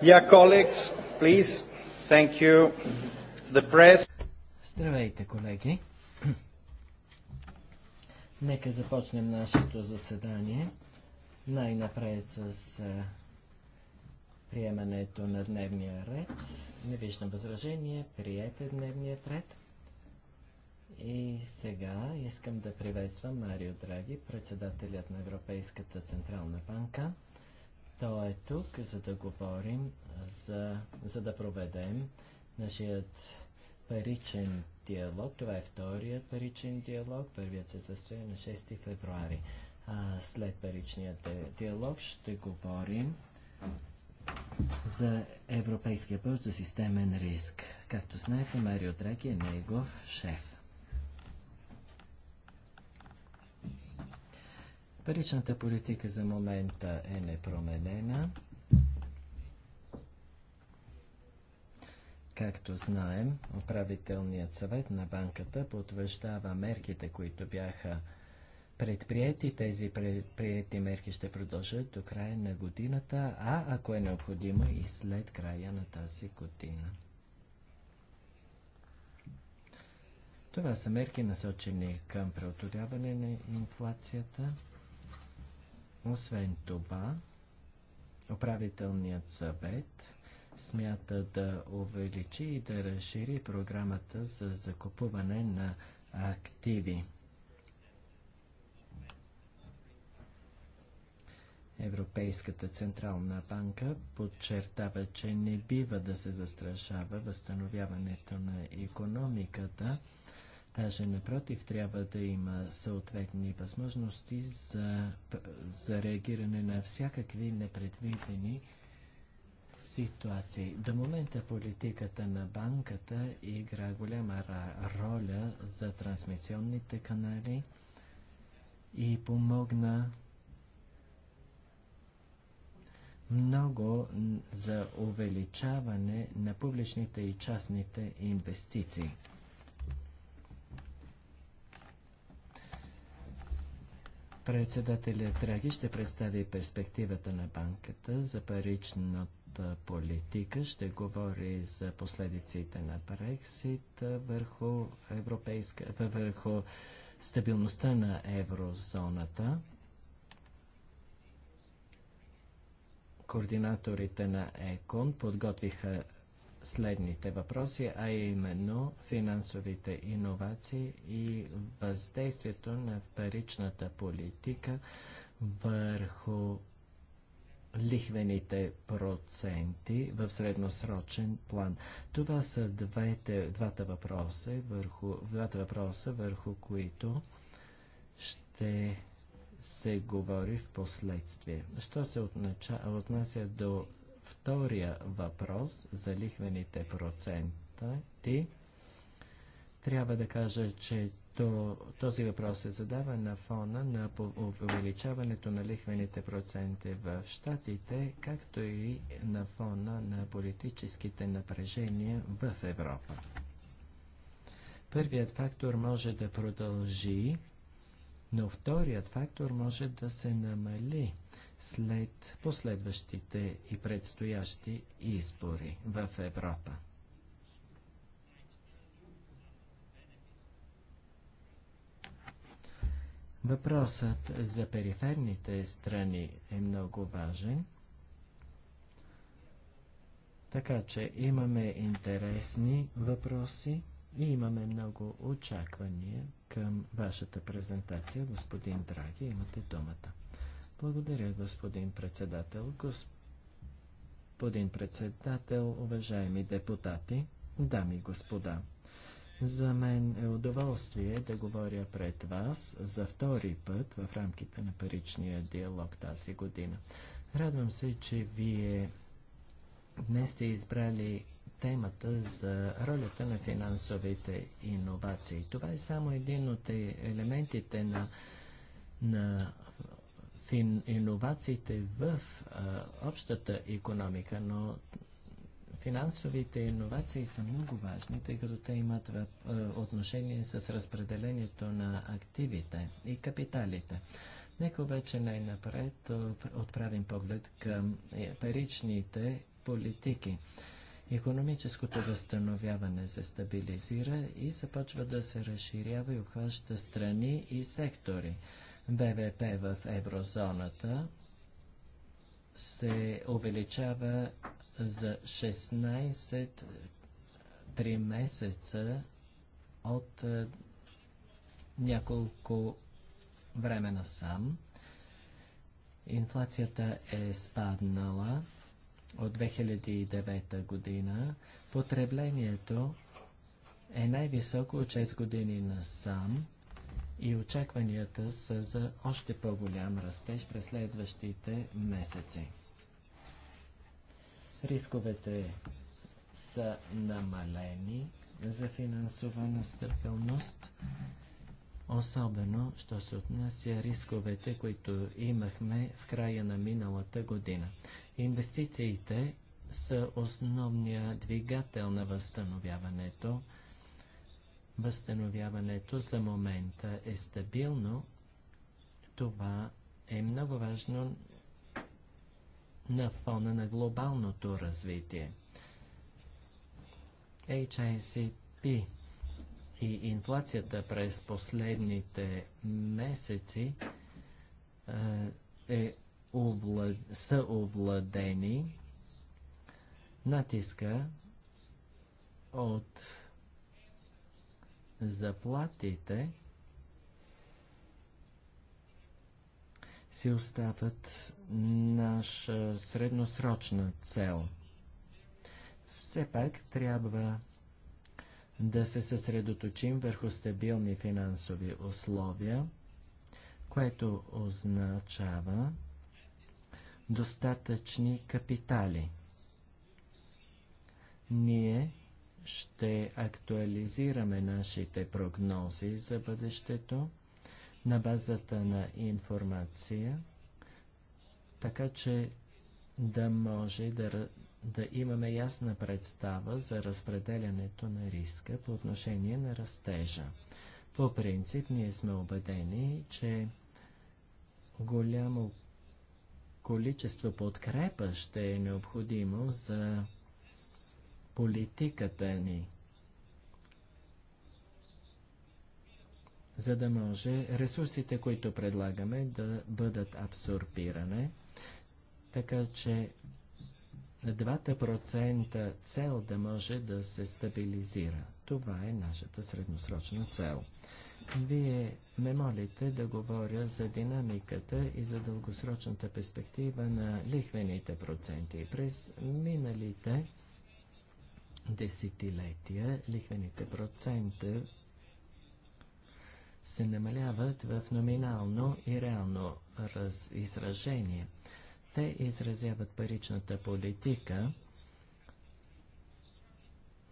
Dear colleagues, please, thank you. The press. Здравейте, колеги. Нека започнем нашето заседание. Най-напред с е, приемането на дневния ред. Не виждам възражение. Приете дневният ред. И сега искам да приветствам Марио Драги, председателят на Европейската Централна банка. Той е тук, за да говорим, за, за да проведем нашият паричен диалог. Това е вторият паричен диалог. Първият се състоя на 6 февруари. А след паричният е, диалог ще говорим за Европейския път за системен риск. Както знаете, Марио Драги е негов шеф. Паричната политика за момента е непроменена. Както знаем, управителният съвет на банката потвърждава мерките, които бяха предприяти. Тези предприяти мерки ще продължат до края на годината, а ако е необходимо и след края на тази година. Това са мерки насочени към преодоляване на инфлацията. Освен това, управителният съвет смята да увеличи и да разшири програмата за закупуване на активи. Европейската централна банка подчертава, че не бива да се застрашава възстановяването на економиката Даже напротив, трябва да има съответни възможности за, за реагиране на всякакви непредвидени ситуации. До момента политиката на банката игра голяма роля за трансмисионните канали и помогна много за увеличаване на публичните и частните инвестиции. Председателят Драги ще представи перспективата на банката за паричната политика, ще говори за последиците на Брексит върху, европейска, върху стабилността на еврозоната. Координаторите на ЕКОН подготвиха следните въпроси, а именно финансовите иновации и въздействието на паричната политика върху лихвените проценти в средносрочен план. Това са двете, двата, въпроса, върху, двата въпроса, върху които ще се говори в последствие. Що се отнася до втория въпрос за лихвените проценти, трябва да кажа, че то, този въпрос се задава на фона на увеличаването на лихвените проценти в Штатите, както и на фона на политическите напрежения в Европа. Първият фактор може да продължи но вторият фактор може да се намали след последващите и предстоящи избори в Европа. Въпросът за периферните страни е много важен. Така че имаме интересни въпроси. И имаме много очаквания към вашата презентация. Господин Драги, имате думата. Благодаря, господин председател. Господин председател, уважаеми депутати, дами и господа. За мен е удоволствие да говоря пред вас за втори път в рамките на паричния диалог тази година. Радвам се, че вие днес сте избрали темата за ролята на финансовите иновации. Това е само един от е, елементите на, на фин, иновациите в а, е, общата економика, но финансовите иновации са много важни, тъй като те имат а, е, отношение с разпределението на активите и капиталите. Нека вече най-напред отправим поглед към паричните политики. Економическото възстановяване се стабилизира и започва да се разширява и обхваща страни и сектори. БВП в еврозоната се увеличава за 16 3 месеца от е, няколко време насам. Инфлацията е спаднала от 2009 година потреблението е най-високо от 6 години насам и очакванията са за още по-голям растеж през следващите месеци. Рисковете са намалени за финансована стабилност, особено, що се отнася рисковете, които имахме в края на миналата година. Инвестициите са основния двигател на възстановяването. Възстановяването за момента е стабилно. Това е много важно на фона на глобалното развитие. HICP и инфлацията през последните месеци е, е овлад... са овладени натиска от заплатите си остават наша средносрочна цел. Все пак трябва да се съсредоточим върху стабилни финансови условия, което означава, достатъчни капитали. Ние ще актуализираме нашите прогнози за бъдещето на базата на информация, така че да може да, да имаме ясна представа за разпределянето на риска по отношение на растежа. По принцип ние сме убедени, че голямо количество подкрепа ще е необходимо за политиката ни, за да може ресурсите, които предлагаме, да бъдат абсорбиране, така че 2% цел да може да се стабилизира. Това е нашата средносрочна цел. Вие ме молите да говоря за динамиката и за дългосрочната перспектива на лихвените проценти. През миналите десетилетия лихвените проценти се намаляват в номинално и реално раз... изражение. Те изразяват паричната политика,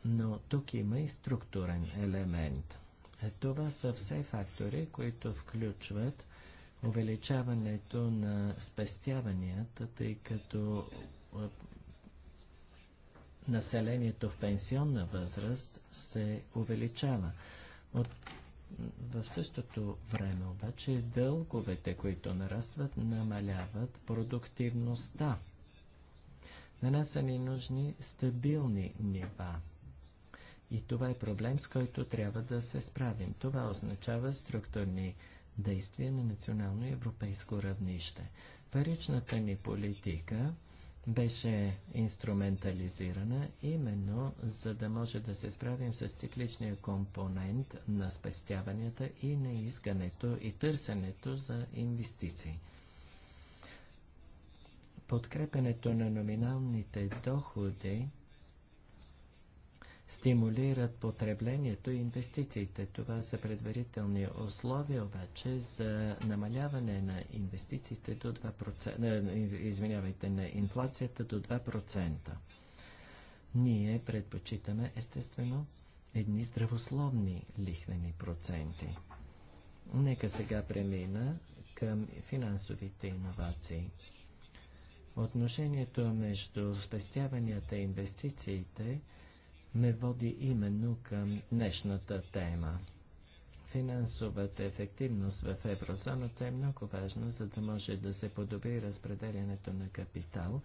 но тук има и структурен елемент – е, това са все фактори, които включват увеличаването на спестяванията, тъй като е, населението в пенсионна възраст се увеличава. От... В същото време обаче дълговете, които нарастват, намаляват продуктивността. На нас са ни нужни стабилни нива и това е проблем, с който трябва да се справим. Това означава структурни действия на национално и европейско равнище. Паричната ни политика беше инструментализирана именно за да може да се справим с цикличния компонент на спестяванията и на искането и търсенето за инвестиции. Подкрепенето на номиналните доходи стимулират потреблението и инвестициите. Това са предварителни условия обаче за намаляване на инвестициите до 2%, извинявайте, на инфлацията до 2%. Ние предпочитаме естествено едни здравословни лихвени проценти. Нека сега премина към финансовите иновации. Отношението между спестяванията и инвестициите – ме води именно към днешната тема. Финансовата ефективност в еврозоната е много важна, за да може да се подобри разпределянето на капитал,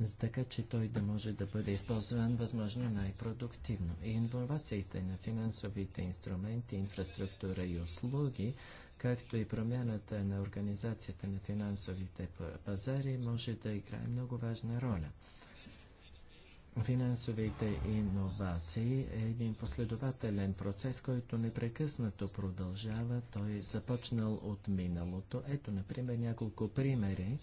за така че той да може да бъде използван възможно най-продуктивно. И инновациите на финансовите инструменти, инфраструктура и услуги, както и промяната на организацията на финансовите пазари, може да играе много важна роля финансовите иновации е един последователен процес, който непрекъснато продължава. Той е започнал от миналото. Ето, например, няколко примери.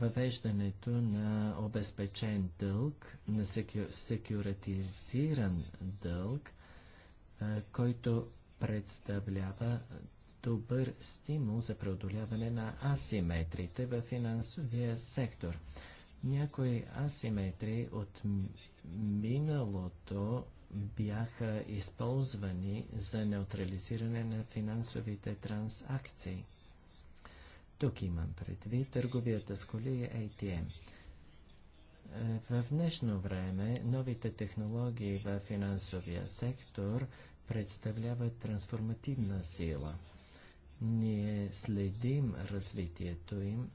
Въвеждането на обезпечен дълг, на секюратизиран дълг, който представлява добър стимул за преодоляване на асиметрите в финансовия сектор. Някои асиметри от миналото бяха използвани за неутрализиране на финансовите трансакции. Тук имам предвид търговията с коли и ATM. Е, в днешно време новите технологии в финансовия сектор представляват трансформативна сила. Ние следим развитието им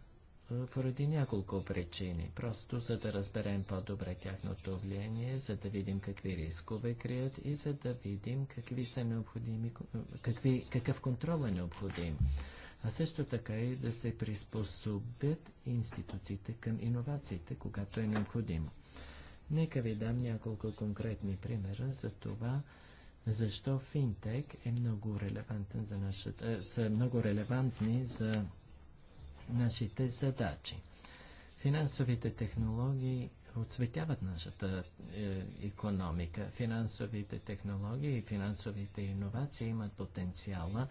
поради няколко причини. Просто за да разберем по-добре тяхното влияние, за да видим какви рискове крият и за да видим какви са необходими, какви, какъв контрол е необходим. А също така и да се приспособят институциите към иновациите, когато е необходимо. Нека ви дам няколко конкретни примера за това, защо финтек е много релевантен за нашата, са много релевантни за нашите задачи. Финансовите технологии отцветяват нашата е, економика. Финансовите технологии и финансовите иновации имат потенциала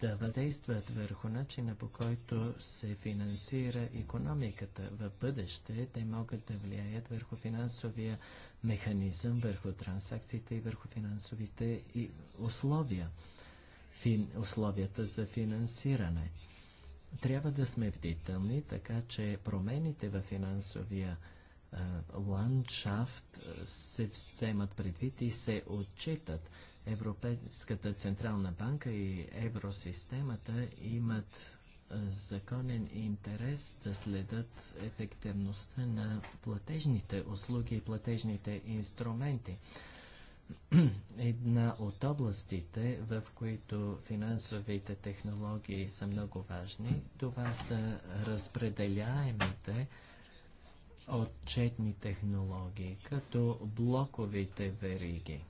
да въздействат върху начина по който се финансира економиката. В бъдеще те могат да влияят върху финансовия механизъм, върху транзакциите и върху финансовите и условия, фин, условията за финансиране. Трябва да сме бдителни, така че промените в финансовия а, ландшафт се вземат предвид и се отчитат. Европейската Централна банка и евросистемата имат законен интерес да следят ефективността на платежните услуги и платежните инструменти. Е една от областите, в които финансовите технологии са много важни, това са разпределяемите отчетни технологии, като блоковите вериги.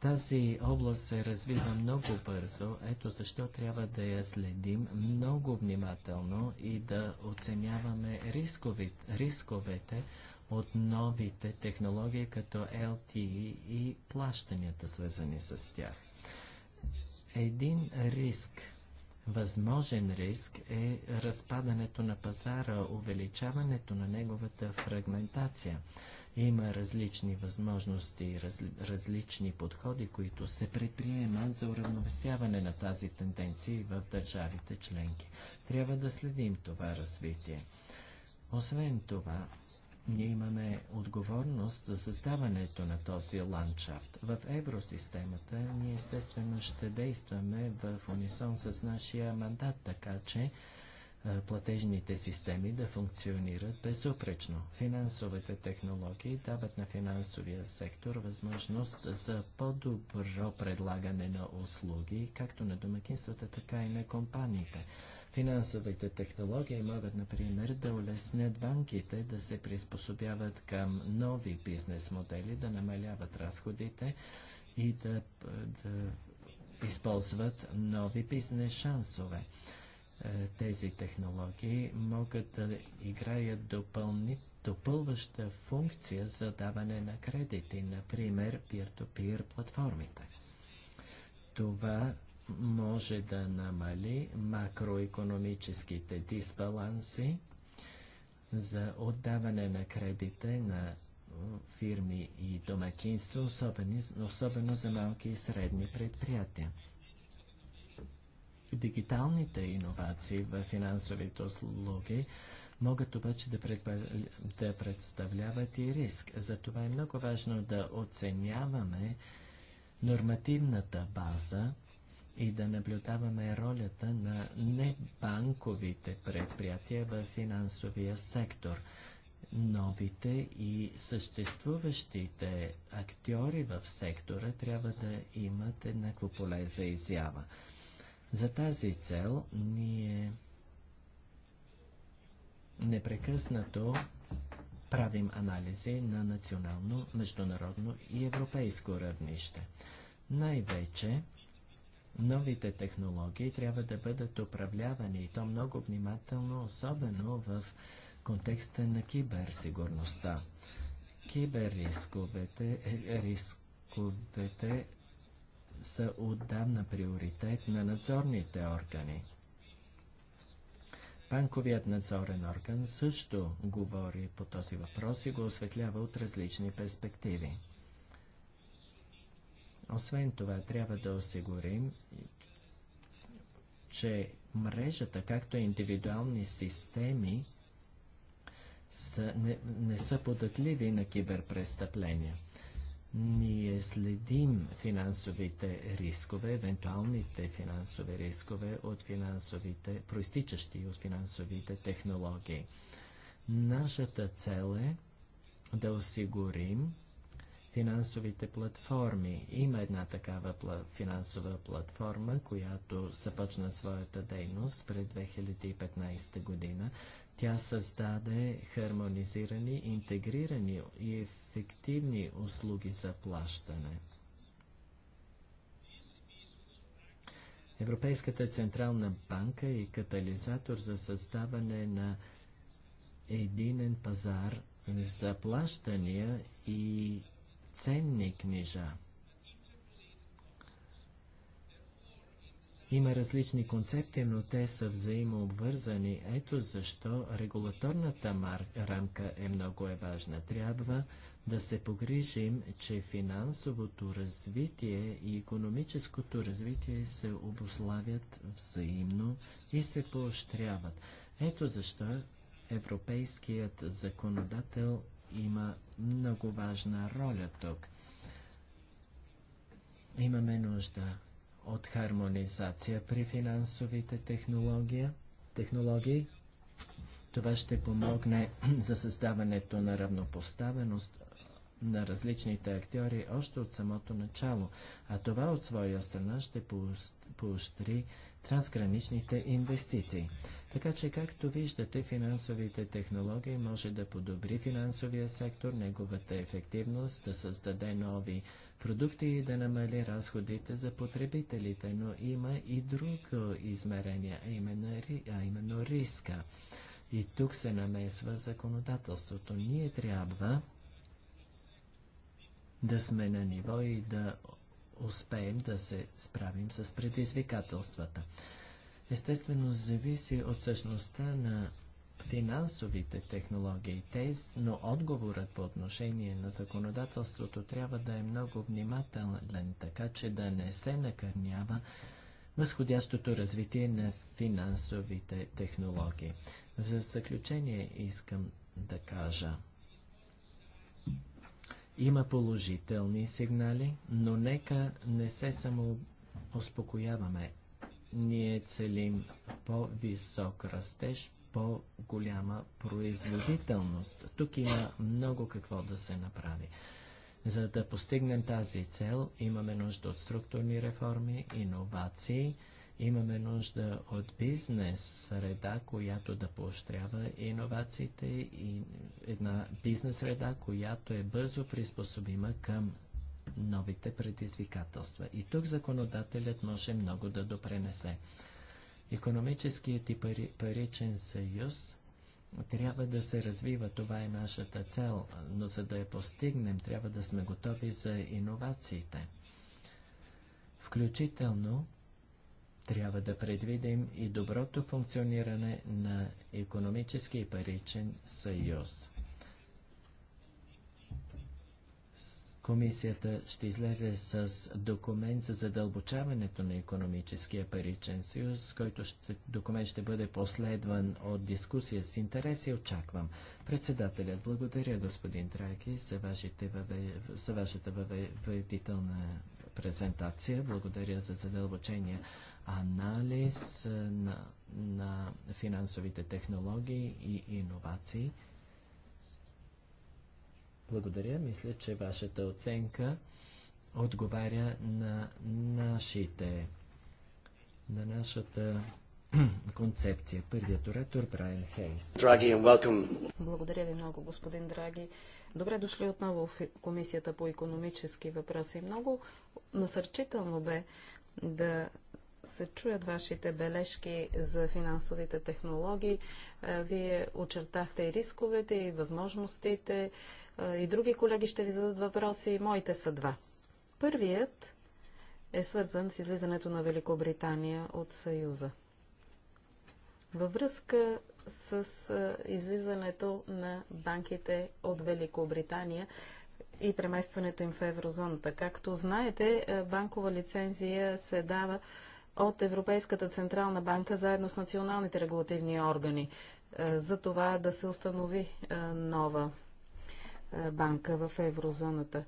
Тази област се развива много бързо, ето защо трябва да я следим много внимателно и да оценяваме рисковите, рисковете от новите технологии като LTE и плащанията свързани с тях. Един риск, възможен риск е разпадането на пазара, увеличаването на неговата фрагментация. Има различни възможности, раз, различни подходи, които се предприемат за уравновесяване на тази тенденция в държавите членки. Трябва да следим това развитие. Освен това, ние имаме отговорност за създаването на този ландшафт. В евросистемата ние естествено ще действаме в унисон с нашия мандат, така че платежните системи да функционират безупречно. Финансовите технологии дават на финансовия сектор възможност за по-добро предлагане на услуги, както на домакинствата, така и на компаниите. Финансовите технологии могат, например, да улеснят банките да се приспособяват към нови бизнес модели, да намаляват разходите и да, да използват нови бизнес шансове. Е, тези технологии могат да играят допълни, допълваща функция за даване на кредити, например, peer-to-peer -peer платформите. Това може да намали макроекономическите дисбаланси за отдаване на кредите на фирми и домакинства, особено, за малки и средни предприятия. Дигиталните иновации в финансовите услуги могат обаче да, предпаз... да представляват и риск. Затова е много важно да оценяваме нормативната база, и да наблюдаваме ролята на небанковите предприятия в финансовия сектор. Новите и съществуващите актьори в сектора трябва да имат еднакво поле за изява. За тази цел ние непрекъснато правим анализи на национално, международно и европейско равнище. Най-вече новите технологии трябва да бъдат управлявани и то много внимателно, особено в контекста на киберсигурността. Киберрисковете е, рисковете са отдавна приоритет на надзорните органи. Банковият надзорен орган също говори по този въпрос и го осветлява от различни перспективи. Освен това, трябва да осигурим, че мрежата, както и индивидуални системи, са, не, не са податливи на киберпрестъпления. Ние следим финансовите рискове, евентуалните финансови рискове от финансовите, проистичащи от финансовите технологии. Нашата цел е да осигурим финансовите платформи. Има една такава финансова платформа, която започна своята дейност през 2015 година. Тя създаде хармонизирани, интегрирани и ефективни услуги за плащане. Европейската централна банка е катализатор за създаване на единен пазар за плащания и ценни книжа. Има различни концепти, но те са взаимообвързани. Ето защо регулаторната рамка е много е важна. Трябва да се погрижим, че финансовото развитие и економическото развитие се обославят взаимно и се поощряват. Ето защо европейският законодател има много важна роля тук. Имаме нужда от хармонизация при финансовите технология, технологии. Това ще помогне за създаването на равнопоставеност на различните актьори още от самото начало, а това от своя страна ще поощри трансграничните инвестиции. Така че, както виждате, финансовите технологии може да подобри финансовия сектор, неговата ефективност, да създаде нови продукти и да намали разходите за потребителите, но има и друго измерение, а именно, а именно риска. И тук се намесва законодателството. Ние трябва да сме на ниво и да успеем да се справим с предизвикателствата. Естествено, зависи от същността на финансовите технологии, тез, но отговорът по отношение на законодателството трябва да е много внимателен, така че да не се накърнява възходящото развитие на финансовите технологии. В заключение искам да кажа – има положителни сигнали, но нека не се само успокояваме. Ние целим по-висок растеж, по-голяма производителност. Тук има много какво да се направи. За да постигнем тази цел, имаме нужда от структурни реформи, иновации – Имаме нужда от бизнес среда, която да поощрява иновациите и една бизнес среда, която е бързо приспособима към новите предизвикателства. И тук законодателят може много да допренесе. Економическият и паричен съюз трябва да се развива. Това е нашата цел, но за да я постигнем, трябва да сме готови за иновациите. Включително трябва да предвидим и доброто функциониране на економически и паричен съюз. Комисията ще излезе с документ за задълбочаването на економическия паричен съюз, който ще, документ ще бъде последван от дискусия с интерес и очаквам. Председателят, благодаря господин Драги за, вашите въве, за вашата въведителна презентация. Благодаря за задълбочение анализ на, на финансовите технологии и иновации. Благодаря. Мисля, че вашата оценка отговаря на нашите на нашата концепция. Първият оратор Брайан Хейс. Драги, Благодаря ви много, господин Драги. Добре дошли отново в Комисията по економически въпроси. Много насърчително бе да се чуят вашите бележки за финансовите технологии. Е, вие очертахте и рисковете, и възможностите, е, и други колеги ще ви зададат въпроси. Моите са два. Първият е свързан с излизането на Великобритания от Съюза. Във връзка с е, излизането на банките от Великобритания, и преместването им в еврозоната. Както знаете, банкова лицензия се дава от Европейската Централна банка заедно с националните регулативни органи е, за това да се установи е, нова е, банка в еврозоната.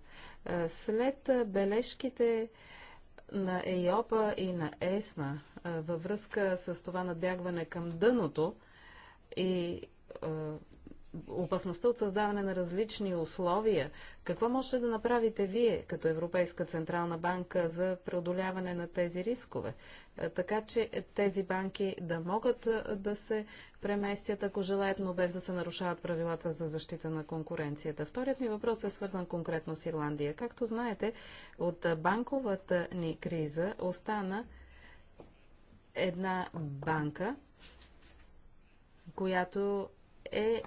След бележките на ЕИОПА и на ЕСМА във връзка с това надбягване към дъното и опасността от създаване на различни условия. Какво можете да направите вие като Европейска Централна банка за преодоляване на тези рискове? Е, така че тези банки да могат е, да се преместят, ако желаят, но без да се нарушават правилата за защита на конкуренцията. Вторият ми въпрос е свързан конкретно с Ирландия. Както знаете, от банковата ни криза остана една банка, която е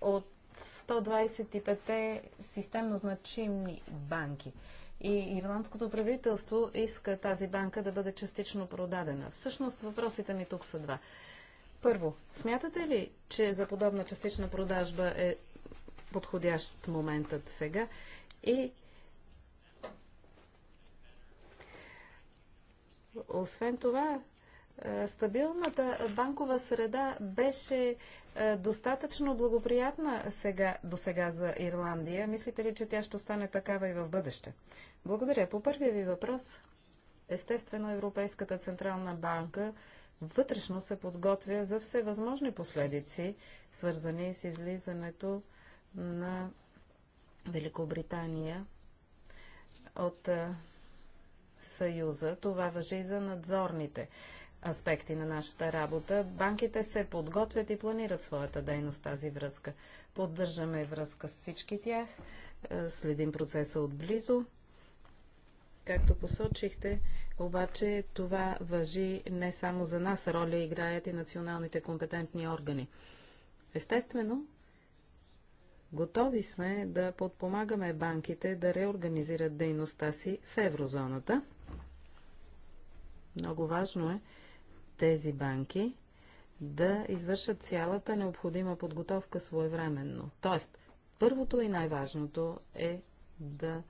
от 125-те системно значимни банки. И ирландското правителство иска тази банка да бъде частично продадена. Всъщност въпросите ми тук са два. Първо, смятате ли, че за подобна частична продажба е подходящ моментът сега? И освен това, е, стабилната банкова среда беше е, достатъчно благоприятна сега, до сега за Ирландия. Мислите ли, че тя ще стане такава и в бъдеще? Благодаря. По първия ви въпрос, естествено Европейската Централна банка вътрешно се подготвя за всевъзможни последици, свързани с излизането на Великобритания от е, Съюза. Това въжи и за надзорните аспекти на нашата работа. Банките се подготвят и планират своята дейност тази връзка. Поддържаме връзка с всички тях, е, следим процеса отблизо. Както посочихте, обаче това въжи не само за нас, роля играят и националните компетентни органи. Естествено, готови сме да подпомагаме банките да реорганизират дейността си в еврозоната. Много важно е тези банки да извършат цялата необходима подготовка своевременно. Тоест, първото и най-важното е да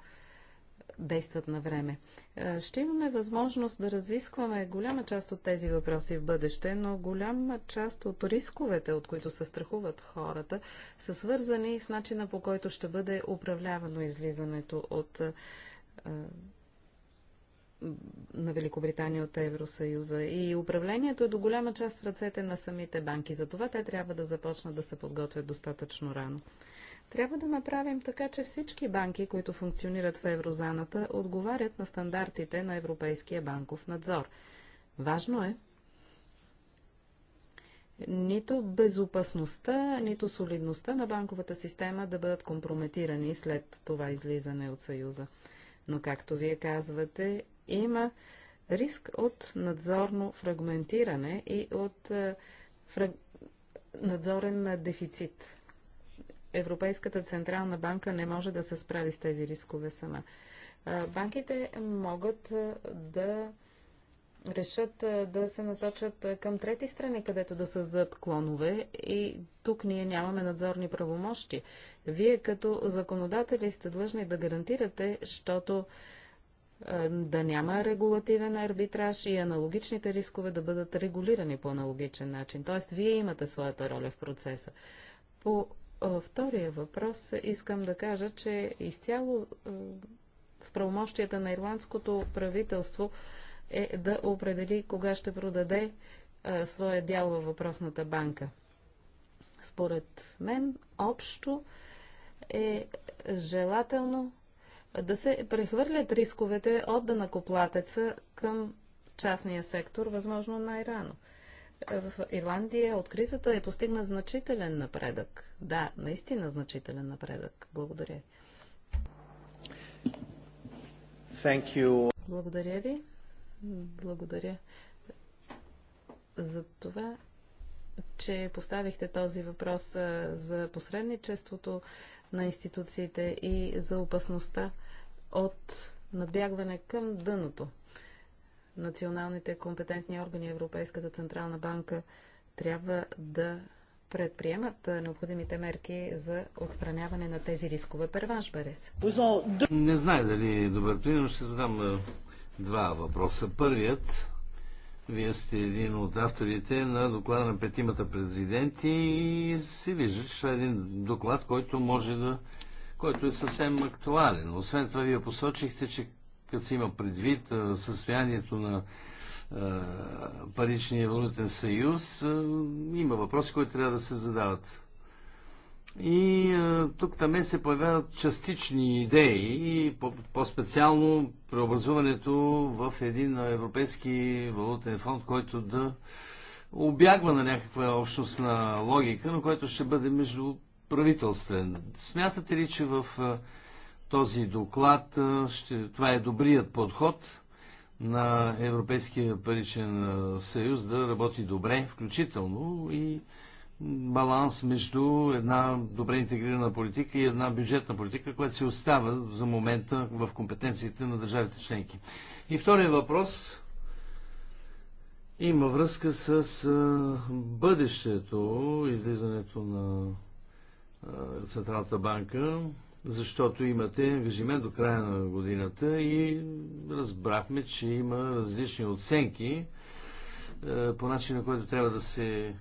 действат на време. Е, ще имаме възможност да разискваме голяма част от тези въпроси в бъдеще, но голяма част от рисковете, от които се страхуват хората, са свързани с начина по който ще бъде управлявано излизането от е, е, на Великобритания от Евросъюза. И управлението е до голяма част в ръцете на самите банки. Затова те трябва да започнат да се подготвят достатъчно рано. Трябва да направим така, че всички банки, които функционират в еврозаната, отговарят на стандартите на Европейския банков надзор. Важно е нито безопасността, нито солидността на банковата система да бъдат компрометирани след това излизане от Съюза. Но, както вие казвате, има риск от надзорно фрагментиране и от е, фраг... надзорен дефицит. Европейската Централна банка не може да се справи с тези рискове сама. Е, банките могат е, да решат да се насочат към трети страни, където да създадат клонове и тук ние нямаме надзорни правомощи. Вие като законодатели сте длъжни да гарантирате, защото е, да няма регулативен арбитраж и аналогичните рискове да бъдат регулирани по аналогичен начин. Тоест, вие имате своята роля в процеса. По втория въпрос искам да кажа, че изцяло е, в правомощията на ирландското правителство е да определи кога ще продаде е, своя дял във въпросната банка. Според мен, общо е желателно да се прехвърлят рисковете от данакоплатеца към частния сектор, възможно най-рано. В Ирландия от кризата е постигнат значителен напредък. Да, наистина значителен напредък. Благодаря. Thank you. Благодаря ви. Благодаря за това, че поставихте този въпрос за посредничеството на институциите и за опасността от набягване към дъното. Националните компетентни органи Европейската Централна банка трябва да предприемат необходимите мерки за отстраняване на тези рискове. Перванш Берес. Не знае дали е добър пример, ще задам два въпроса. Първият, вие сте един от авторите на доклада на петимата президенти и се вижда, че това е един доклад, който може да който е съвсем актуален. Освен това, вие посочихте, че като се има предвид състоянието на паричния валутен съюз, има въпроси, които трябва да се задават. И тук там се появяват частични идеи и по-специално по преобразуването в един европейски валутен фонд, който да обягва на някаква общностна логика, но който ще бъде между правителствен. Смятате ли, че в този доклад ще, това е добрият подход на Европейския паричен съюз да работи добре, включително и баланс между една добре интегрирана политика и една бюджетна политика, която се остава за момента в компетенциите на държавите членки. И втория въпрос има връзка с бъдещето, излизането на е, Централната банка, защото имате ангажимент до края на годината и разбрахме, че има различни оценки е, по начин, на който трябва да се е,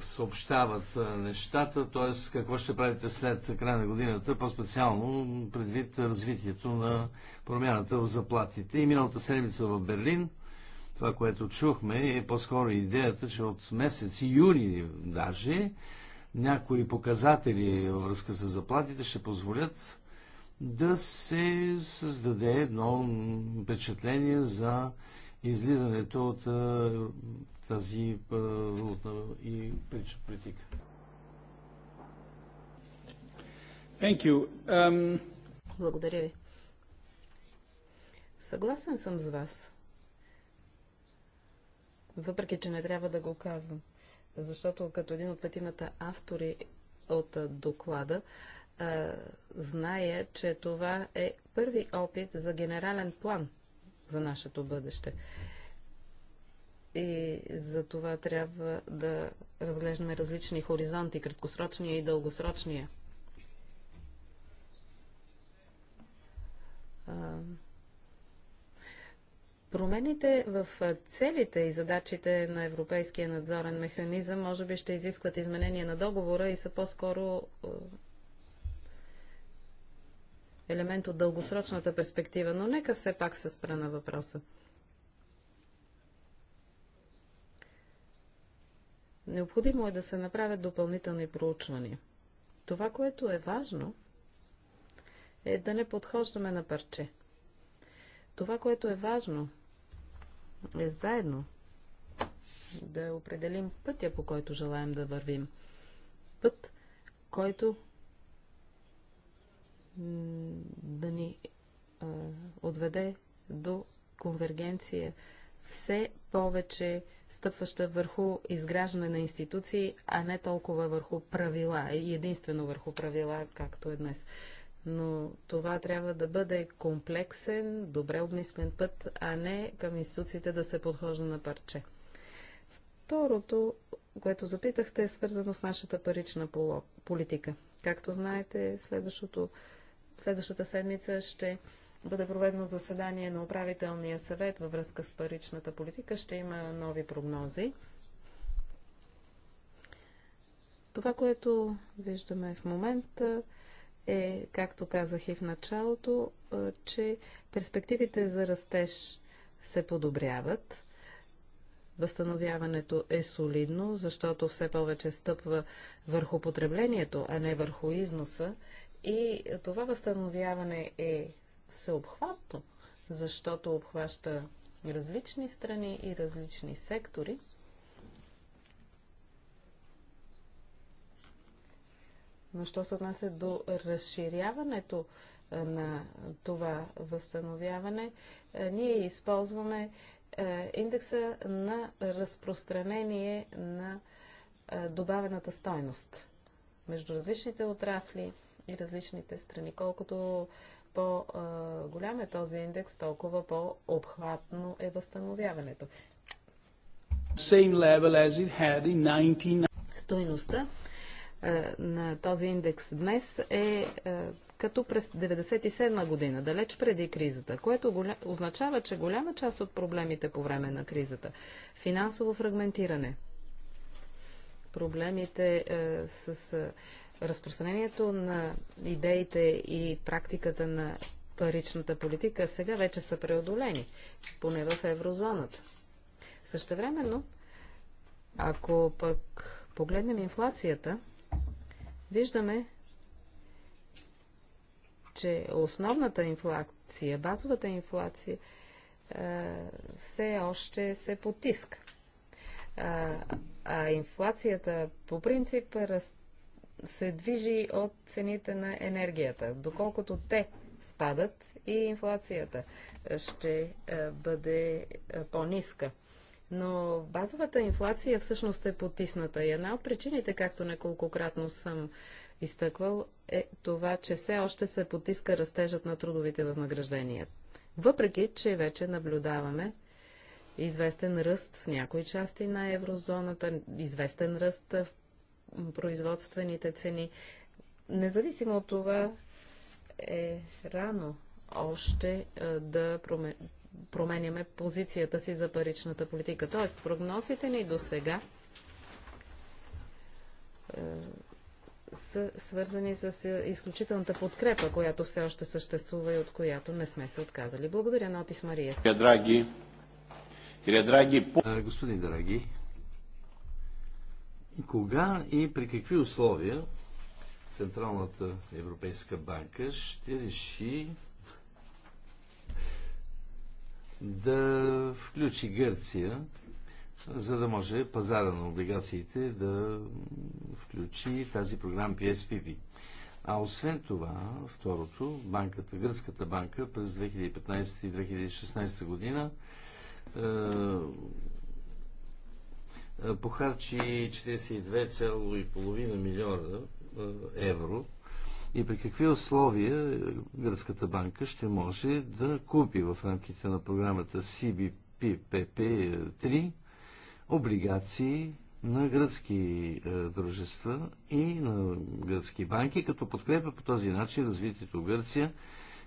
съобщават нещата, т.е. какво ще правите след края на годината, по-специално предвид развитието на промяната в заплатите. И миналата седмица в Берлин, това, което чухме, е по-скоро идеята, че от месец юни даже някои показатели във връзка с заплатите ще позволят да се създаде едно впечатление за излизането от тази валутна и политика. Thank you. Um... Благодаря ви. Съгласен съм с вас. Въпреки, че не трябва да го казвам. Защото като един от петимата автори от доклада, зная, че това е първи опит за генерален план за нашето бъдеще. И за това трябва да разглеждаме различни хоризонти, краткосрочния и дългосрочния. Промените в целите и задачите на Европейския надзорен механизъм може би ще изискват изменения на договора и са по-скоро елемент от дългосрочната перспектива, но нека все пак се спра на въпроса. Необходимо е да се направят допълнителни проучвания. Това, което е важно, е да не подхождаме на парче – това, което е важно, е заедно да определим пътя, по който желаем да вървим. Път, който да ни а, отведе до конвергенция все повече стъпваща върху изграждане на институции, а не толкова върху правила и единствено върху правила, както е днес но това трябва да бъде комплексен, добре обмислен път, а не към институциите да се подхожда на парче. Второто, което запитахте, е свързано с нашата парична политика. Както знаете, следващото, следващата седмица ще бъде проведено заседание на управителния съвет във връзка с паричната политика. Ще има нови прогнози. Това, което виждаме в момента, е, както казах и в началото, е, че перспективите за растеж се подобряват. Възстановяването е солидно, защото все повече стъпва върху потреблението, а не върху износа. И това възстановяване е всеобхватно, защото обхваща различни страни и различни сектори – Но що се отнася до разширяването е, на това възстановяване, е, ние използваме е, индекса на разпространение на добавената стойност между различните отрасли и различните страни. Колкото по-голям е този индекс, толкова по-обхватно е възстановяването. Same level as it had in 19... Стойността е, на този индекс днес е, е като през 1997 година, далеч преди кризата, което означава, че голяма част от проблемите по време на кризата финансово фрагментиране, проблемите е, с разпространението на идеите и практиката на паричната политика сега вече са преодолени, поне в еврозоната. Същевременно, ако пък погледнем инфлацията, виждаме, че основната инфлация, базовата инфлация, все още се потиска. А инфлацията по принцип се движи от цените на енергията. Доколкото те спадат и инфлацията ще бъде по-ниска но базовата инфлация всъщност е потисната. И една от причините, както неколкократно съм изтъквал, е това, че все още се потиска растежът на трудовите възнаграждения. Въпреки, че вече наблюдаваме известен ръст в някои части на еврозоната, известен ръст в производствените цени. Независимо от това е рано още да променяме позицията си за паричната политика. Тоест, прогнозите ни до сега е, са свързани с е, изключителната подкрепа, която все още съществува и от която не сме се отказали. Благодаря на Отис Мария. Драги, драги, по... Господин Драги, кога и при какви условия Централната Европейска банка ще реши да включи Гърция, за да може пазара на облигациите да включи тази програма PSPP. А освен това, второто, банката, гръцката банка през 2015 и 2016 година е, е похарчи 42,5 милиона е, евро и при какви условия е, Гръцката банка ще може да купи в рамките на програмата CBPPP3 облигации на гръцки е, дружества и на гръцки банки, като подкрепя по този начин развитието в Гърция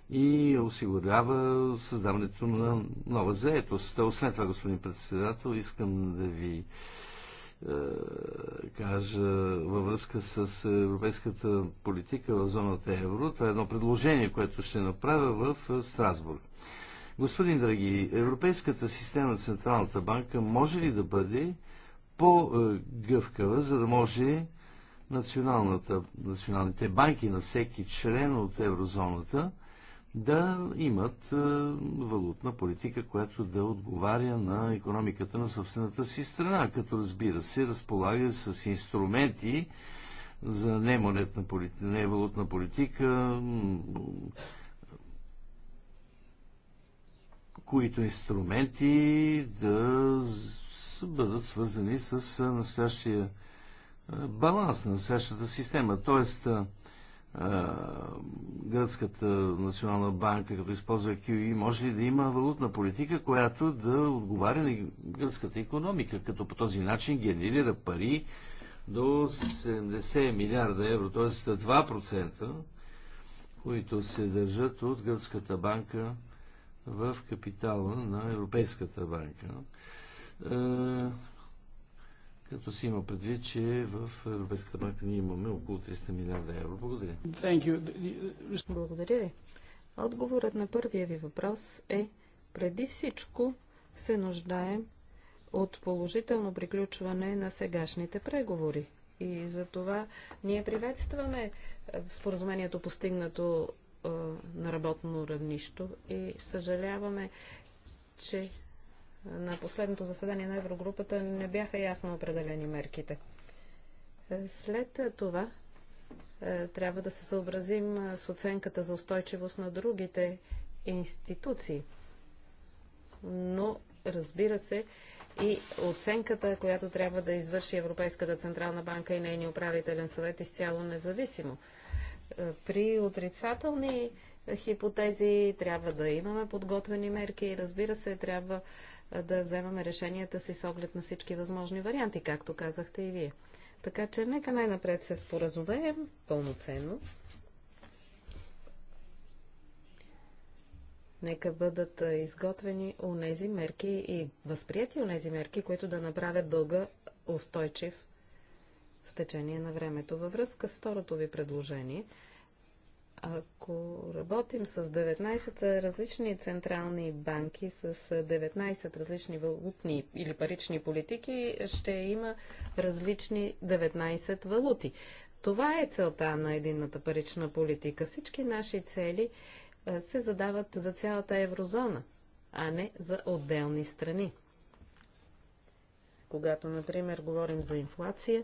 и осигурява създаването на нова заетост. Освен това, господин председател, искам да ви е, кажа във връзка с европейската политика в зоната евро. Това е едно предложение, което ще направя в е, Страсбург. Господин Драги, Европейската система Централната банка може ли да бъде по-гъвкава, за да може националните банки на всеки член от еврозоната да имат е, валутна политика, която да отговаря на економиката на собствената си страна, като разбира се разполага с инструменти за немонетна политика, невалутна политика, които инструменти да бъдат свързани с е, настоящия е, баланс на настоящата система. Тоест, Гръцката национална банка, като използва QE, може ли да има валутна политика, която да отговаря на гръцката економика, като по този начин генерира пари до 70 милиарда евро, т.е. 2%, които се държат от гръцката банка в капитала на Европейската банка като си има предвид, че в Европейската банка ние имаме около 300 милиарда евро. Благодаря. Благодаря ви. Отговорът на първия ви въпрос е преди всичко се нуждаем от положително приключване на сегашните преговори. И за това ние приветстваме е, споразумението постигнато е, на работно равнищо и съжаляваме, че на последното заседание на Еврогрупата не бяха ясно определени мерките. Е, след това е, трябва да се съобразим е, с оценката за устойчивост на другите институции. Но, разбира се, и оценката, която трябва да извърши Европейската Централна банка и нейния управителен съвет изцяло независимо. При отрицателни хипотези трябва да имаме подготвени мерки и разбира се, трябва да вземаме решенията си с оглед на всички възможни варианти, както казахте и вие. Така че нека най-напред се споразумеем пълноценно. Нека бъдат изготвени унези мерки и възприяти унези мерки, които да направят дълга устойчив в течение на времето. Във връзка с второто ви предложение – ако работим с 19 различни централни банки, с 19 различни валутни или парични политики, ще има различни 19 валути. Това е целта на единната парична политика. Всички наши цели е, се задават за цялата еврозона, а не за отделни страни. Когато, например, говорим за инфлация,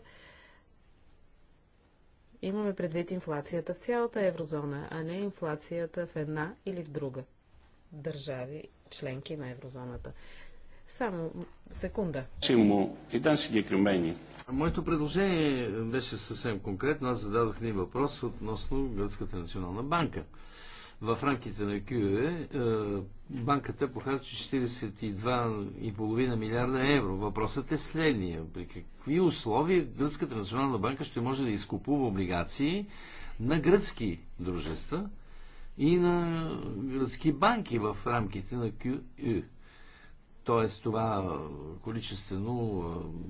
имаме предвид инфлацията в цялата еврозона, а не инфлацията в една или в друга държави, членки на еврозоната. Само секунда. Моето предложение беше съвсем конкретно. Аз зададох ни въпрос относно Гръцката национална банка. В рамките на QE е, е, банката похарчи 42,5 милиарда евро. Въпросът е следния. При какви условия Гръцката национална банка ще може да изкупува облигации на гръцки дружества и на гръцки банки в рамките на QE? Е? Тоест това количествено,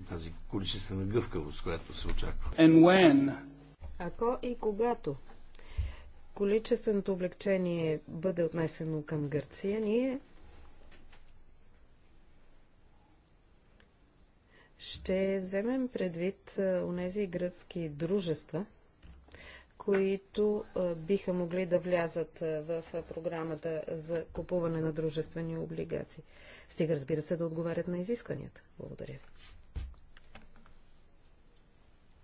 тази количествена гъвкавост, която се очаква. And when? Ако и когато количественото облегчение бъде отнесено към Гърция, ние ще вземем предвид онези гръцки дружества, които биха могли да влязат в програмата за купуване на дружествени облигации. Стига, разбира се, да отговарят на изискванията. Благодаря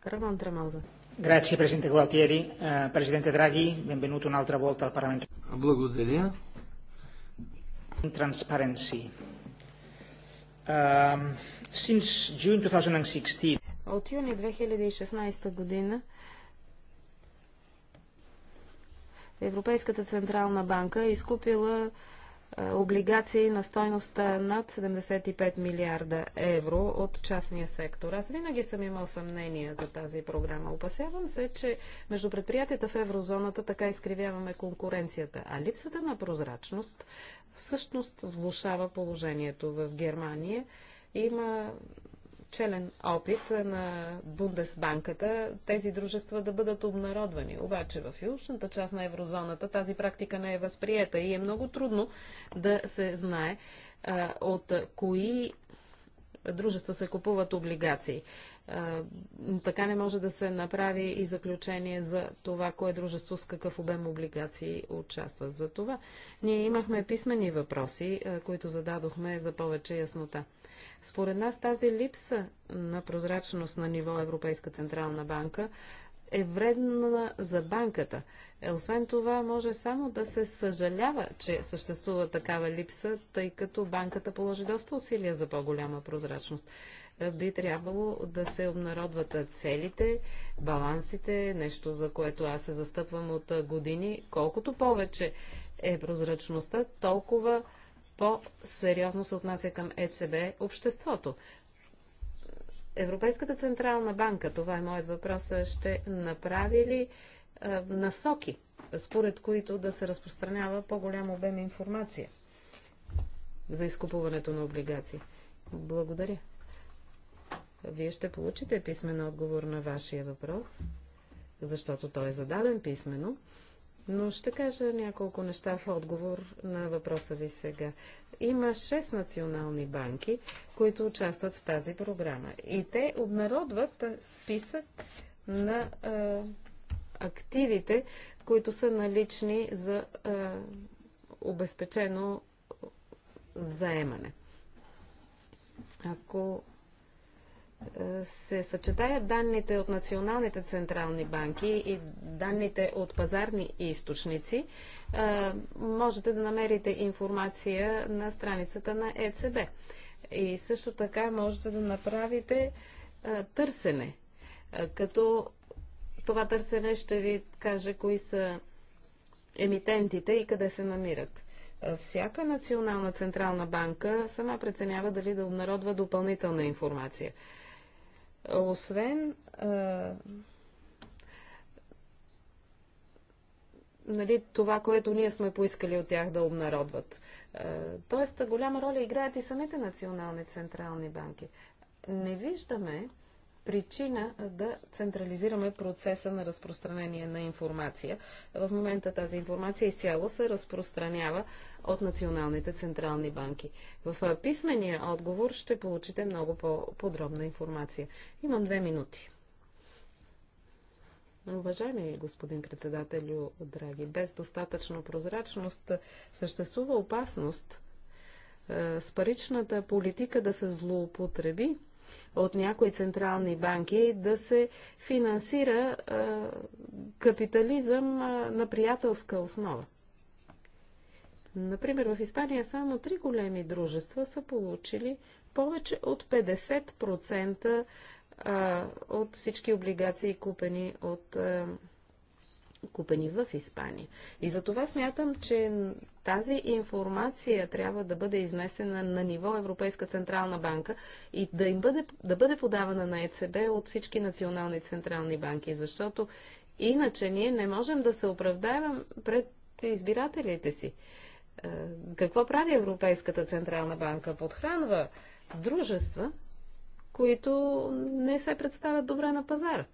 Роман Трамоза. Grazie, Presidente Gualtieri. Presidente Draghi, benvenuto un'altra volta al Parlamento. Благодаря. Transparency. Um, since June 2016... От юни 2016 година Европейската Централна банка е изкупила е, облигации на стойност е, над 75 милиарда евро от частния сектор. Аз винаги съм имал съмнение за тази програма. Опасявам се, че между предприятията в еврозоната така изкривяваме конкуренцията, а липсата на прозрачност всъщност влушава положението в Германия. Има челен опит на Бундесбанката тези дружества да бъдат обнародвани. Обаче в южната част на еврозоната тази практика не е възприета и е много трудно да се знае а, от кои дружества се купуват облигации. А, така не може да се направи и заключение за това, кое дружество с какъв обем облигации участва. За това ние имахме писмени въпроси, а, които зададохме за повече яснота. Според нас тази липса на прозрачност на ниво Европейска Централна банка е вредна за банката. Е, освен това, може само да се съжалява, че съществува такава липса, тъй като банката положи доста усилия за по-голяма прозрачност. Е, би трябвало да се обнародват целите, балансите, нещо за което аз се застъпвам от години. Колкото повече е прозрачността, толкова по-сериозно се отнася към ЕЦБ обществото. Европейската централна банка, това е моят въпрос, ще направи ли е, насоки, според които да се разпространява по-голям обем информация за изкупуването на облигации? Благодаря. Вие ще получите писмен отговор на вашия въпрос, защото той е зададен писменно но ще кажа няколко неща в отговор на въпроса ви сега. Има 6 национални банки, които участват в тази програма. И те обнародват списък на а, активите, които са налични за а, обезпечено заемане. Ако се съчетаят данните от националните централни банки и данните от пазарни източници, можете да намерите информация на страницата на ЕЦБ. И също така можете да направите търсене, като това търсене ще ви каже кои са емитентите и къде се намират. Всяка национална централна банка сама преценява дали да обнародва допълнителна информация. Освен нали, това, което ние сме поискали от тях да обнародват. Тоест, голяма роля играят и самите национални централни банки. Не виждаме причина да централизираме процеса на разпространение на информация. В момента тази информация изцяло се разпространява от националните централни банки. В писмения отговор ще получите много по-подробна информация. Имам две минути. Уважаеми господин председателю, драги, без достатъчно прозрачност съществува опасност с паричната политика да се злоупотреби от някои централни банки да се финансира а, капитализъм а, на приятелска основа. Например, в Испания само три големи дружества са получили повече от 50% от всички облигации, купени от купени в Испания. И за това смятам, че тази информация трябва да бъде изнесена на ниво Европейска Централна банка и да, им бъде, да бъде подавана на ЕЦБ от всички национални централни банки, защото иначе ние не можем да се оправдаем пред избирателите си. Е, какво прави Европейската Централна банка? Подхранва дружества, които не се представят добре на пазара.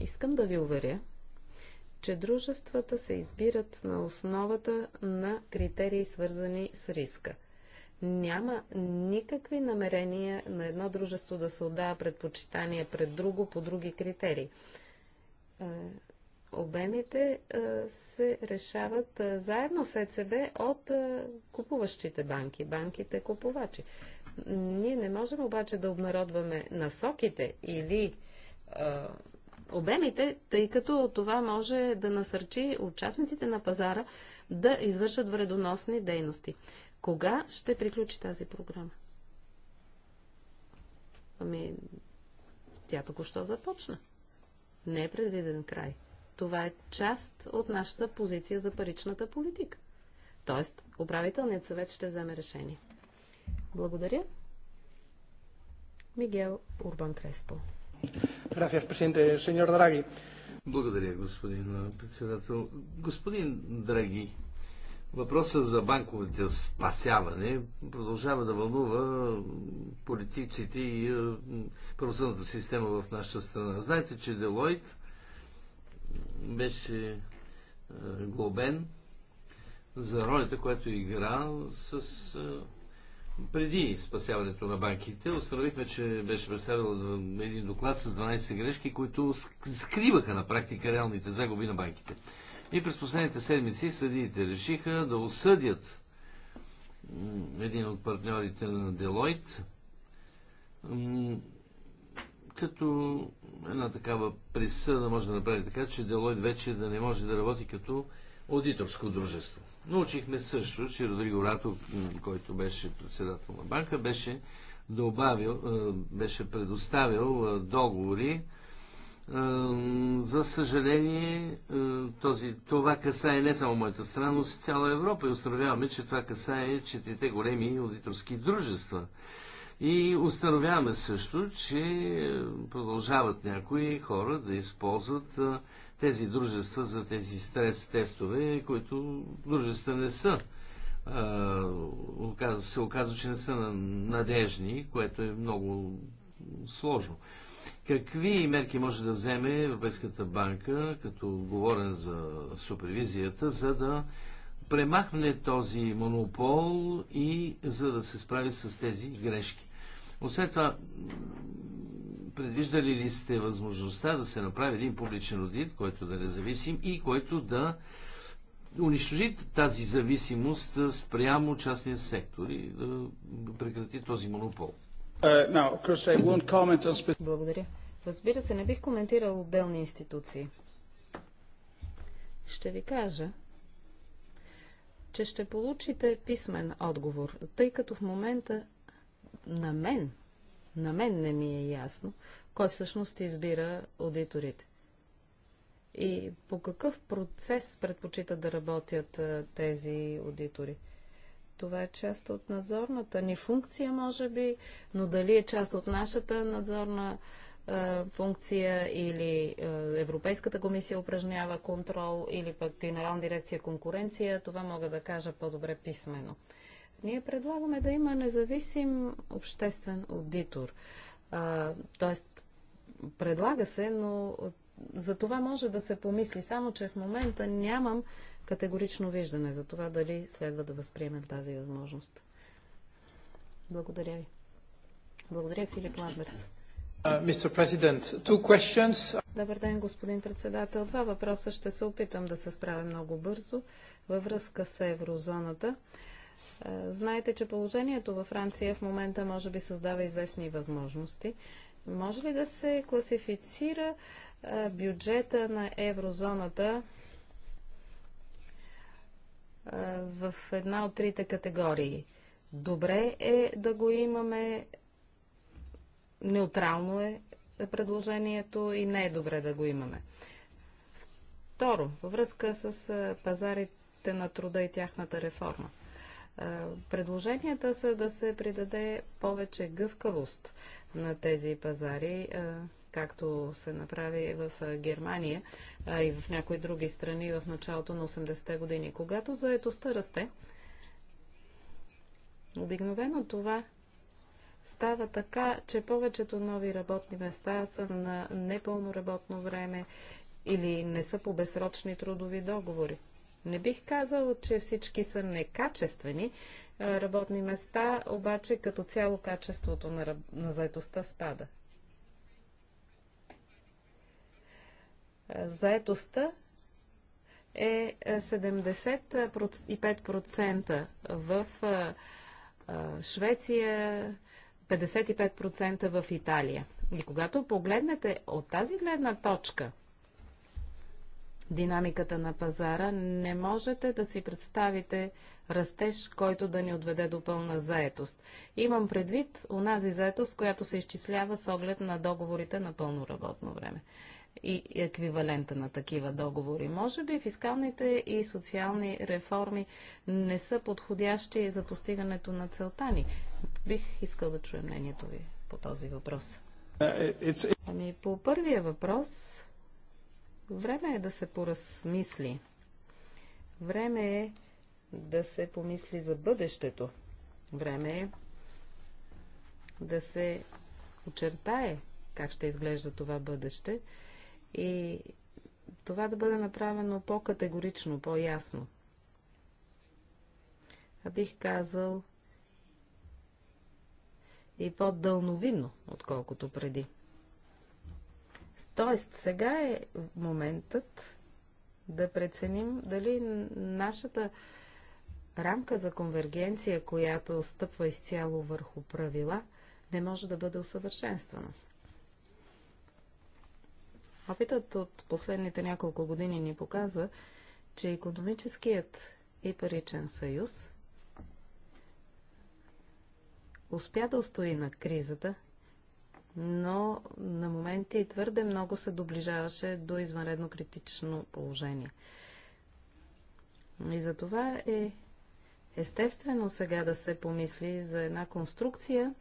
Искам да ви уверя, че дружествата се избират на основата на критерии, свързани с риска. Няма никакви намерения на едно дружество да се отдава предпочитание пред друго по други критерии. Е, обемите е, се решават е, заедно с ЕЦБ от купуващите банки, банките купувачи. Ние не можем обаче да обнародваме насоките или обемите, тъй като това може да насърчи участниците на пазара да извършат вредоносни дейности. Кога ще приключи тази програма? Ами, тя току-що започна. Не е предвиден край. Това е част от нашата позиция за паричната политика. Тоест, управителният съвет ще вземе решение. Благодаря. Мигел Урбан Креспо. Благодаря, господин председател. Господин Драги, въпросът за банковите спасяване продължава да вълнува политиците и правосъдната система в нашата страна. Знаете, че Делойт беше глобен за ролята, която е игра с преди спасяването на банките, установихме, че беше представил един доклад с 12 грешки, които скриваха на практика реалните загуби на банките. И през последните седмици съдиите решиха да осъдят един от партньорите на Делойт като една такава присъда може да направи така, че Делойт вече да не може да работи като аудиторско дружество. Научихме също, че Родриго Рато, който беше председател на банка, беше, добавил, е, беше предоставил е, договори. Е, за съжаление, този, това касае не само моята страна, но и цяла Европа и установяваме, че това касае четирите големи аудиторски дружества. И установяваме също, че продължават някои хора да използват тези дружества за тези стрес тестове, които дружества не са. Се оказва, че не са надежни, което е много сложно. Какви мерки може да вземе Европейската банка, като говорен за супервизията, за да премахне този монопол и за да се справи с тези грешки? Освен това, предвиждали ли сте възможността да се направи един публичен одит, който да е независим и който да унищожи тази зависимост спрямо частния сектор и да прекрати този монопол? Uh, Благодаря. Разбира се, не бих коментирал отделни институции. Ще ви кажа, че ще получите писмен отговор, тъй като в момента на мен на мен не ми е ясно кой всъщност избира аудиторите. И по какъв процес предпочитат да работят тези аудитори? Това е част от надзорната ни функция, може би, но дали е част от нашата надзорна е, функция или е, Европейската комисия упражнява контрол или пък Генерална дирекция конкуренция, това мога да кажа по-добре писменно. Ние предлагаме да има независим обществен аудитор. Тоест, предлага се, но за това може да се помисли, само че в момента нямам категорично виждане за това дали следва да възприемем тази възможност. Благодаря ви. Благодаря, Филип Ламберц. Uh, Добър ден, господин председател. Два въпроса ще се опитам да се справя много бързо във връзка с еврозоната. Uh, е, знаете, че положението във Франция в момента може би създава известни възможности. Може ли да се класифицира е, бюджета на еврозоната е, в една от трите категории? Добре е да го имаме, неутрално е предложението и не е добре да го имаме. Второ, във връзка с пазарите на труда и тяхната реформа. Предложенията са да се придаде повече гъвкавост на тези пазари, както се направи в Германия и в някои други страни в началото на 80-те години. Когато заетостта расте, обикновено това става така, че повечето нови работни места са на непълно работно време или не са по безсрочни трудови договори. Не бих казал, че всички са некачествени работни места, обаче като цяло качеството на, на заетостта спада. Заетостта е 75% е в Швеция, 55% в Италия. И когато погледнете от тази гледна точка динамиката на пазара, не можете да си представите растеж, който да ни отведе до пълна заетост. Имам предвид унази заетост, която се изчислява с оглед на договорите на пълно работно време и еквивалента на такива договори. Може би фискалните и социални реформи не са подходящи за постигането на целта ни. Бих искал да чуя мнението ви по този въпрос. Uh, ами по първия въпрос Време е да се поразмисли. Време е да се помисли за бъдещето. Време е да се очертае как ще изглежда това бъдеще и това да бъде направено по-категорично, по-ясно. А бих казал и по-дълновидно, отколкото преди. Тоест, сега е моментът да преценим дали нашата рамка за конвергенция, която стъпва изцяло върху правила, не може да бъде усъвършенствана. Опитът от последните няколко години ни показа, че економическият и паричен съюз успя да устои на кризата но на моменти и твърде много се доближаваше до извънредно критично положение. И за това е естествено сега да се помисли за една конструкция,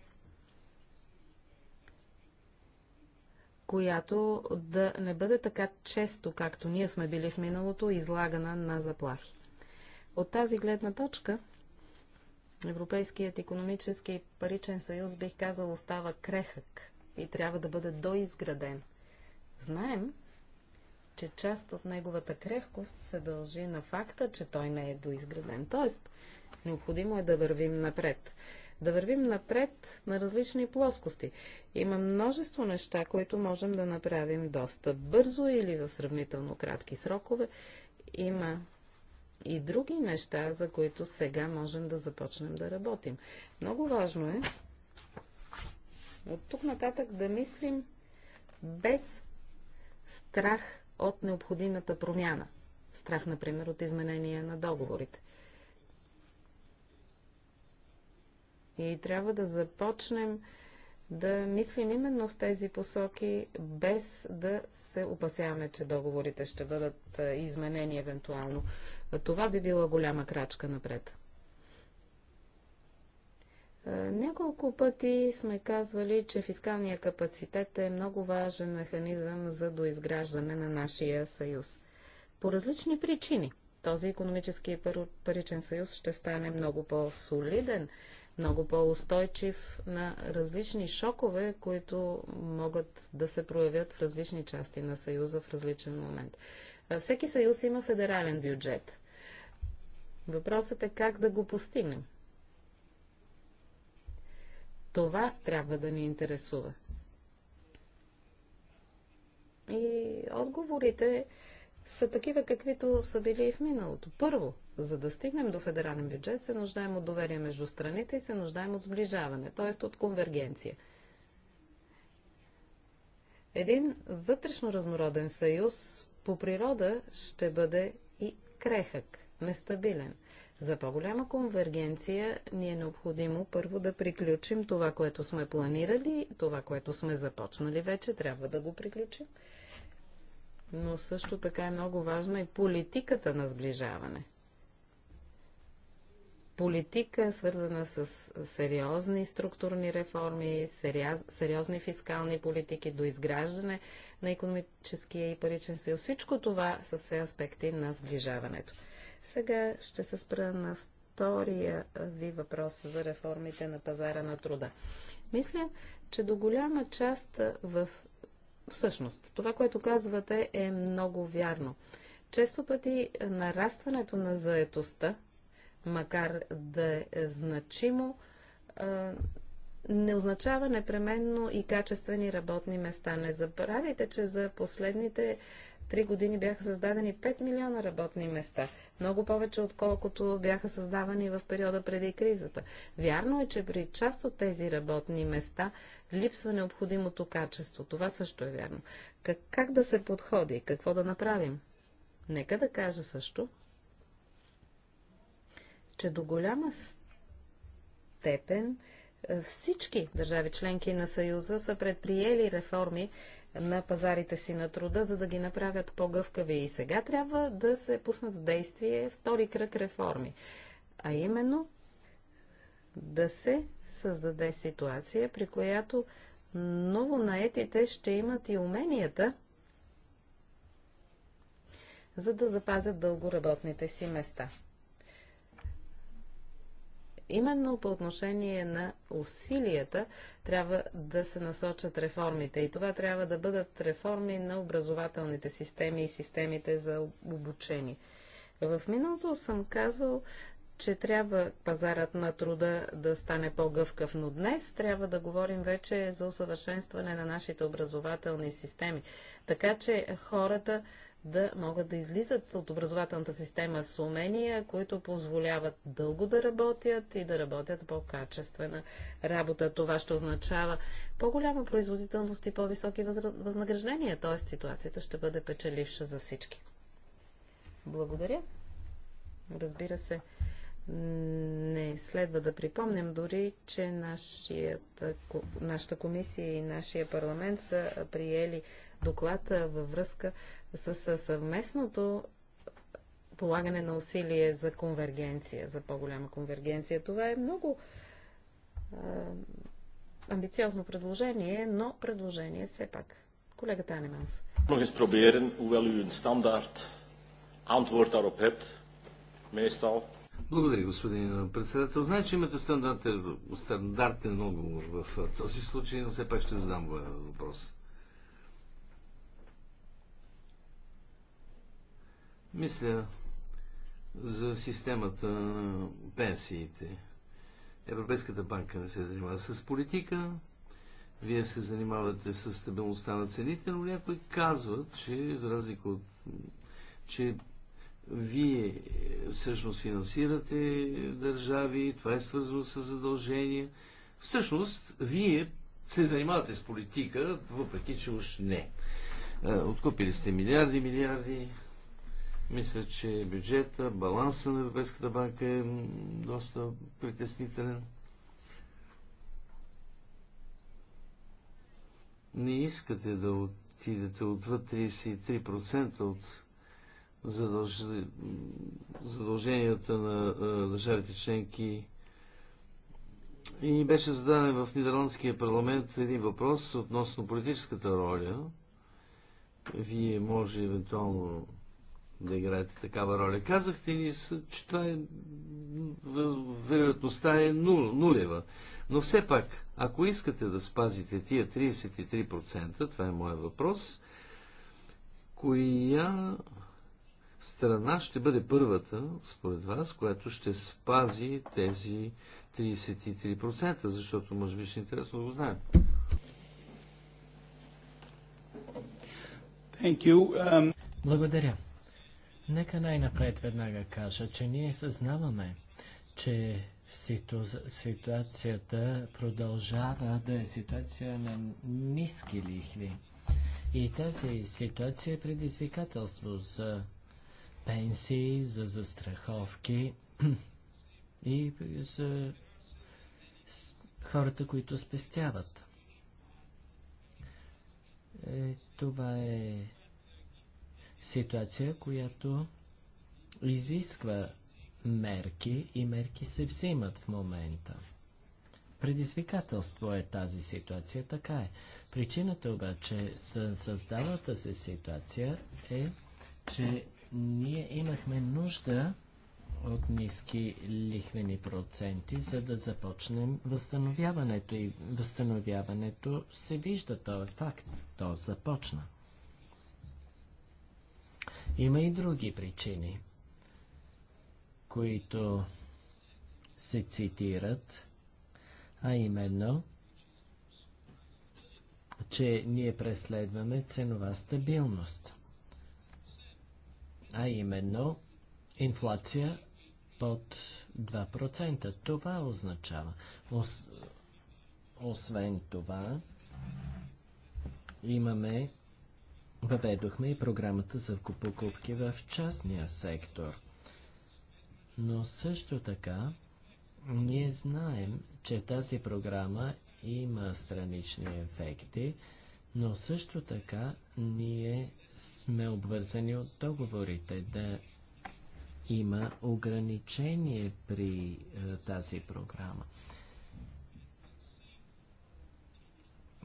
която да не бъде така често, както ние сме били в миналото, излагана на заплахи. От тази гледна точка, Европейският економически паричен съюз, бих казал, остава крехък и трябва да бъде доизграден. Знаем, че част от неговата крехкост се дължи на факта, че той не е доизграден. Тоест, необходимо е да вървим напред. Да вървим напред на различни плоскости. Има множество неща, които можем да направим доста бързо или в сравнително кратки срокове. Има и други неща, за които сега можем да започнем да работим. Много важно е от тук нататък да мислим без страх от необходимата промяна. Страх, например, от изменение на договорите. И трябва да започнем да мислим именно в тези посоки, без да се опасяваме, че договорите ще бъдат изменени евентуално. Това би била голяма крачка напред. Е, няколко пъти сме казвали, че фискалният капацитет е много важен механизъм за доизграждане на нашия съюз. По различни причини този економически и паричен съюз ще стане много по-солиден, много по-устойчив на различни шокове, които могат да се проявят в различни части на съюза в различен момент. Е, всеки съюз има федерален бюджет. Въпросът е как да го постигнем. Това трябва да ни интересува. И отговорите са такива, каквито са били и в миналото. Първо, за да стигнем до федерален бюджет, се нуждаем от доверие между страните и се нуждаем от сближаване, т.е. от конвергенция. Един вътрешно разнороден съюз по природа ще бъде и крехък, нестабилен. За по-голяма конвергенция ни е необходимо първо да приключим това, което сме планирали, това, което сме започнали вече, трябва да го приключим. Но също така е много важна и политиката на сближаване – политика, свързана с сериозни структурни реформи, сериозни фискални политики, до изграждане на економическия и паричен съюз. Всичко това са все аспекти на сближаването. Сега ще се спра на втория ви въпрос за реформите на пазара на труда. Мисля, че до голяма част в... Всъщност, това, което казвате, е много вярно. Често пъти нарастването на заетостта макар да е значимо, не означава непременно и качествени работни места. Не забравяйте, че за последните три години бяха създадени 5 милиона работни места. Много повече, отколкото бяха създавани в периода преди кризата. Вярно е, че при част от тези работни места липсва необходимото качество. Това също е вярно. Как, как да се подходи? Какво да направим? Нека да кажа също, че до голяма степен е, всички държави членки на Съюза са предприели реформи на пазарите си на труда, за да ги направят по-гъвкави. И сега трябва да се пуснат в действие втори кръг реформи, а именно да се създаде ситуация, при която наетите ще имат и уменията, за да запазят дълго работните си места. Именно по отношение на усилията трябва да се насочат реформите. И това трябва да бъдат реформи на образователните системи и системите за обучение. В миналото съм казвал, че трябва пазарът на труда да стане по-гъвкав, но днес трябва да говорим вече за усъвършенстване на нашите образователни системи, така че хората да могат да излизат от образователната система с умения, които позволяват дълго да работят и да работят по-качествена работа. Това ще означава по-голяма производителност и по-високи възнаграждения, т.е. ситуацията ще бъде печеливша за всички. Благодаря. Разбира се, не следва да припомням дори, че нашата комисия и нашия парламент са приели доклад във връзка с съвместното полагане на усилие за конвергенция, за по-голяма конвергенция. Това е много амбициозно предложение, но предложение все пак. Колегата Анеманс. Nog eens proberen, hoewel u een standaard antwoord daarop hebt, meestal. Благодаря, господин председател. Знае, че имате стандартен, стандартен отговор в този случай, но все пак ще задам въпрос. Мисля за системата на пенсиите. Европейската банка не се занимава с политика, вие се занимавате с стабилността на цените, но някой казва, че за разлика от че вие всъщност финансирате държави, това е свързано с задължения. Всъщност, вие се занимавате с политика, въпреки че уж не. Е, откупили сте милиарди, милиарди, мисля, че бюджета, баланса на Европейската банка е доста притеснителен. Не искате да отидете отвъд 33% от задълж... задълженията на а, държавите членки. И ни беше зададен в Нидерландския парламент един въпрос относно политическата роля. Вие може евентуално да играете такава роля. Казахте ни, че това е... вероятността е нулева. Но все пак, ако искате да спазите тия 33%, това е моят въпрос, коя страна ще бъде първата, според вас, която ще спази тези 33%, защото може би ще е интересно да го знаем. Um... Благодаря. Нека най-напред веднага кажа, че ние съзнаваме, че ситу... ситуацията продължава да е ситуация на ниски лихви. И тази ситуация е предизвикателство за пенсии, за застраховки и за хората, които спестяват. Е, това е ситуация, която изисква мерки и мерки се взимат в момента. Предизвикателство е тази ситуация, така е. Причината обаче за създалата се ситуация е, че ние имахме нужда от ниски лихвени проценти, за да започнем възстановяването. И възстановяването се вижда, то е факт, то започна. Има и други причини, които се цитират, а именно, че ние преследваме ценова стабилност, а именно инфлация под 2%. Това означава. Ос... Освен това, имаме Въведохме и програмата за покупки в частния сектор. Но също така, ние знаем, че тази програма има странични ефекти, но също така ние сме обвързани от договорите да има ограничение при е, тази програма.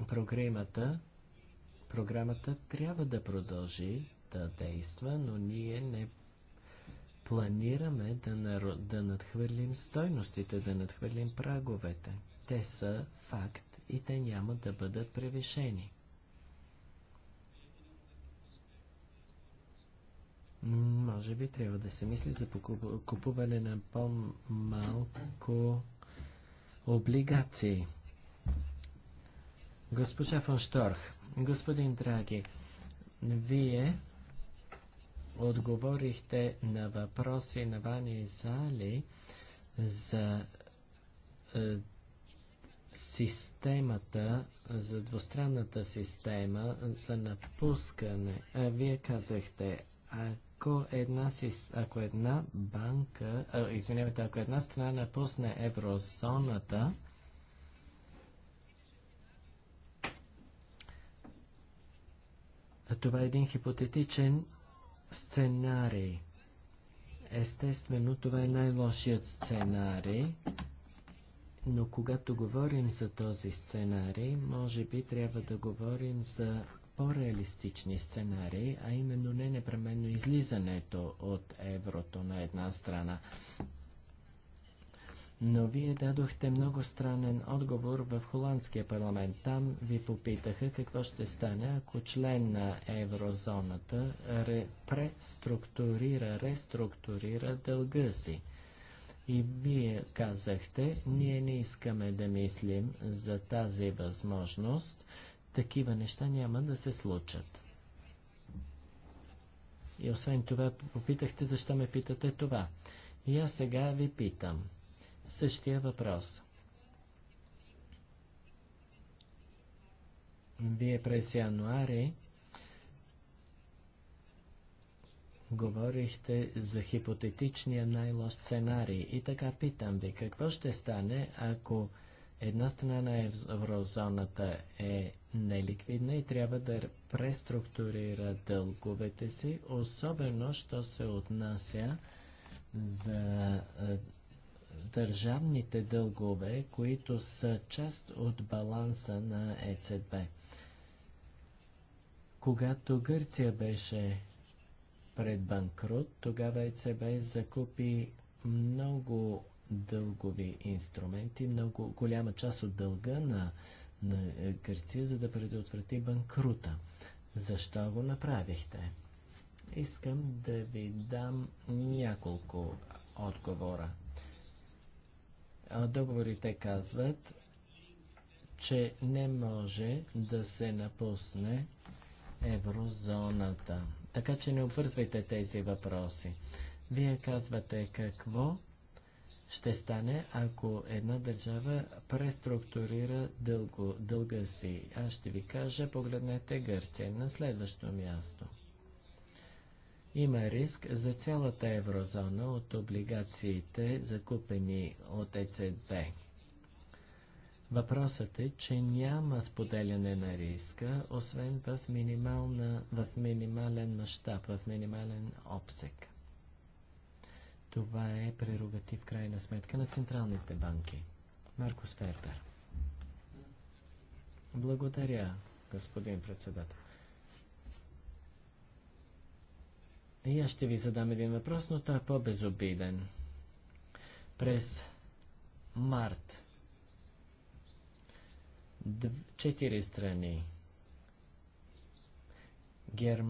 Програмата Програмата трябва да продължи да действа, но ние не планираме да, наро... да надхвърлим стойностите, да надхвърлим праговете. Те са факт и те няма да бъдат превишени. Може би трябва да се мисли за купуване на по-малко облигации. Госпожа фон Шторх, Господин Драги, вие отговорихте на въпроси на Вани Зали за е, системата, за двустранната система за напускане. А е, вие казахте, ако една, ако една банка, а, е, извинявайте, ако една страна напусне еврозоната, Това е един хипотетичен сценарий. Естествено, това е най-лошият сценарий, но когато говорим за този сценарий, може би трябва да говорим за по-реалистични сценарии, а именно не непременно излизането от еврото на една страна но вие дадохте много странен отговор в холандския парламент. Там ви попитаха какво ще стане, ако член на еврозоната преструктурира, реструктурира дълга си. И вие казахте, ние не искаме да мислим за тази възможност, такива неща няма да се случат. И освен това попитахте, защо ме питате това. И аз сега ви питам – същия въпрос. Вие през януари говорихте за хипотетичния най-лош сценарий. И така питам ви, какво ще стане, ако една страна на еврозоната е неликвидна и трябва да преструктурира дълговете си, особено, що се отнася за държавните дългове, които са част от баланса на ЕЦБ. Когато Гърция беше пред банкрут, тогава ЕЦБ закупи много дългови инструменти, много голяма част от дълга на, на Гърция, за да предотврати банкрута. Защо го направихте? Искам да ви дам няколко отговора. Договорите казват, че не може да се напусне еврозоната. Така че не обвързвайте тези въпроси. Вие казвате какво ще стане, ако една държава преструктурира дълго, дълга си. Аз ще ви кажа, погледнете Гърция на следващо място – има риск за цялата еврозона от облигациите, закупени от ЕЦБ. Въпросът е, че няма споделяне на риска, освен в, минимална, в минимален мащаб, в минимален обсек. Това е прерогатив крайна сметка на централните банки. Маркус Фербер. Благодаря, господин председател. И аз ще ви задам един въпрос, но той е по-безобиден. През март четири страни Гер...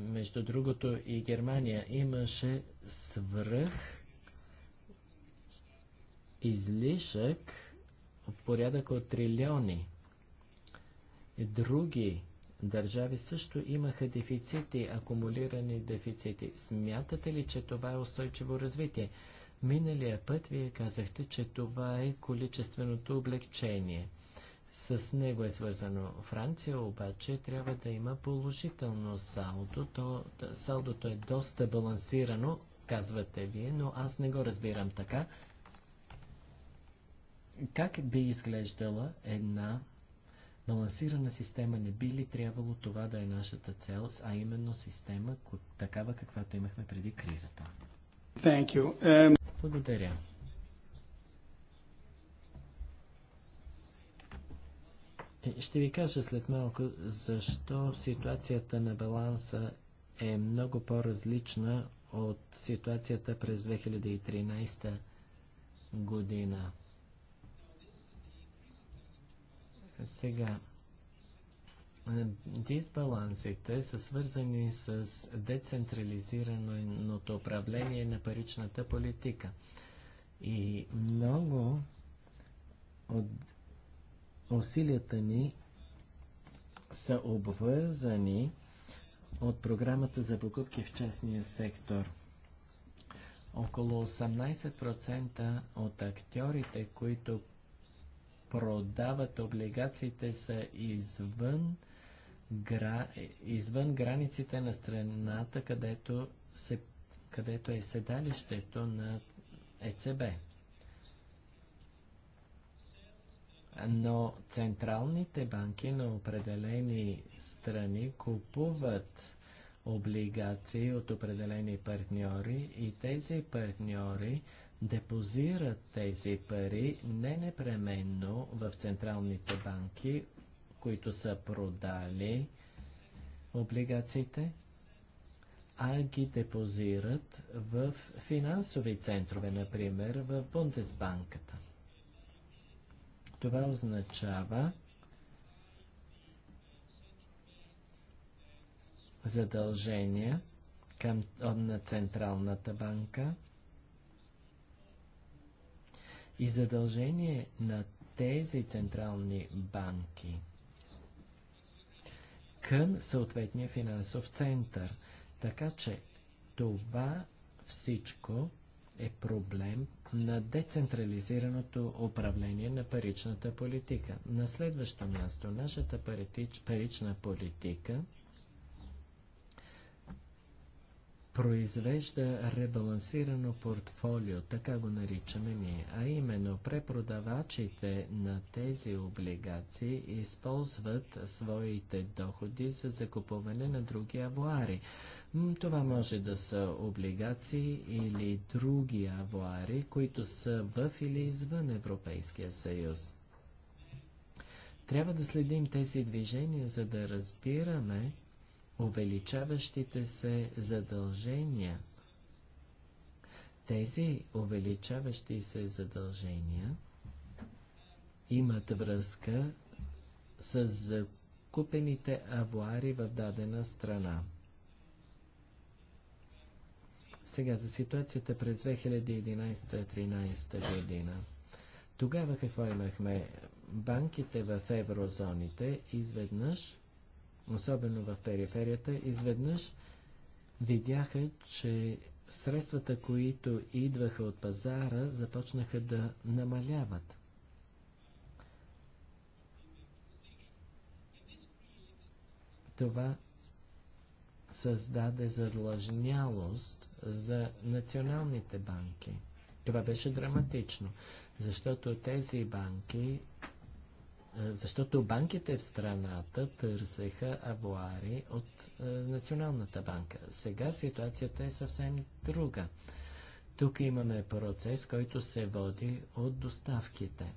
между другото и Германия имаше свръх излишък в порядък от трилиони. Други държави също имаха дефицити, акумулирани дефицити. Смятате ли, че това е устойчиво развитие? Миналия път вие казахте, че това е количественото облегчение. С него е свързано Франция, обаче трябва да има положително салдо. То, салдото е доста балансирано, казвате вие, но аз не го разбирам така. Как би изглеждала една балансирана система не би ли трябвало това да е нашата цел, а именно система такава каквато имахме преди кризата? Thank you. Um... Благодаря. Е, ще ви кажа след малко защо ситуацията на баланса е много по-различна от ситуацията през 2013 година. Сега, дисбалансите са свързани с децентрализираното управление на паричната политика. И много от усилията ни са обвързани от програмата за покупки в частния сектор. Около 18% от актьорите, които продават облигациите са извън, гра, извън границите на страната, където, се, където е седалището на ЕЦБ. Но централните банки на определени страни купуват облигации от определени партньори и тези партньори депозират тези пари не непременно в централните банки, които са продали облигациите, а ги депозират в финансови центрове, например в Бундесбанката. Това означава задължения към, на Централната банка – и задължение на тези централни банки към съответния финансов център. Така че това всичко е проблем на децентрализираното управление на паричната политика. На следващо място, нашата парична политика – произвежда ребалансирано портфолио, така го наричаме ние, а именно препродавачите на тези облигации използват своите доходи за закупуване на други авуари. Това може да са облигации или други авуари, които са в или извън Европейския съюз. Трябва да следим тези движения, за да разбираме увеличаващите се задължения. Тези увеличаващи се задължения имат връзка с закупените авуари в дадена страна. Сега за ситуацията през 2011-2013 година. Тогава какво имахме? Банките в еврозоните изведнъж особено в периферията, изведнъж видяха, че средствата, които идваха от пазара, започнаха да намаляват. Това създаде задлъжнялост за националните банки. Това беше драматично, защото тези банки е, защото банките в страната търсеха авуари от е, Националната банка. Сега ситуацията е съвсем друга. Тук имаме процес, който се води от доставките.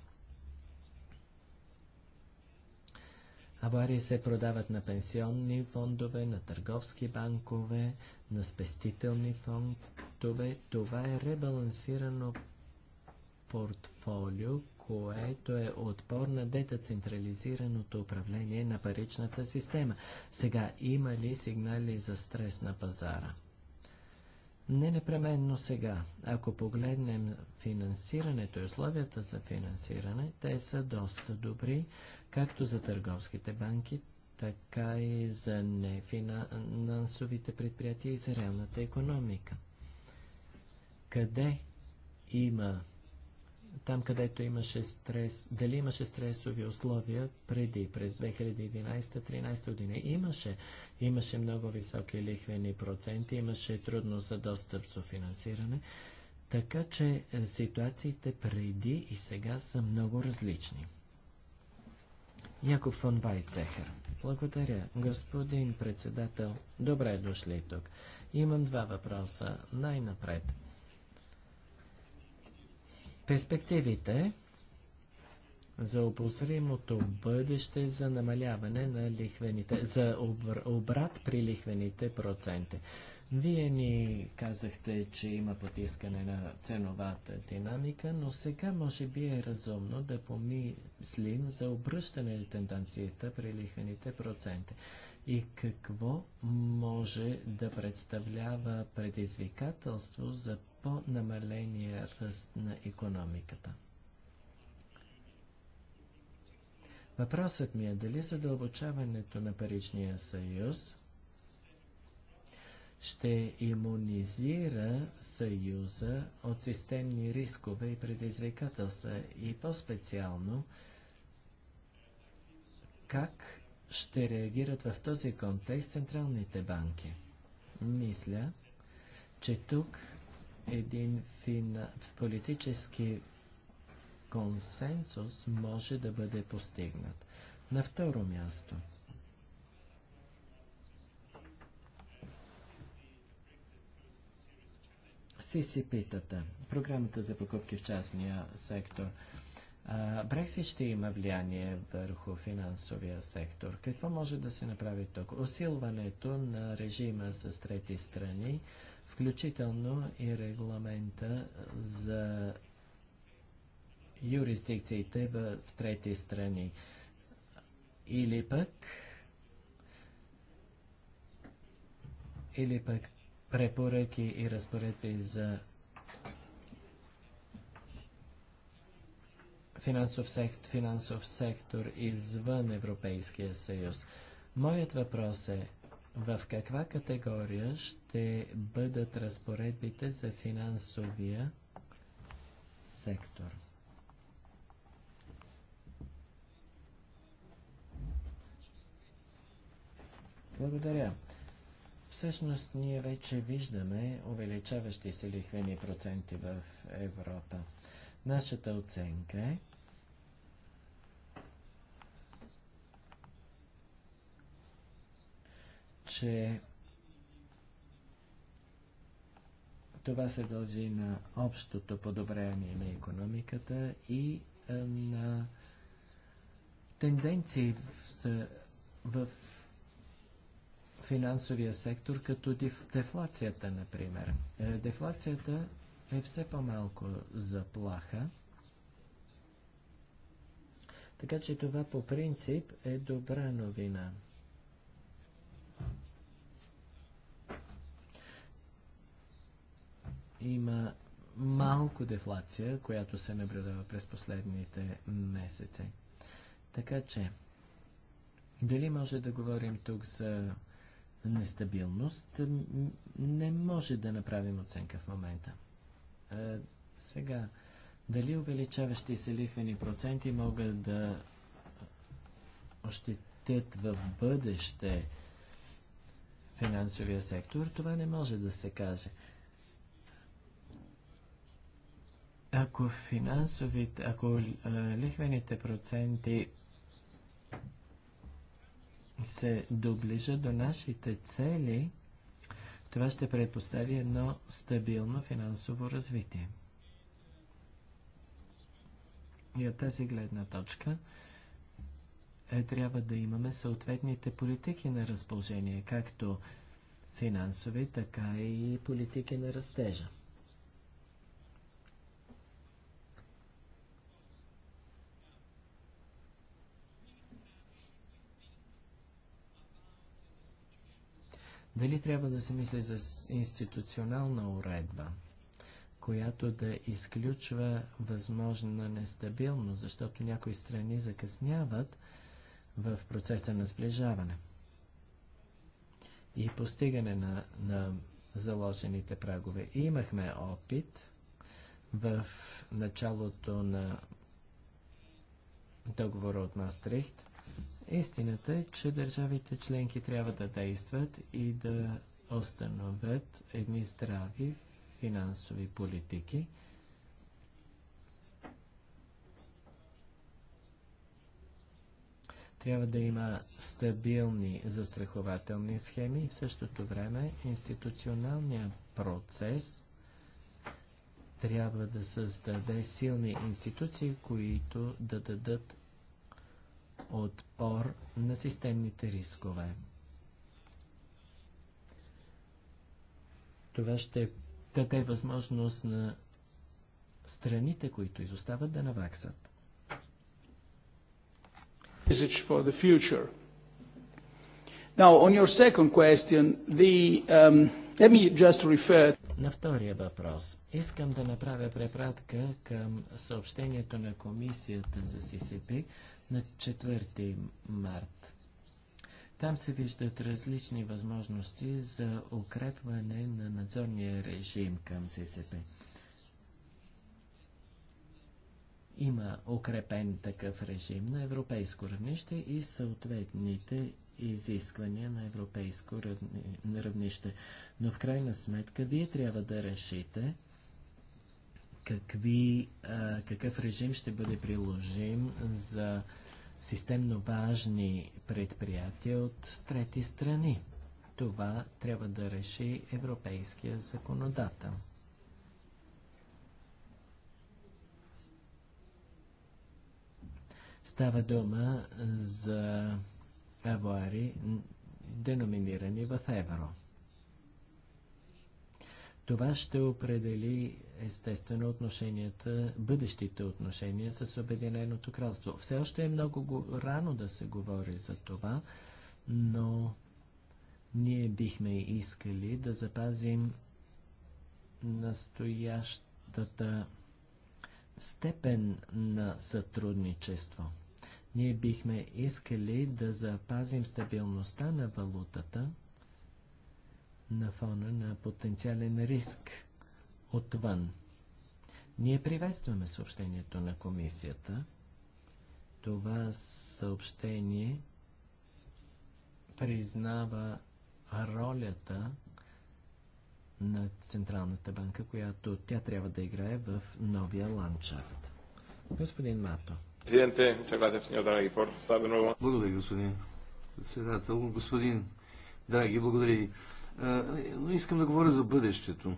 Аварии се продават на пенсионни фондове, на търговски банкове, на спестителни фондове. Това е ребалансирано портфолио, което е отпор на децентрализираното управление на паричната система. Сега има ли сигнали за стрес на пазара? Не непременно сега. Ако погледнем финансирането и условията за финансиране, те са доста добри, както за търговските банки, така и за нефинансовите предприятия и за реалната економика. Къде има там, където имаше стрес, дали имаше стресови условия преди, през 2011-2013 година. Имаше. Имаше много високи лихвени проценти, имаше трудно за достъп до финансиране. Така че е, ситуациите преди и сега са много различни. Якоб фон Вайцехер. Благодаря, господин председател. Добре дошли тук. Имам два въпроса. Най-напред – перспективите за обозримото бъдеще за намаляване на лихвените, за обрат при лихвените проценти. Вие ни казахте, че има потискане на ценовата динамика, но сега може би е разумно да помислим за обръщане на тенденцията при лихвените проценти и какво може да представлява предизвикателство за по-намаления ръст на економиката. Въпросът ми е дали задълбочаването на паричния съюз ще иммунизира съюза от системни рискове и предизвикателства и по-специално как ще реагират в този контекст централните банки? Мисля, че тук един политически консенсус може да бъде постигнат. На второ място. си питате. програмата за покупки в частния сектор – Брексит ще има влияние върху финансовия сектор. Какво може да се направи тук? Усилването на режима с трети страни, включително и регламента за юрисдикциите в трети страни. Или пък или пък препоръки и разпоредби за финансов, сект, финансов сектор извън Европейския съюз. Моят въпрос е, в каква категория ще бъдат разпоредбите за финансовия сектор? Благодаря. Всъщност ние вече виждаме увеличаващи се лихвени проценти в Европа. Нашата оценка е, че това се дължи на общото подобрение на економиката и е, на тенденции в, в финансовия сектор, като дефлацията, например. Е, дефлацията е все по-малко заплаха, така че това по принцип е добра новина. има малко дефлация, която се наблюдава през последните месеци. Така че, дали може да говорим тук за нестабилност, не може да направим оценка в момента. А, сега, дали увеличаващи се лихвени проценти могат да ощетят в бъдеще финансовия сектор, това не може да се каже. Ако финансовите, ако лихвените проценти се доближат до нашите цели, това ще предпостави едно стабилно финансово развитие. И от тази гледна точка е, трябва да имаме съответните политики на разположение, както финансови, така и политики на растежа. Дали трябва да се мисли за институционална уредба, която да изключва възможна нестабилност, защото някои страни закъсняват в процеса на сближаване и постигане на, на заложените прагове. И имахме опит в началото на договора от Мастрихт Истината е, че държавите членки трябва да действат и да установят едни здрави финансови политики. Трябва да има стабилни застрахователни схеми и в същото време институционалния процес трябва да създаде силни институции, които да дадат отпор на системните рискове. Това ще даде възможност на страните, които изостават, да наваксат. For the future. Now, on your second question, the, um, let me just refer... На втория въпрос. Искам да направя препратка към съобщението на комисията за ССП, на 4 март. Там се виждат различни възможности за укрепване на надзорния режим към ССП. Има укрепен такъв режим на европейско равнище и съответните изисквания на европейско равнище. Но в крайна сметка вие трябва да решите какви, а, какъв режим ще бъде приложим за системно важни предприятия от трети страни. Това трябва да реши европейския законодател. Става дума за авуари, деноминирани в евро. Това ще определи естествено отношенията, бъдещите отношения с Обединеното кралство. Все още е много рано да се говори за това, но ние бихме искали да запазим настоящата степен на сътрудничество. Ние бихме искали да запазим стабилността на валутата – на фона на потенциален риск отвън. Ние приветстваме съобщението на комисията. Това съобщение признава ролята на Централната банка, която тя трябва да играе в новия ландшафт. Господин Мато. Благодаря, господин председател. Господин Драги, благодаря но искам да говоря за бъдещето.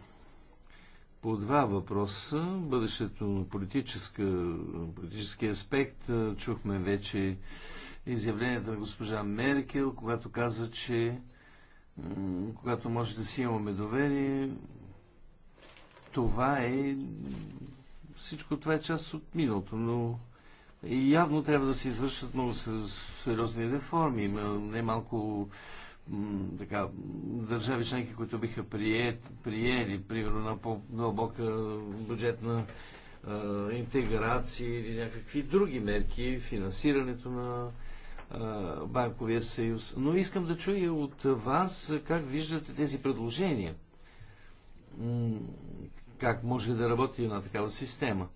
По два въпроса. Бъдещето на политически аспект. Чухме вече изявленията на госпожа Меркел, когато каза, че когато може да си имаме доверие, това е... Всичко това е част от миналото, но явно трябва да се извършат много сериозни реформи. Има немалко така, държави членки, които биха прие, приели, примерно, на по-дълбока бюджетна а, интеграция или някакви други мерки, финансирането на а, Банковия съюз. Но искам да чуя от вас как виждате тези предложения. Как може да работи една такава система?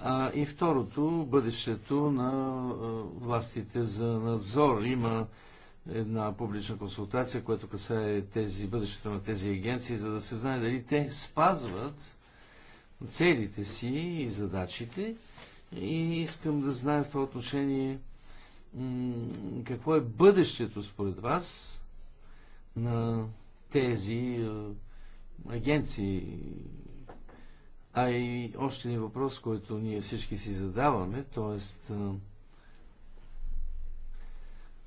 А, и второто, бъдещето на а, властите за надзор. Има една публична консултация, която касае тези, бъдещето на тези агенции, за да се знае дали те спазват целите си и задачите. И искам да знаем в това отношение какво е бъдещето според вас на тези агенции. А и още един въпрос, който ние всички си задаваме, т.е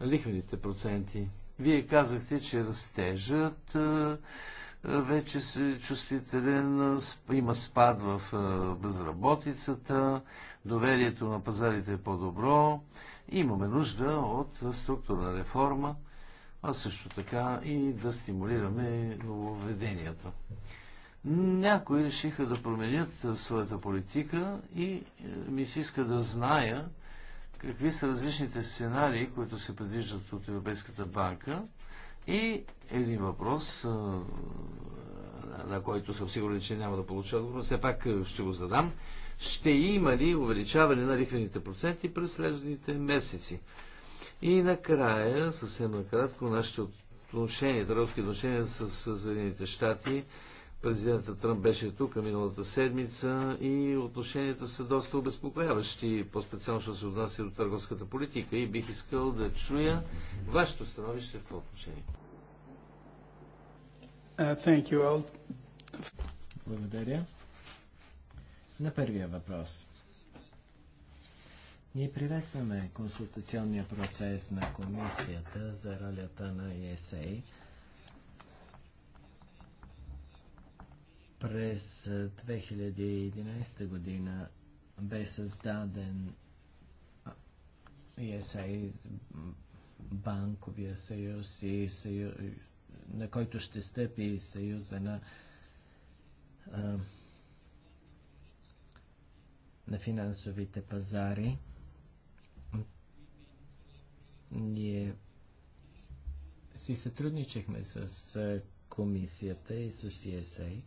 лихвените проценти. Вие казахте, че растежът е, е, вече се чувствителен, има спад в е, безработицата, доверието на пазарите е по-добро, имаме нужда от структурна реформа, а също така и да стимулираме нововведенията. Някои решиха да променят своята политика и ми се иска да зная какви са различните сценарии, които се предвиждат от Европейската банка. И един въпрос, на който съм сигурен, че няма да получа отговор, все пак ще го задам. Ще има ли увеличаване на лихвените проценти през следващите месеци? И накрая, съвсем накратко, нашите отношения, търговски отношения с Съединените щати Президентът Тръмп беше тук миналата седмица и отношенията са доста обезпокояващи, по-специално, що се отнася до търговската политика и бих искал да чуя вашето становище в това отношение. Uh, Благодаря. На първия въпрос. Ние приветстваме консултационния процес на комисията за ролята на ЕСЕЙ, През 2011 година бе създаден ESA банковия съюз и съюз, на който ще стъпи съюза на, а, на финансовите пазари. Ние си сътрудничихме с комисията и с ЕСАИ.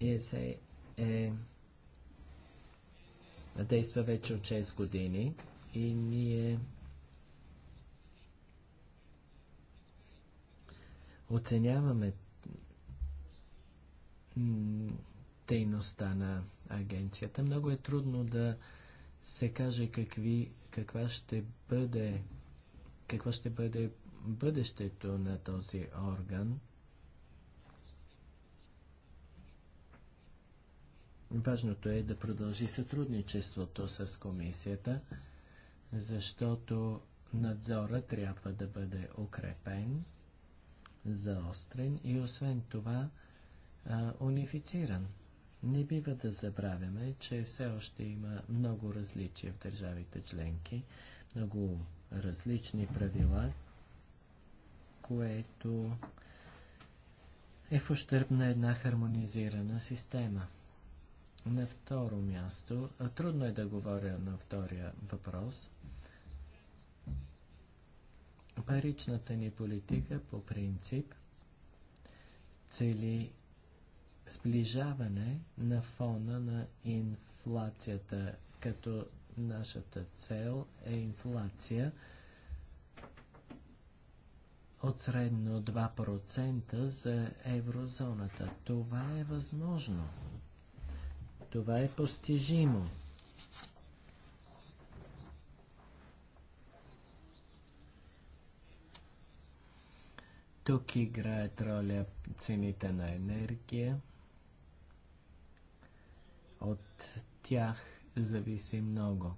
ЕСЕ е, действа вече от 6 години и ние оценяваме дейността на агенцията. Много е трудно да се каже какви, каква ще бъде, какво ще бъде бъдещето на този орган. Важното е да продължи сътрудничеството с комисията, защото надзора трябва да бъде укрепен, заострен и освен това а, унифициран. Не бива да забравяме, че все още има много различия в държавите членки, много различни правила, което е в ущърб на една хармонизирана система – на второ място, трудно е да говоря на втория въпрос. Паричната ни политика по принцип цели сближаване на фона на инфлацията, като нашата цел е инфлация от средно 2% за еврозоната. Това е възможно. Това е постижимо. Тук играят роля цените на енергия. От тях зависи много.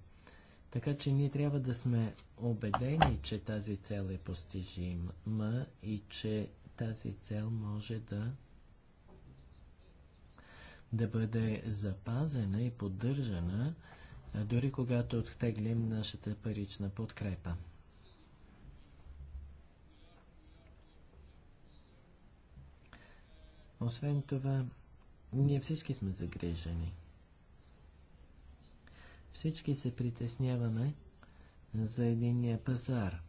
Така че ние трябва да сме убедени, че тази цел е постижима и че тази цел може да да бъде запазена и поддържана, дори когато оттеглим нашата парична подкрепа. Освен това, ние всички сме загрижени. Всички се притесняваме за единния пазар,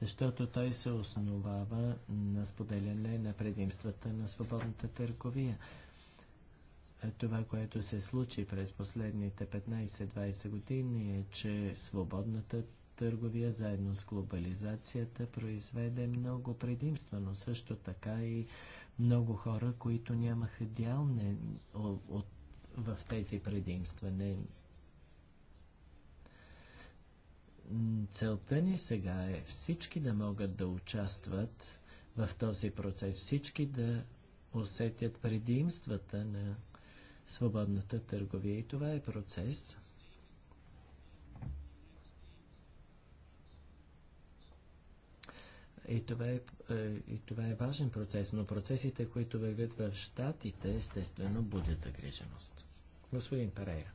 защото той се основава на споделяне на предимствата на свободната търговия това, което се случи през последните 15-20 години е, че свободната търговия заедно с глобализацията произведе много предимства, но също така и много хора, които нямаха дял не, от, в тези предимства. Не. Целта ни сега е всички да могат да участват в този процес, всички да усетят предимствата на свободната търговия. И това е процес, И това, е, е, и това е важен процес, но процесите, които вървят в Штатите, естествено будят загриженост. Господин Парея.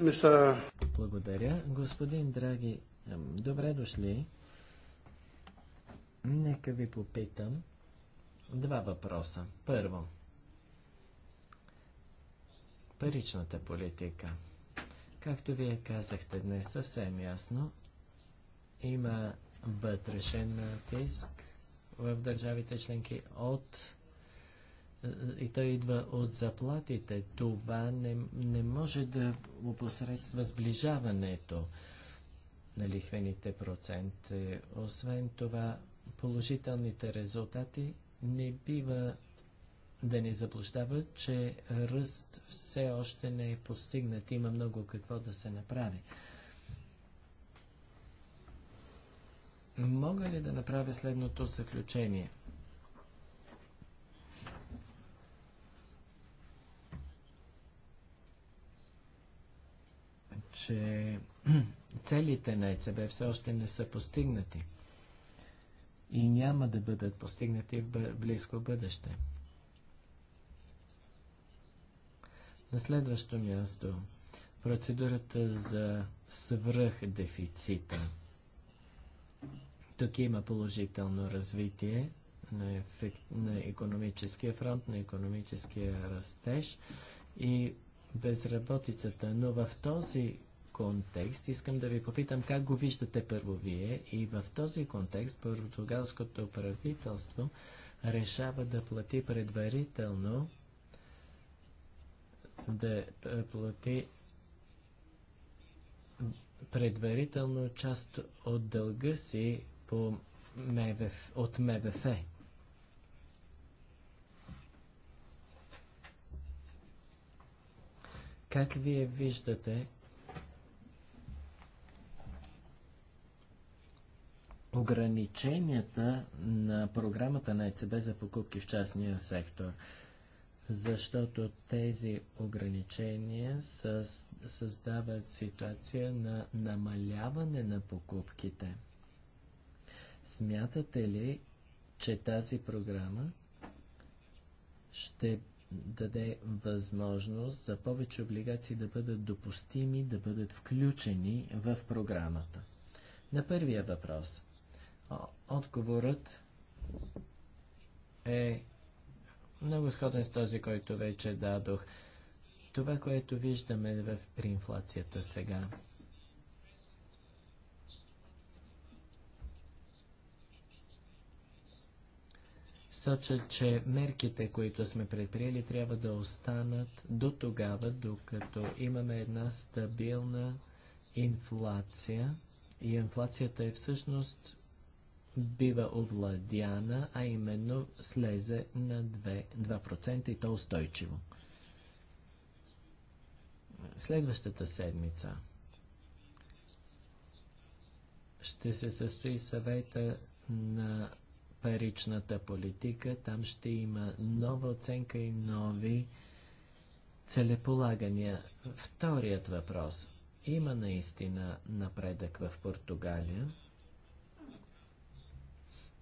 Мисля... Благодаря. Господин Драги, добре дошли. Нека ви попитам два въпроса. Първо, Паричната политика. Както вие казахте днес съвсем ясно, има вътрешен натиск в държавите членки от и той идва от заплатите. Това не, не може да опосредства сближаването на лихвените проценти. Освен това, положителните резултати не бива да ни заблуждават, че ръст все още не е постигнат. Има много какво да се направи. Мога ли да направя следното заключение? че целите на ЕЦБ все още не са постигнати и няма да бъдат постигнати в близко бъдеще. На следващо място, процедурата за свръхдефицита. Тук има положително развитие на, ефект, на економическия фронт, на економическия растеж и безработицата. Но в този контекст искам да ви попитам как го виждате първо вие и в този контекст португалското правителство решава да плати предварително да плати предварително част от дълга си по МВФ, от МВФ. Как вие виждате ограниченията на програмата на ЕЦБ за покупки в частния сектор? защото тези ограничения създават ситуация на намаляване на покупките. Смятате ли, че тази програма ще даде възможност за повече облигации да бъдат допустими, да бъдат включени в програмата? На първия въпрос. Отговорът е много сходен с този, който вече дадох. Това, което виждаме в, при инфлацията сега. Съча, че мерките, които сме предприели, трябва да останат до тогава, докато имаме една стабилна инфлация. И инфлацията е всъщност бива овладяна, а именно слезе на 2%, 2% и то устойчиво. Следващата седмица ще се състои съвета на паричната политика. Там ще има нова оценка и нови целеполагания. Вторият въпрос. Има наистина напредък в Португалия.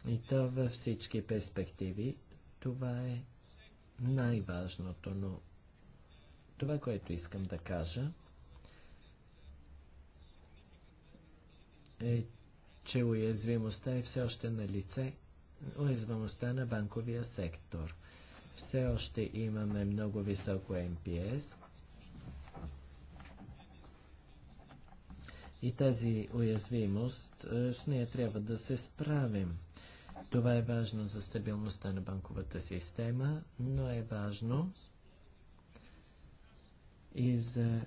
И то във всички перспективи. Това е най-важното, но това, което искам да кажа, е, че уязвимостта е все още на лице, уязвимостта на банковия сектор. Все още имаме много високо МПС и тази уязвимост, е, с нея трябва да се справим. Това е важно за стабилността на банковата система, но е важно и за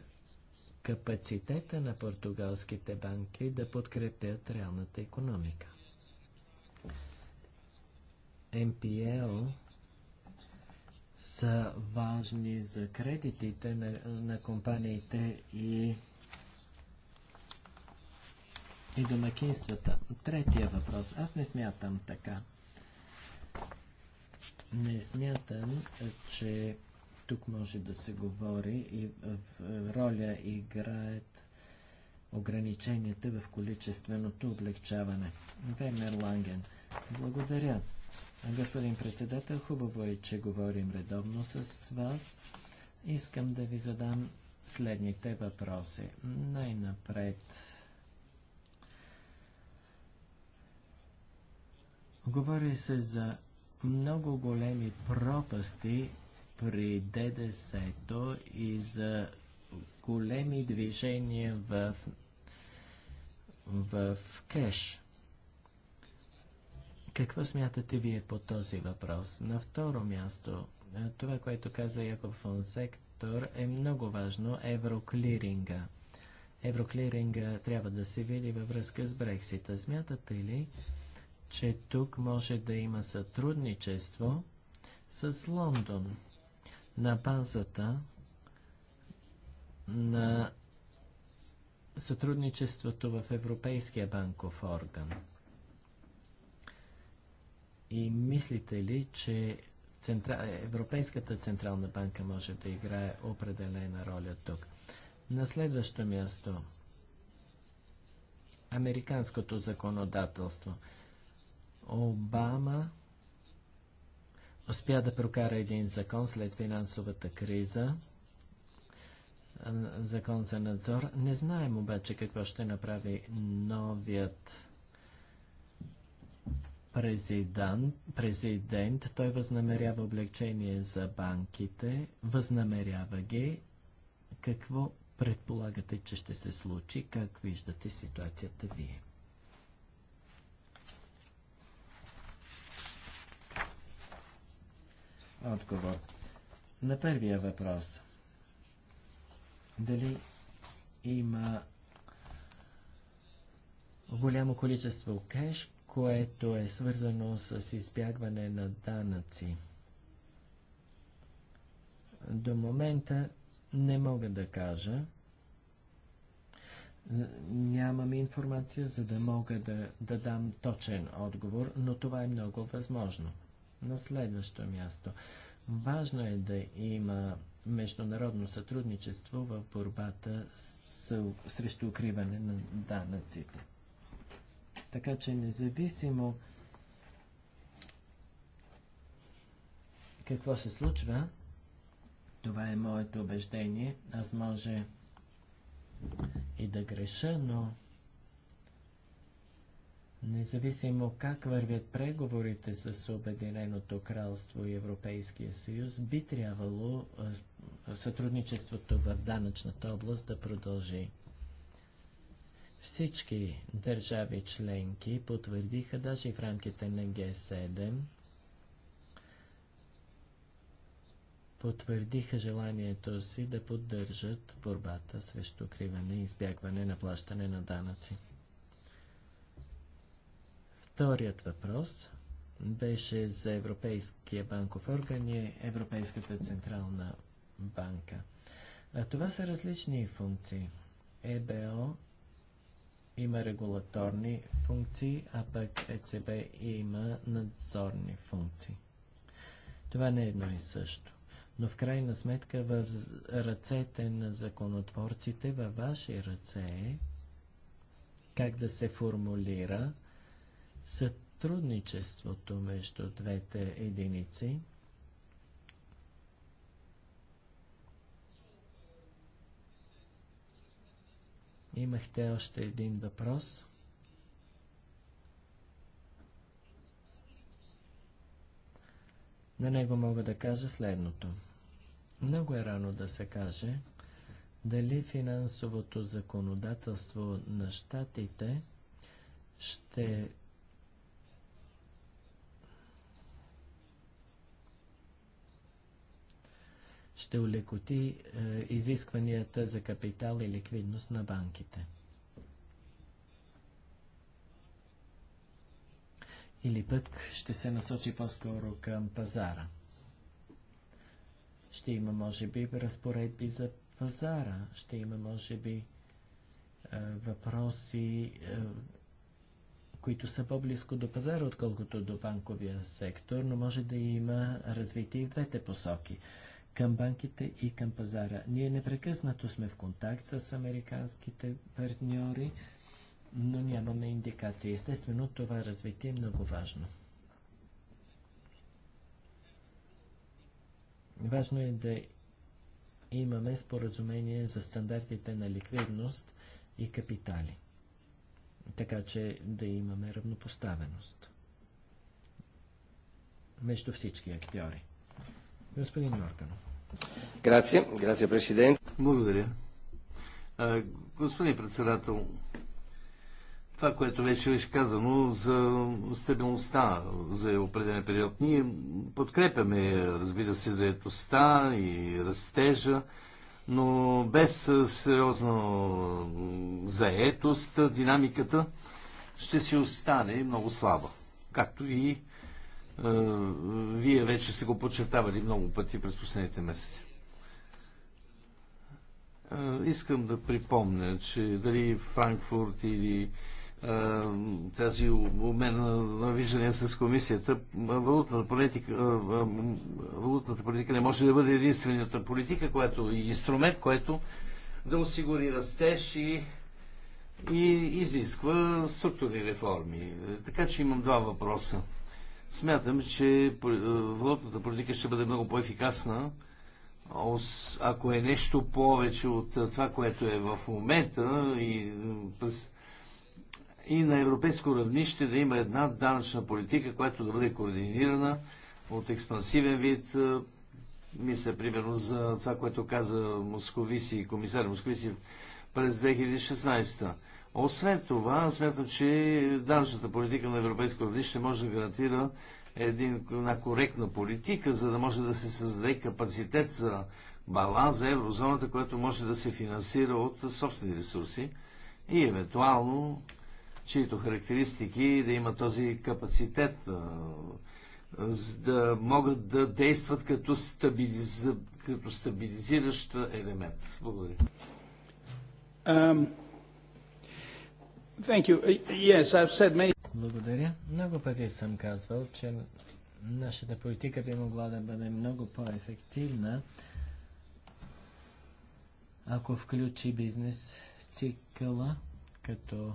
капацитета на португалските банки да подкрепят реалната економика. МПЛ са важни за кредитите на, на компаниите и и домакинствата. Третия въпрос. Аз не смятам така. Не смятам, че тук може да се говори и в роля играят ограниченията в количественото облегчаване. Вернер Ланген. Благодаря. Господин председател, хубаво е, че говорим редовно с вас. Искам да ви задам следните въпроси. Най-напред Говори се за много големи пропасти при ддс и за големи движения в, в кеш. Какво смятате вие по този въпрос? На второ място, е, това, което каза Яков фон Сектор, е много важно евроклиринга. Евроклиринга трябва да се види във връзка с Брексита. Смятате ли, че тук може да има сътрудничество с Лондон на базата на сътрудничеството в Европейския банков орган. И мислите ли, че Центра... Европейската Централна банка може да играе определена роля тук? На следващо място. Американското законодателство. Обама успя да прокара един закон след финансовата криза, закон за надзор. Не знаем обаче какво ще направи новият президент. президент. Той възнамерява облегчение за банките, възнамерява ги. Какво предполагате, че ще се случи? Как виждате ситуацията вие? отговор. На първия въпрос. Дали има голямо количество кеш, което е свързано с избягване на данъци? До момента не мога да кажа. Нямам информация, за да мога да, да дам точен отговор, но това е много възможно. На следващо място. Важно е да има международно сътрудничество в борбата с, с, срещу укриване на данъците. Така че независимо какво се случва, това е моето убеждение. Аз може и да греша, но Независимо как вървят преговорите с Обединеното кралство и Европейския съюз, би трябвало сътрудничеството в данъчната област да продължи. Всички държави членки потвърдиха даже в рамките на Г7, потвърдиха желанието си да поддържат борбата срещу криване и избягване на плащане на данъци. Вторият въпрос беше за Европейския банков орган и Европейската централна банка. А това са различни функции. ЕБО има регулаторни функции, а пък ЕЦБ има надзорни функции. Това не е едно и също. Но в крайна сметка в ръцете на законотворците, във ваши ръце е как да се формулира сътрудничеството между двете единици. Имахте още един въпрос. На него мога да кажа следното. Много е рано да се каже дали финансовото законодателство на щатите ще ще улекоти е, изискванията за капитал и ликвидност на банките. Или пък ще се насочи по-скоро към пазара. Ще има, може би, разпоредби за пазара. Ще има, може би, е, въпроси, е, които са по-близко до пазара, отколкото до банковия сектор, но може да има развитие и в двете посоки към банките и към пазара. Ние непрекъснато сме в контакт с американските партньори, но нямаме индикации. Естествено, това развитие е много важно. Важно е да имаме споразумение за стандартите на ликвидност и капитали, така че да имаме равнопоставеност между всички актьори. Господин Моркан. Грация, грация президент. Благодаря. Господин председател, това, което вече беше казано за стабилността за определен период. Ние подкрепяме, разбира се, заетостта и растежа, но без сериозна заетост динамиката ще си остане много слаба, както и вие вече сте го подчертавали много пъти през последните месеци. Искам да припомня, че дали Франкфурт или тази обмен на виждания с комисията, валутната политика, валутната политика не може да бъде единствената политика, която и инструмент, който да осигури растеж и, и изисква структурни реформи. Така че имам два въпроса. Смятам, че е, валутната политика ще бъде много по-ефикасна, ако е нещо повече от е, това, което е в момента и, е, и на европейско равнище да има една данъчна политика, която да бъде координирана от експансивен вид. Мисля, примерно, за това, което каза Московиси, комисар Московиси през 2016 освен това, смятам, че данъчната политика на европейско равнище може да гарантира един, една коректна политика, за да може да се създаде капацитет за баланс за еврозоната, което може да се финансира от собствени ресурси и евентуално чието характеристики да има този капацитет да могат да действат като, стабилиз... като стабилизиращ елемент. Благодаря. Um... Yes, many... Благодаря. Много пъти съм казвал, че нашата политика би могла да бъде много по-ефективна, ако включи бизнес цикъла като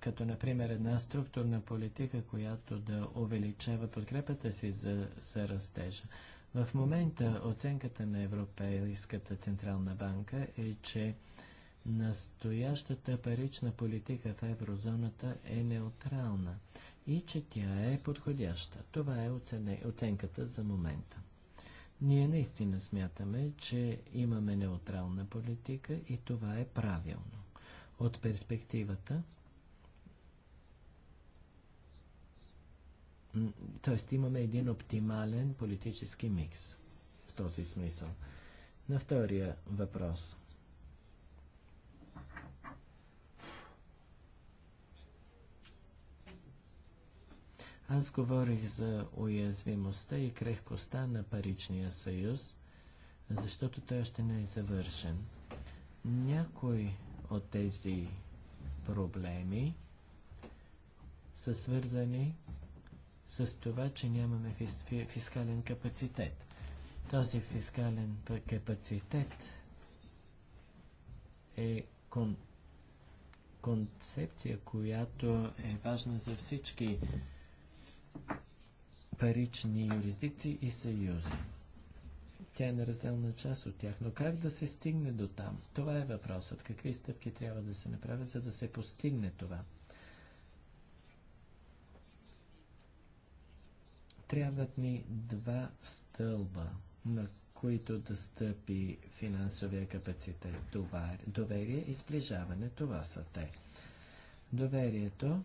като например една структурна политика, която да увеличава подкрепата си за, за растежа. В момента оценката на Европейската Централна банка е, че настоящата парична политика в еврозоната е неутрална и че тя е подходяща. Това е оценката за момента. Ние наистина смятаме, че имаме неутрална политика и това е правилно. От перспективата Т.е. имаме един оптимален политически микс в този смисъл. На втория въпрос. Аз говорих за уязвимостта и крехкостта на паричния съюз, защото той още не е завършен. Някои от тези проблеми са свързани с това, че нямаме фискален капацитет. Този фискален капацитет е кон, концепция, която е важна за всички парични юрисдикции и съюзи. Тя е неразделна част от тях. Но как да се стигне до там? Това е въпросът. Какви стъпки трябва да се направят, за да се постигне това? Трябват ни два стълба, на които да стъпи финансовия капацитет. Доверие и сближаване, това са те. Доверието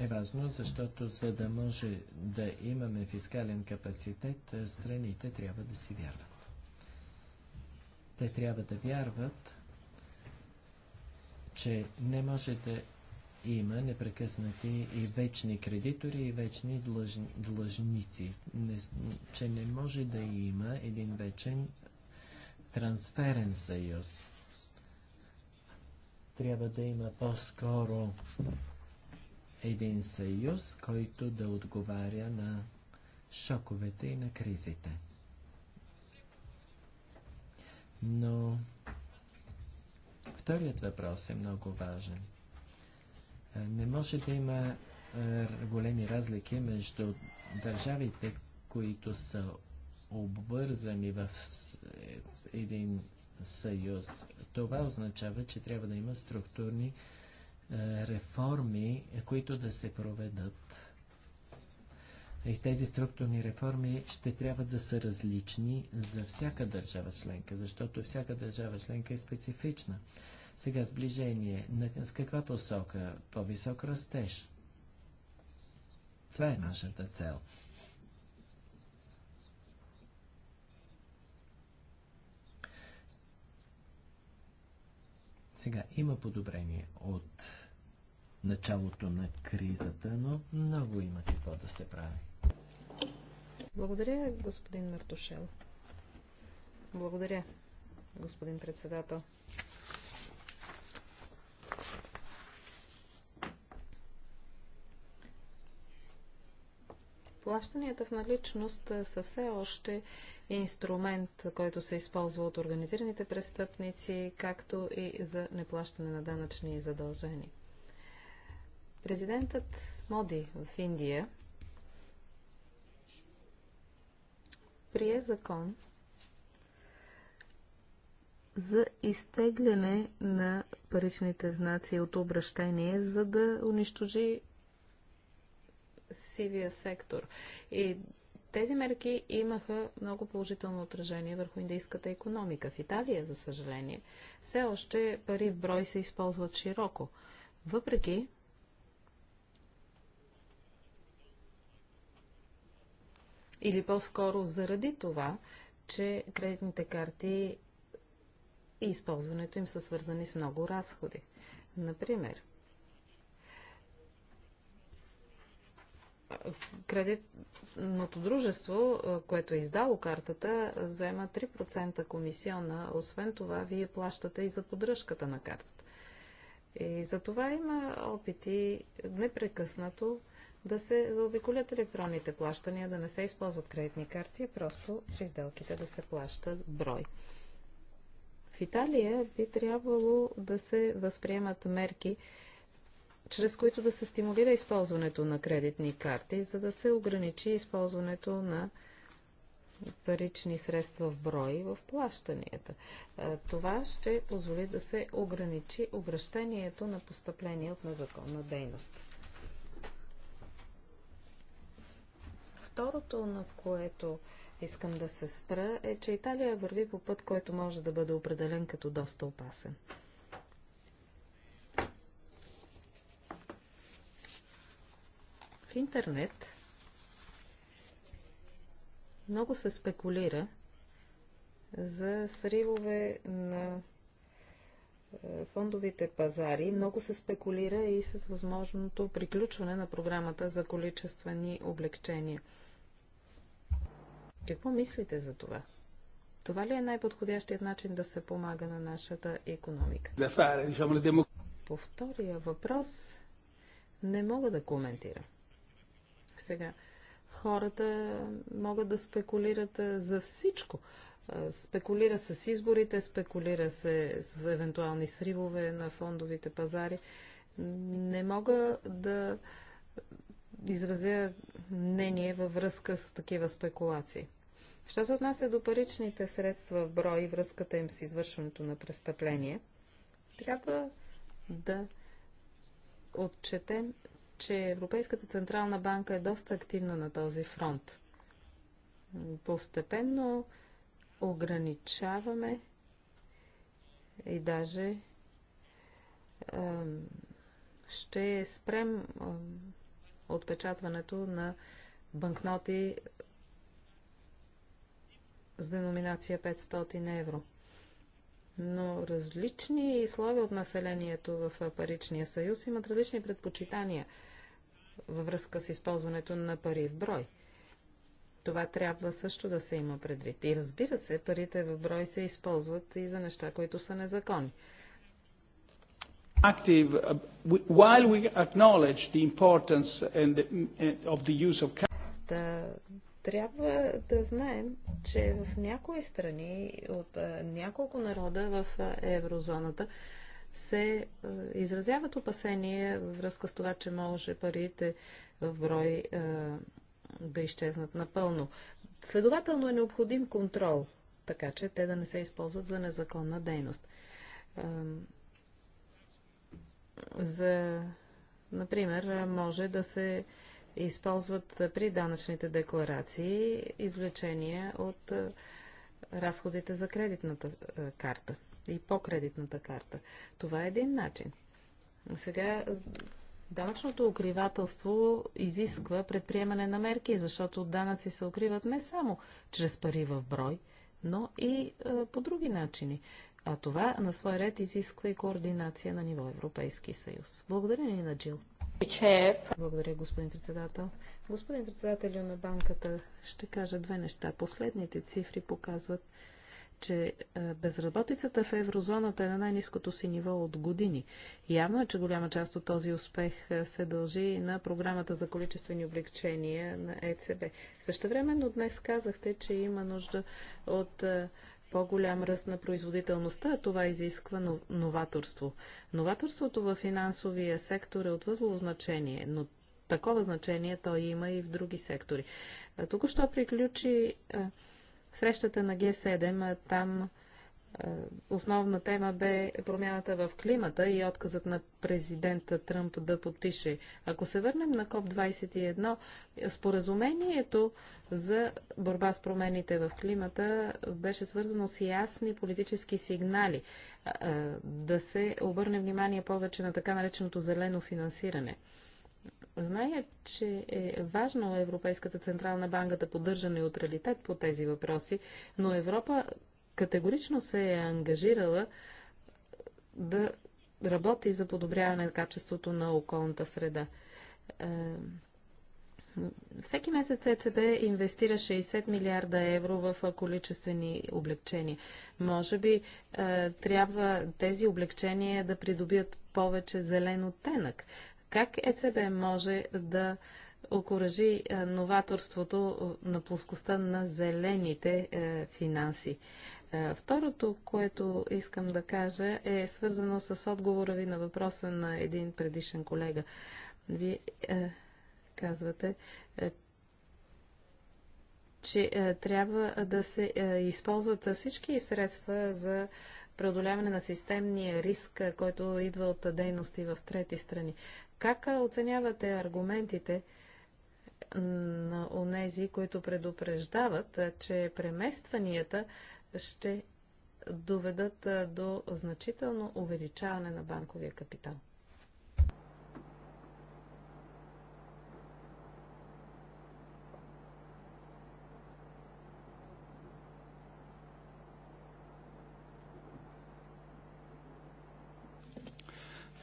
е важно, защото за да може да имаме фискален капацитет, е, страните трябва да си вярват. Те трябва да вярват, че не може да има непрекъснати и вечни кредитори и вечни длъж, длъжници. Не, че не може да има един вечен трансферен съюз. Трябва да има по-скоро един съюз, който да отговаря на шоковете и на кризите. Но вторият въпрос е много важен – е, не може да има е, големи разлики между държавите, които са обвързани в е, един съюз. Това означава, че трябва да има структурни реформи, които да се проведат. И тези структурни реформи ще трябва да са различни за всяка държава членка, защото всяка държава членка е специфична. Сега сближение. На, в каква посока? По-висок растеж. Това е нашата цел. Сега има подобрение от началото на кризата, но много има какво да се прави. Благодаря, господин Мартушел. Благодаря, господин председател. Плащанията в наличност са все още инструмент, който се използва от организираните престъпници, както и за неплащане на данъчни задължения. Президентът Моди в Индия прие закон за изтегляне на паричните знаци от обращение, за да унищожи сивия сектор. И тези мерки имаха много положително отражение върху индийската економика. В Италия, за съжаление, все още пари в брой се използват широко. Въпреки, или по-скоро заради това, че кредитните карти и използването им са свързани с много разходи. Например, кредитното дружество, което е издало картата, взема 3% комисиона. Освен това, вие плащате и за поддръжката на картата. И за това има опити непрекъснато да се заобиколят електронните плащания, да не се използват кредитни карти, просто при сделките да се плащат брой. В Италия би трябвало да се възприемат мерки, чрез които да се стимулира използването на кредитни карти, за да се ограничи използването на парични средства в брой в плащанията. Е, това ще позволи да се ограничи обращението на постъпление от незаконна дейност. Второто, на което искам да се спра, е, че Италия върви по път, който може да бъде определен като доста опасен. интернет много се спекулира за сривове на е, фондовите пазари. Много се спекулира и с възможното приключване на програмата за количествени облегчения. Какво мислите за това? Това ли е най-подходящият начин да се помага на нашата економика? По втория въпрос не мога да коментирам. Сега, хората могат да спекулират за всичко. Спекулира се с изборите, спекулира се с евентуални сривове на фондовите пазари. Не мога да изразя мнение във връзка с такива спекулации. Що се отнася до паричните средства в брой и връзката им с извършването на престъпление, трябва да отчетем, че Европейската Централна банка е доста активна на този фронт. Постепенно ограничаваме и даже е, ще спрем е, отпечатването на банкноти с деноминация 500 евро – но различни слои от населението в паричния съюз имат различни предпочитания във връзка с използването на пари в брой. Това трябва също да се има предвид. И разбира се, парите в брой се използват и за неща, които са незаконни. Active, uh, while we acknowledge the importance and the, uh, of the use of... Трябва да знаем, че в някои страни от няколко народа в еврозоната се изразяват опасения във връзка с това, че може парите в брой да изчезнат напълно. Следователно е необходим контрол, така че те да не се използват за незаконна дейност. За, например, може да се използват при данъчните декларации извлечения от разходите за кредитната карта и по кредитната карта. Това е един начин. Сега данъчното укривателство изисква предприемане на мерки, защото данъци се укриват не само чрез пари в брой, но и по други начини. А това на свой ред изисква и координация на ниво Европейски съюз. Благодаря ни на Джил. Благодаря, господин председател. Господин председател на банката, ще кажа две неща. Последните цифри показват, че е, безработицата в еврозоната е на най-низкото си ниво от години. Явно е, че голяма част от този успех е, се дължи на програмата за количествени облегчения на ЕЦБ. Същевременно днес казахте, че има нужда от е, по-голям ръст на производителността, а това изисква новаторство. Новаторството в финансовия сектор е от възло значение, но такова значение той има и в други сектори. Тук що приключи срещата на Г7, а, там е, основна тема бе промяната в климата и отказът на президента Тръмп да подпише. Ако се върнем на КОП-21, споразумението за борба с промените в климата беше свързано с ясни политически сигнали е, е, да се обърне внимание повече на така нареченото зелено финансиране. Зная, че е важно Европейската Централна банка да поддържа неутралитет по тези въпроси, но Европа категорично се е ангажирала да работи за подобряване на качеството на околната среда. Е, всеки месец ЕЦБ инвестира 60 милиарда евро в количествени облегчения. Може би е, трябва тези облегчения да придобият повече зелен оттенък. Как ЕЦБ може да окоръжи е, новаторството е, на плоскостта на зелените е, финанси. второто, което искам да кажа, е свързано с отговора ви на въпроса на един предишен колега. Вие е, казвате, че трябва да се използват всички средства за преодоляване на системния риск, който идва от дейности в трети страни. Как оценявате аргументите? на онези, които предупреждават, че преместванията ще доведат до значително увеличаване на банковия капитал.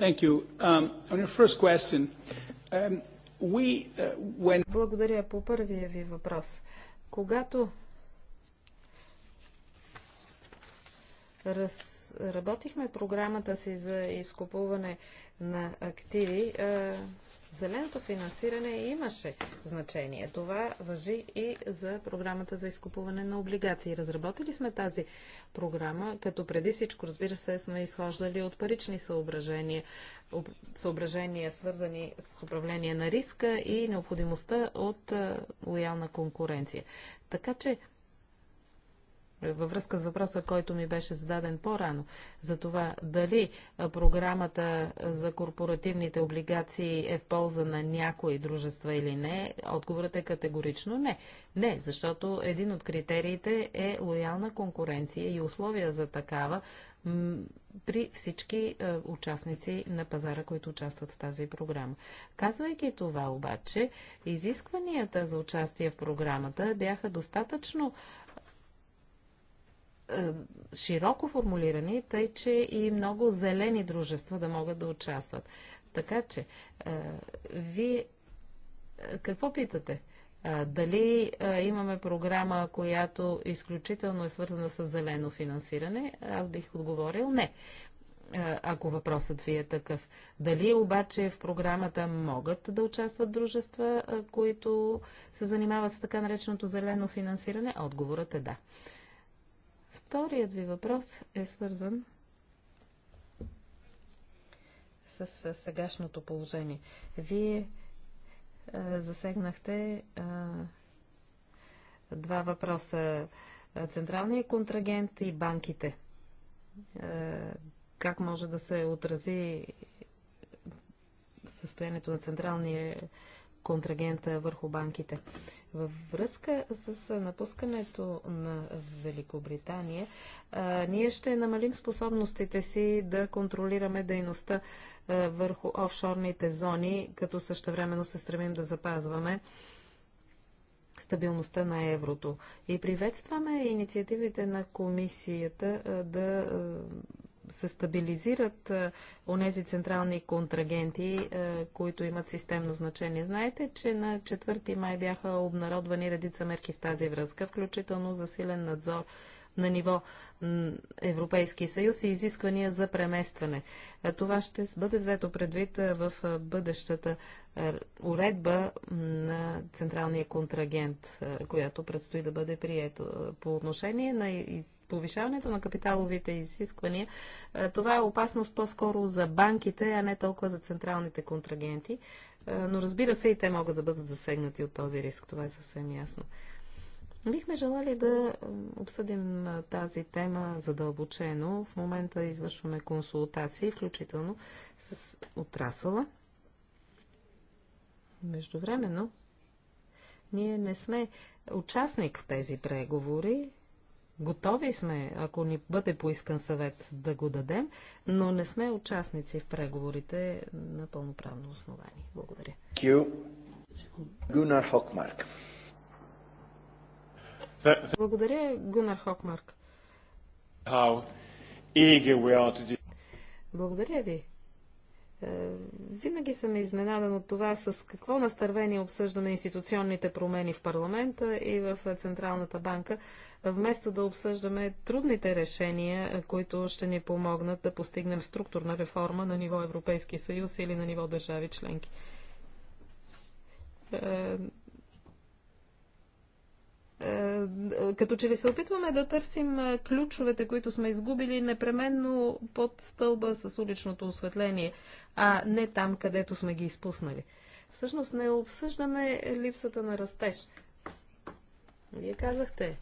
Thank you. Um, on your first question, um, Uh, Благодаря по първия ви въпрос. Когато разработихме програмата си за изкупуване на активи, Зеленото финансиране имаше значение. Това въжи и за програмата за изкупуване на облигации. Разработили сме тази програма, като преди всичко, разбира се, сме изхождали от парични съображения, съображения свързани с управление на риска и необходимостта от лоялна конкуренция. Така че във връзка с въпроса, който ми беше зададен по-рано, за това дали програмата за корпоративните облигации е в полза на някои дружества или не, отговорът е категорично не. Не, защото един от критериите е лоялна конкуренция и условия за такава при всички участници на пазара, които участват в тази програма. Казвайки това обаче, изискванията за участие в програмата бяха достатъчно е, широко формулирани, тъй че и много зелени дружества да могат да участват. Така че, е, вие какво питате? Е, дали имаме програма, която изключително е свързана с зелено финансиране? Аз бих отговорил не ако въпросът ви е такъв. Дали обаче в програмата могат да участват дружества, които се занимават с така нареченото зелено финансиране? Отговорът е да. Вторият ви въпрос е свързан с, сегашното положение. Вие а, е, засегнахте а, е, два въпроса. Централния контрагент и банките. А, е, как може да се отрази състоянието на централния контрагента върху банките. Във връзка с напускането на Великобритания, ние ще намалим способностите си да контролираме дейността върху офшорните зони, като същевременно се стремим да запазваме стабилността на еврото. И приветстваме инициативите на комисията да се стабилизират е, онези централни контрагенти, е, които имат системно значение. Знаете, че на 4 май бяха обнародвани редица мерки в тази връзка, включително засилен надзор на ниво Европейски съюз и изисквания за преместване. Е, това ще бъде взето предвид в бъдещата уредба на централния контрагент, която предстои да бъде прието. По отношение на повишаването на капиталовите изисквания, е, това е опасност по-скоро за банките, а не толкова за централните контрагенти. Е, но разбира се, и те могат да бъдат засегнати от този риск. Това е съвсем ясно. Бихме желали да е, обсъдим тази тема задълбочено. В момента извършваме консултации, включително с отрасъла. Междувременно, ние не сме участник в тези преговори, Готови сме, ако ни бъде поискан съвет, да го дадем, но не сме участници в преговорите на пълноправно основание. Благодаря. Гунар Хокмарк. Благодаря, Гунар Хокмарк. Благодаря ви. Е, винаги съм изненадан от това с какво настървение обсъждаме институционните промени в парламента и в Централната банка, вместо да обсъждаме трудните решения, които ще ни помогнат да постигнем структурна реформа на ниво Европейски съюз или на ниво държави членки. Е, е, като че ли се опитваме да търсим е, ключовете, които сме изгубили непременно под стълба с уличното осветление, а не там, където сме ги изпуснали. Всъщност не обсъждаме липсата на растеж. Вие казахте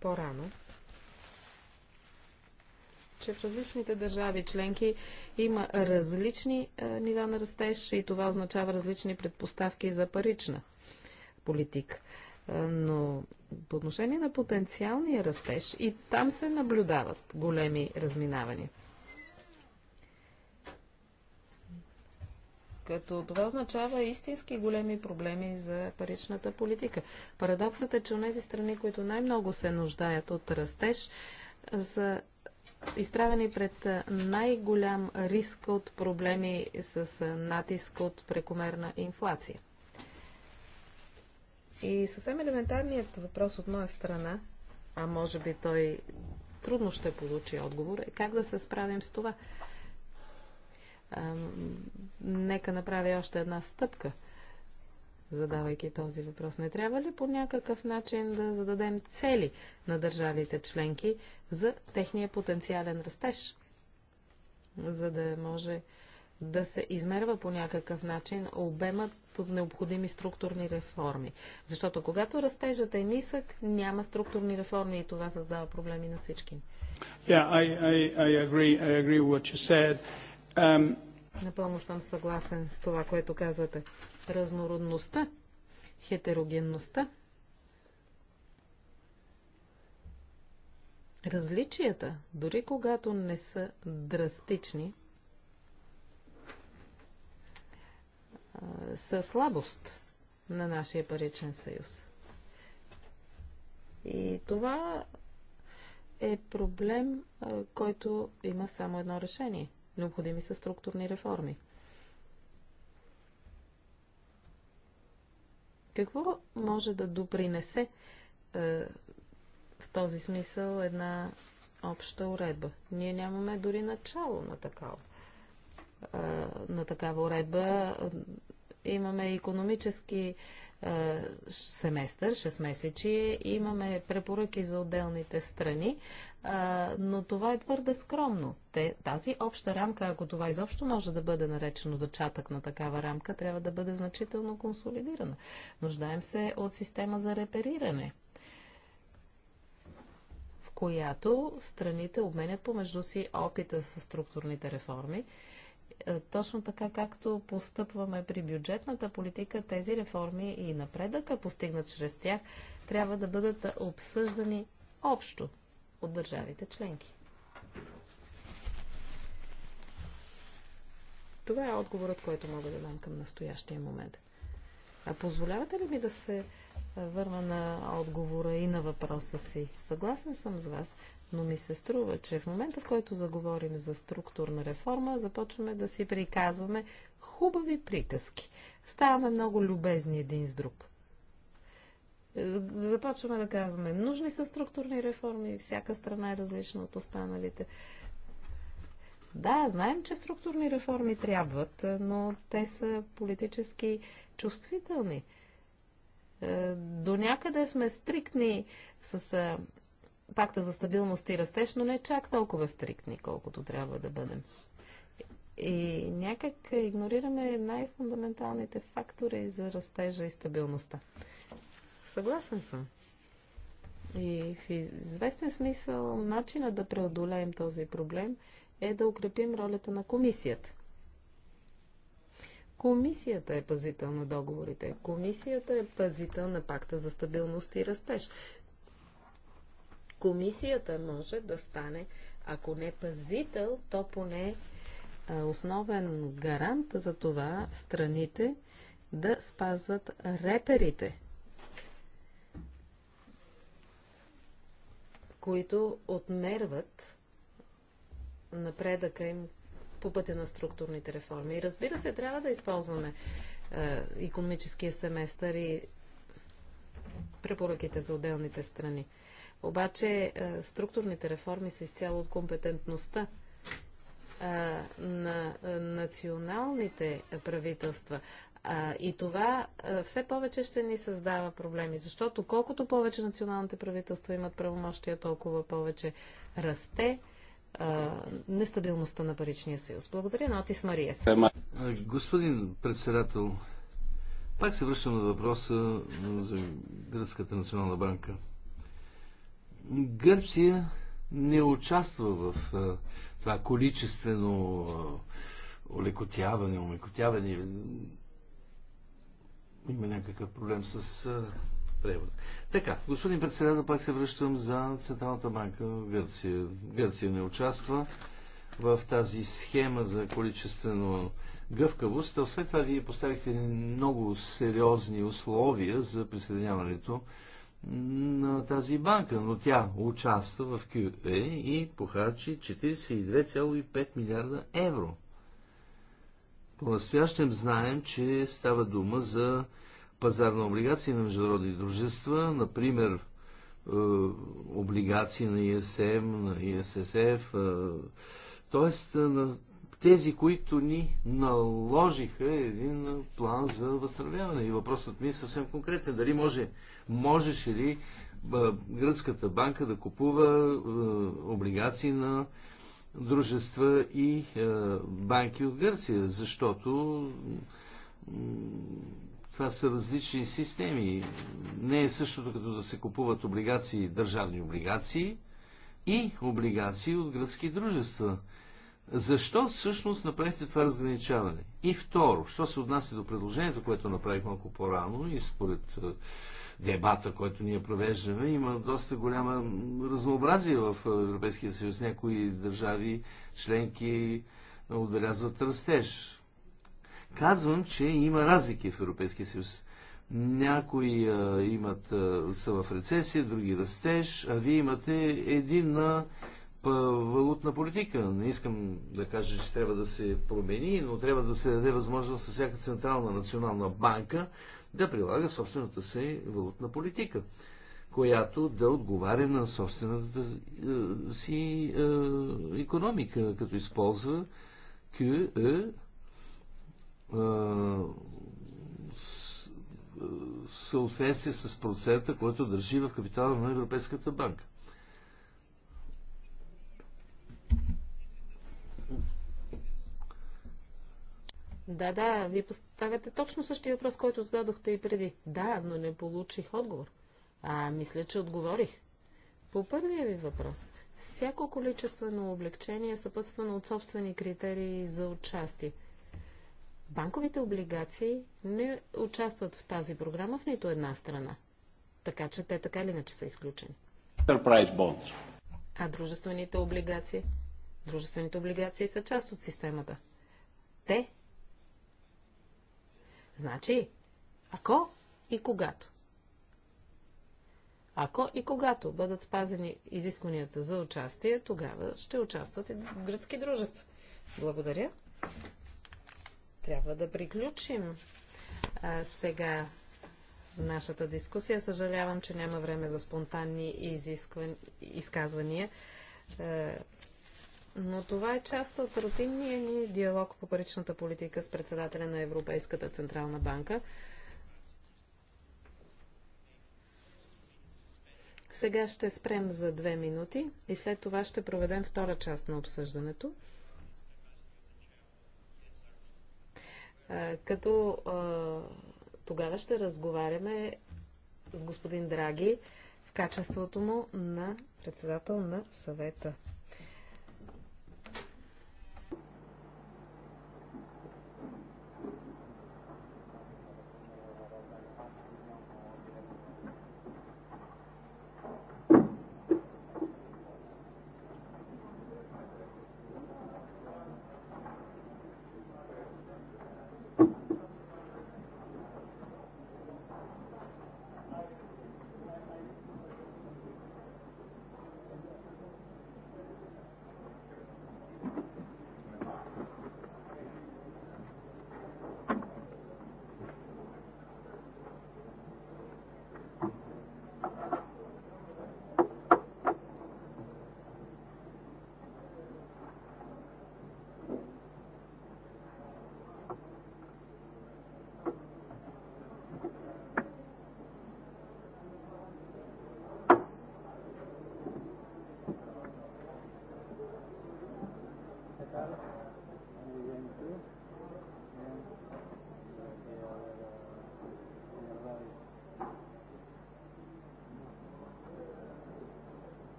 по-рано, че в различните държави членки има различни е, нива на растеж и това означава различни предпоставки за парична политика. Е, но по отношение на потенциалния растеж и там се наблюдават големи разминавания. Като това означава истински големи проблеми за паричната политика. Парадоксът е, че у тези страни, които най-много се нуждаят от растеж, са изправени пред най-голям риск от проблеми с натиск от прекомерна инфлация. И съвсем елементарният въпрос от моя страна, а може би той трудно ще получи отговор, е как да се справим с това. А, нека направя още една стъпка, задавайки този въпрос. Не трябва ли по някакъв начин да зададем цели на държавите членки за техния потенциален растеж, за да може да се измерва по някакъв начин обемът от необходими структурни реформи. Защото когато растежът е нисък, няма структурни реформи и това създава проблеми на всички. Um, Напълно съм съгласен с това, което казвате. Разнородността, хетерогенността, различията, дори когато не са драстични, са слабост на нашия паричен съюз. И това е проблем, който има само едно решение. Необходими са структурни реформи. Какво може да допринесе в този смисъл една обща уредба? Ние нямаме дори начало на такава на такава уредба. Имаме економически семестър, 6 месечи, имаме препоръки за отделните страни, но това е твърде скромно. тази обща рамка, ако това изобщо може да бъде наречено зачатък на такава рамка, трябва да бъде значително консолидирана. Нуждаем се от система за репериране в която страните обменят помежду си опита с структурните реформи, е, точно така както постъпваме при бюджетната политика, тези реформи и напредъка, постигнат чрез тях, трябва да бъдат обсъждани общо от държавите членки. Това е отговорът, който мога да дам към настоящия момент. А позволявате ли ми да се върна на отговора и на въпроса си? Съгласен съм с вас, но ми се струва, че в момента, в който заговорим за структурна реформа, започваме да си приказваме хубави приказки. Ставаме много любезни един с друг. Е, започваме да казваме, нужни са структурни реформи, всяка страна е различна от останалите. Да, знаем, че структурни реформи трябват, е, но те са политически чувствителни. Е, до някъде сме стриктни с пакта за стабилност и растеж, но не чак толкова стриктни, колкото трябва да бъдем. И някак игнорираме най-фундаменталните фактори за растежа и стабилността. Съгласен съм. И в известен смисъл начина да преодолеем този проблем е да укрепим ролята на комисията. Комисията е пазител на договорите. Комисията е пазител на пакта за стабилност и растеж комисията може да стане, ако не пазител, то поне основен гарант за това страните да спазват реперите, които отмерват напредъка им по пътя на структурните реформи. И разбира се, трябва да използваме економическия семестър и препоръките за отделните страни. Обаче е, структурните реформи са изцяло от компетентността е, на е, националните правителства. И това все повече ще ни създава проблеми, защото колкото повече националните правителства имат правомощия, толкова повече расте нестабилността на паричния съюз. Благодаря на Отис Мария. Господин председател, пак се връщам на въпроса за Гръцката национална банка. Гърция не участва в а, е, това количествено а, е, олекотяване, омекотяване. Има някакъв проблем с а, е, превода. Така, господин председател, пак се връщам за Централната банка в Гърция. Гърция не участва в тази схема за количествено гъвкавост. Освен това, вие поставихте много сериозни условия за присъединяването на тази банка, но тя участва в QE и похарчи 42,5 милиарда евро. По-настоящем знаем, че става дума за пазарна облигация облигации на международни дружества, например е, облигации на ИСМ, на ИССФ, т.е. Е, на тези, които ни наложиха един план за възстановяване. И въпросът ми е съвсем конкретен. Дали може, можеше ли гръцката банка да купува облигации на дружества и банки от Гърция, защото това са различни системи. Не е същото като да се купуват облигации, държавни облигации и облигации от гръцки дружества. Защо всъщност направихте това разграничаване? И второ, що се отнася до предложението, което направих малко по-рано и според е, дебата, който ние провеждаме, има доста голяма разнообразие в е, Европейския съюз. Някои държави членки е, отбелязват растеж. Казвам, че има разлики в Европейския съюз. Някои а, имат, а, са в рецесия, други растеж, а вие имате един на е, валутна политика. Не искам да кажа, че трябва да се промени, но трябва да се даде възможност на всяка централна национална банка да прилага собствената си валутна политика, която да отговаря на собствената е, си економика, като използва QE, е, съответствие с процента, който държи в капитала на Европейската банка. Да, да, ви поставяте точно същия въпрос, който зададохте и преди. Да, но не получих отговор. А, мисля, че отговорих. По първия ви въпрос. Всяко количествено облегчение е съпътствано от собствени критерии за участие. Банковите облигации не участват в тази програма в нито една страна. Така че те така или иначе са изключени. А дружествените облигации? Дружествените облигации са част от системата. Те Значи, ако и когато. Ако и когато бъдат спазени изискванията за участие, тогава ще участват и гръцки дружества. Благодаря. Трябва да приключим а, сега нашата дискусия. Съжалявам, че няма време за спонтанни изискван... изказвания. Но това е част от рутинния ни диалог по паричната политика с председателя на Европейската Централна банка. Сега ще спрем за две минути и след това ще проведем втора част на обсъждането. Като тогава ще разговаряме с господин Драги в качеството му на председател на съвета.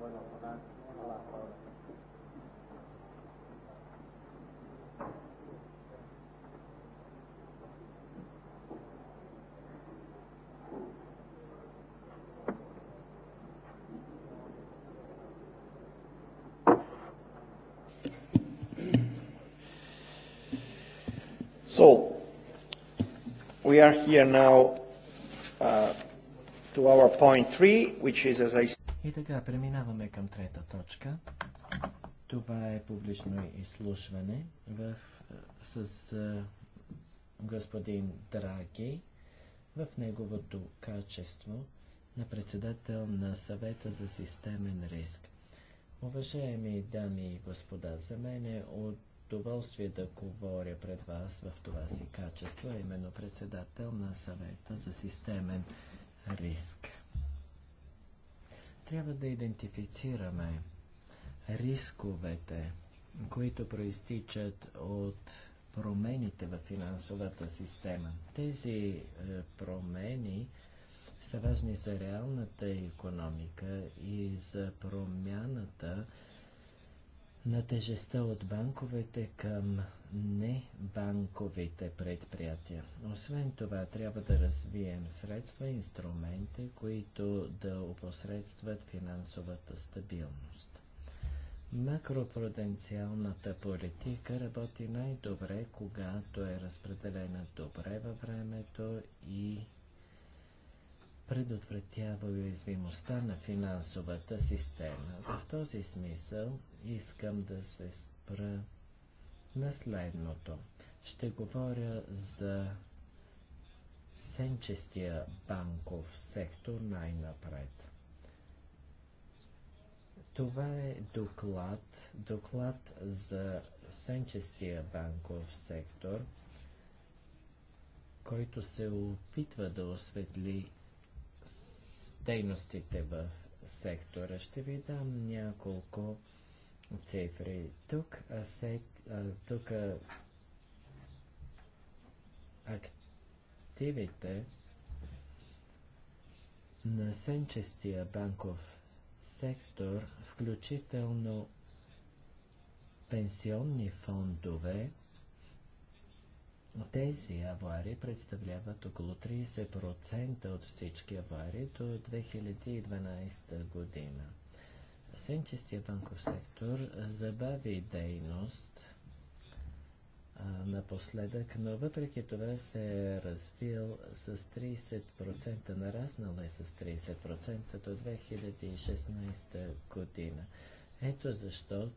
voidaan sanoa alapuolella. So, we are here now uh, to our point three, which is, as I така, преминаваме към трета точка. Това е публично изслушване в, е, с а, е, господин Драги в неговото качество на председател на съвета за системен риск. Уважаеми дами и господа, за мен е удоволствие да говоря пред вас в това си качество, именно председател на съвета за системен риск. Трябва да идентифицираме рисковете, които проистичат от промените в финансовата система. Тези е, промени са важни за реалната економика и за промяната на тежестта от банковете към небанковите предприятия. Освен това, трябва да развием средства и инструменти, които да опосредстват финансовата стабилност. Макропруденциалната политика работи най-добре, когато е разпределена добре във времето и предотвратява уязвимостта на финансовата система. В този смисъл искам да се спра на следното. Ще говоря за сенчестия банков сектор най-напред. Това е доклад, доклад за сенчестия банков сектор, който се опитва да осветли дейностите в сектора. Ще ви дам няколко цифри. Тук, а сек, а, тук а, активите на сенчестия банков сектор, включително пенсионни фондове, тези аварии представляват около 30% от всички аварии до 2012 година. Сенчестия банков сектор забави дейност напоследък, но въпреки това се е развил с 30%, нараснал е с 30% до 2016 година. Ето защо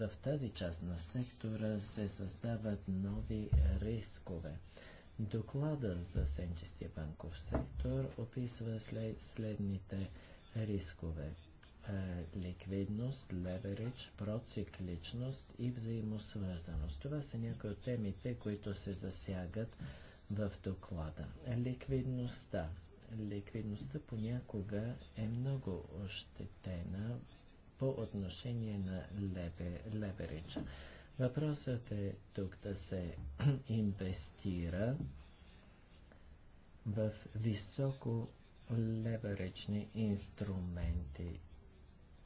в тази част на сектора се създават нови рискове. Доклада за сенчестия банков сектор описва след, следните рискове. Е, ликвидност, леверидж, процикличност и взаимосвързаност. Това са някои от темите, които се засягат в доклада. Ликвидността. Ликвидността понякога е много ощетена по отношение на лебе, Въпросът е тук да се инвестира в високо леверечни инструменти.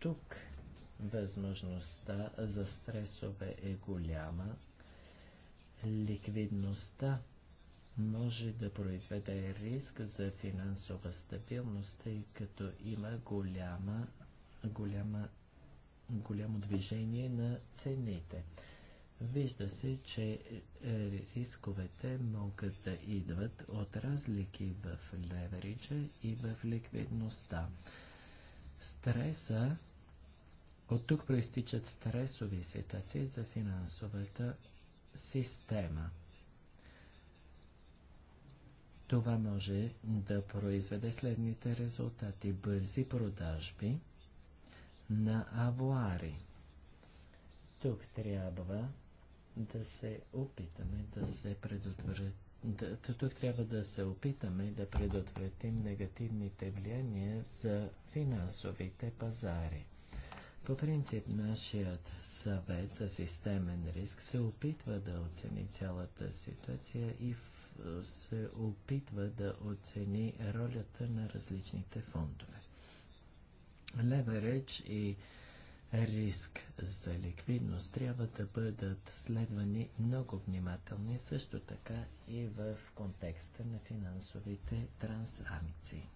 Тук възможността за стресове е голяма. Ликвидността може да произведе риск за финансова стабилност, тъй като има голяма, голяма голямо движение на цените. Вижда се, че е, рисковете могат да идват от разлики в левериджа и в ликвидността. Стреса от тук проистичат стресови ситуации за финансовата система. Това може да произведе следните резултати. Бързи продажби – на авуари. Тук трябва да се опитаме да се предотвратим да, тук трябва да се опитаме да предотвратим негативните влияния за финансовите пазари. По принцип, нашият съвет за системен риск се опитва да оцени цялата ситуация и в, се опитва да оцени ролята на различните фондове леверидж и риск за ликвидност трябва да бъдат следвани много внимателни, също така и в контекста на финансовите трансакции.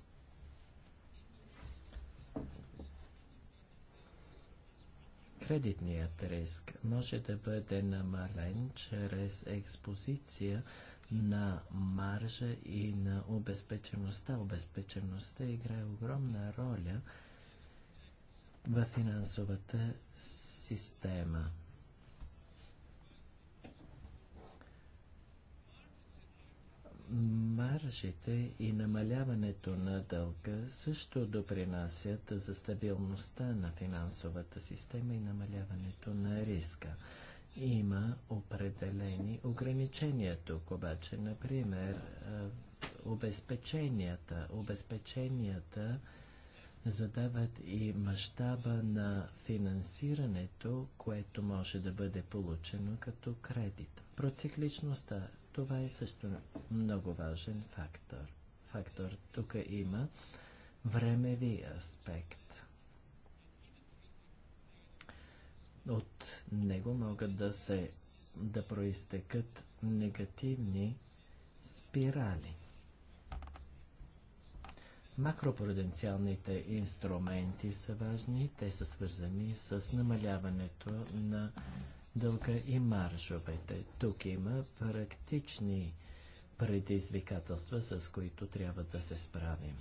Кредитният риск може да бъде намален чрез експозиция на маржа и на обезпечеността. Обезпечеността играе огромна роля – в финансовата система. Маржите и намаляването на дълга също допринасят за стабилността на финансовата система и намаляването на риска. Има определени ограничения тук, обаче, например, обезпеченията. Обезпеченията задават и мащаба на финансирането, което може да бъде получено като кредит. Процикличността – това е също много важен фактор. Фактор тук има времеви аспект. От него могат да се да проистекат негативни спирали. Макропруденциалните инструменти са важни. Те са свързани с намаляването на дълга и маржовете. Тук има практични предизвикателства, с които трябва да се справим.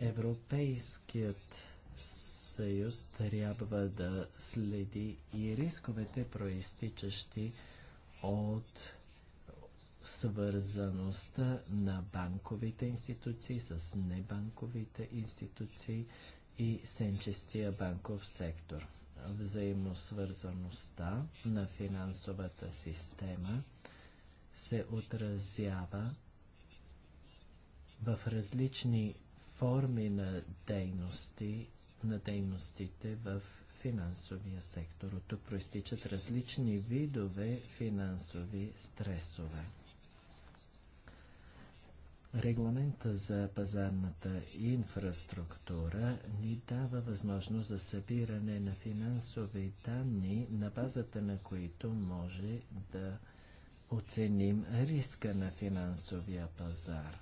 Европейският съюз трябва да следи и рисковете, проистичащи от свързаността на банковите институции с небанковите институции и сенчестия банков сектор. Взаимосвързаността на финансовата система се отразява в различни форми на дейности, на дейностите в финансовия сектор. От тук проистичат различни видове финансови стресове. Регламента за пазарната инфраструктура ни дава възможност за събиране на финансови данни, на базата на които може да оценим риска на финансовия пазар.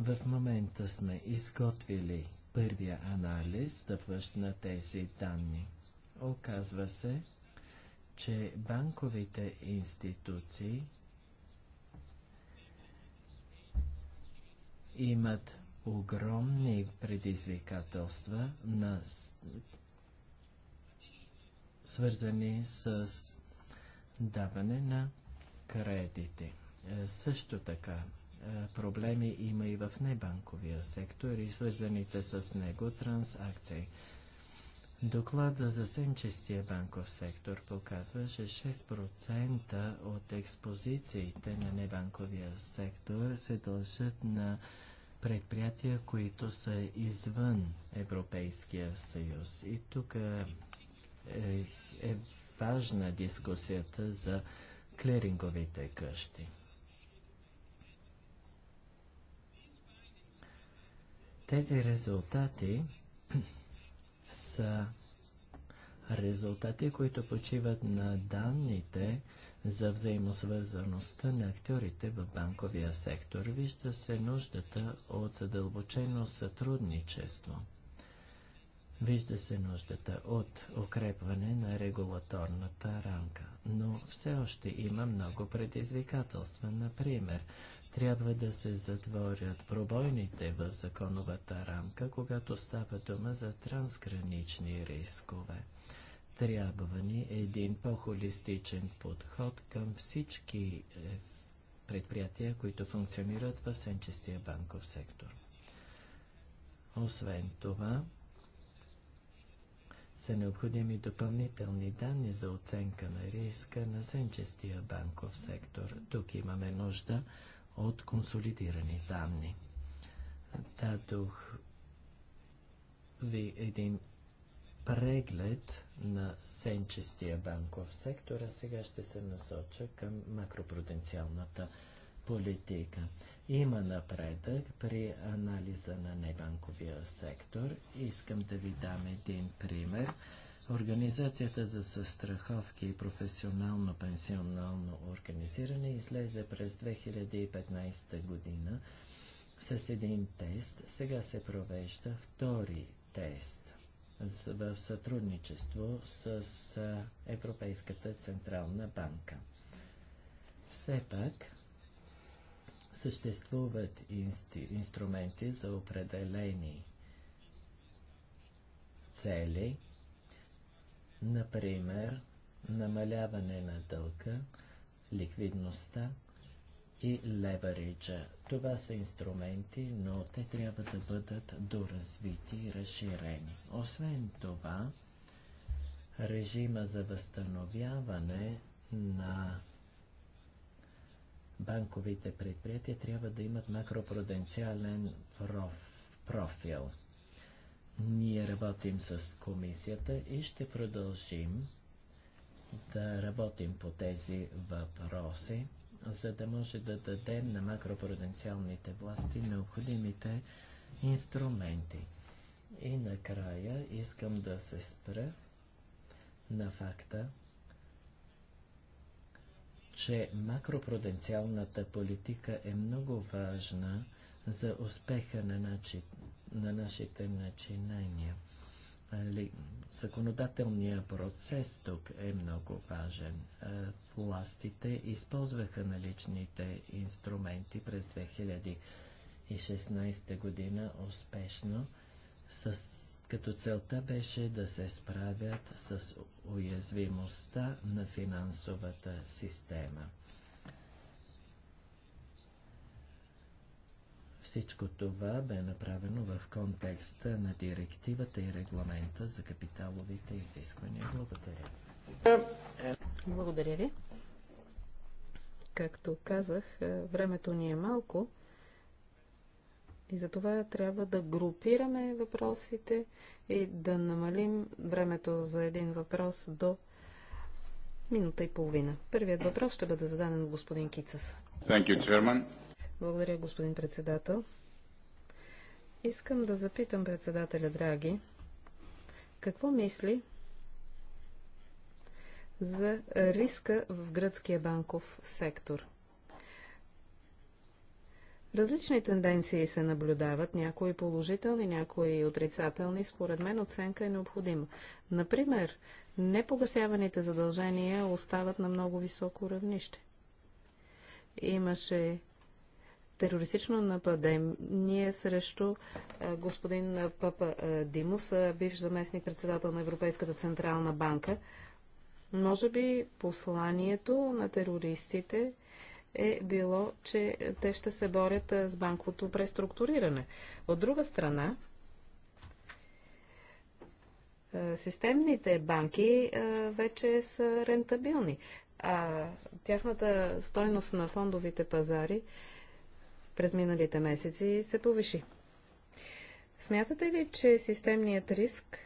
В момента сме изготвили първия анализ, стъпващ на тези данни. Оказва се, че банковите институции имат огромни предизвикателства на свързани с даване на кредити. Е, също така е, проблеми има и в небанковия сектор и свързаните с него трансакции. Доклада за сенчестия банков сектор показва, че 6% от експозициите на небанковия сектор се дължат на предприятия, които са извън Европейския съюз. И тук е, е, е важна дискусията за клеринговите къщи. Тези резултати са резултати, които почиват на данните за взаимосвързаността на актьорите в банковия сектор. Вижда се нуждата от задълбочено сътрудничество. Вижда се нуждата от укрепване на регулаторната рамка, но все още има много предизвикателства. Например, трябва да се затворят пробойните в законовата рамка, когато става дума за трансгранични рискове. Трябва ни един по-холистичен подход към всички е, предприятия, които функционират в сенчестия банков сектор. Освен това, са необходими допълнителни данни за оценка на риска на сенчестия банков сектор. Тук имаме нужда от консолидирани данни. Дадох ви един преглед на сенчестия банков сектор, а сега ще се насоча към макропруденциалната политика. Има напредък при анализа на небанковия сектор. Искам да ви дам един пример. Организацията за състраховки и професионално пенсионално организиране излезе през 2015 година с един тест. Сега се провежда втори тест – в сътрудничество с Европейската Централна банка. Все пак съществуват инструменти за определени цели, например намаляване на дълга, ликвидността и левериджа това са инструменти, но те трябва да бъдат доразвити и разширени. Освен това, режима за възстановяване на банковите предприятия трябва да имат макропруденциален проф, профил. Ние работим с комисията и ще продължим да работим по тези въпроси за да може да дадем на макропруденциалните власти необходимите инструменти. И накрая искам да се спра на факта, че макропруденциалната политика е много важна за успеха на, начи... на нашите начинания – Нали, законодателният процес тук е много важен. Властите използваха наличните инструменти през 2016 година успешно, с, като целта беше да се справят с уязвимостта на финансовата система. Всичко това бе направено в контекста на директивата и регламента за капиталовите изисквания. Благодаря. Благодаря ви. Както казах, е, времето ни е малко и затова трябва да групираме въпросите и да намалим времето за един въпрос до минута и половина. Първият въпрос ще бъде зададен от господин Кицас. Thank you, благодаря, господин председател. Искам да запитам председателя Драги, какво мисли за риска в гръцкия банков сектор? Различни тенденции се наблюдават, някои положителни, някои отрицателни. Според мен оценка е необходима. Например, непогасяваните задължения остават на много високо равнище. Имаше терористично нападение срещу е, господин Папа е, Димус, е, бивш заместник председател на Европейската централна банка. Може би посланието на терористите е било, че те ще се борят с банковото преструктуриране. От друга страна, системните банки вече са рентабилни, а тяхната стойност на фондовите пазари е през миналите месеци се повиши. Смятате ли, че системният риск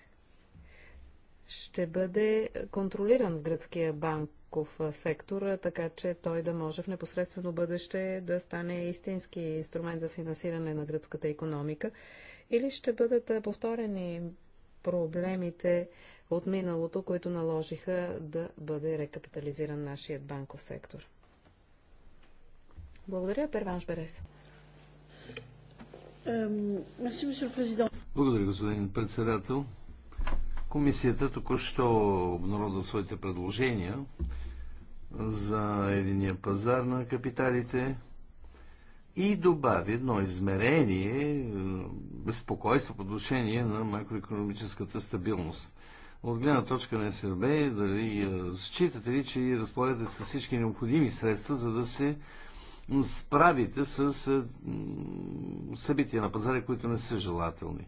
ще бъде контролиран в гръцкия банков сектор, така че той да може в непосредствено бъдеще да стане истински инструмент за финансиране на гръцката економика? Или ще бъдат повторени проблемите от миналото, които наложиха да бъде рекапитализиран нашият банков сектор? Благодаря, Перванш Берес. Благодаря, господин председател. Комисията току-що обнародва своите предложения за единия пазар на капиталите и добави едно измерение, е, безпокойство по отношение на макроекономическата стабилност. От гледна точка на СРБ, дали е, считате ли, че разполагате с всички необходими средства, за да се справите с е, събития на пазара, които не са желателни.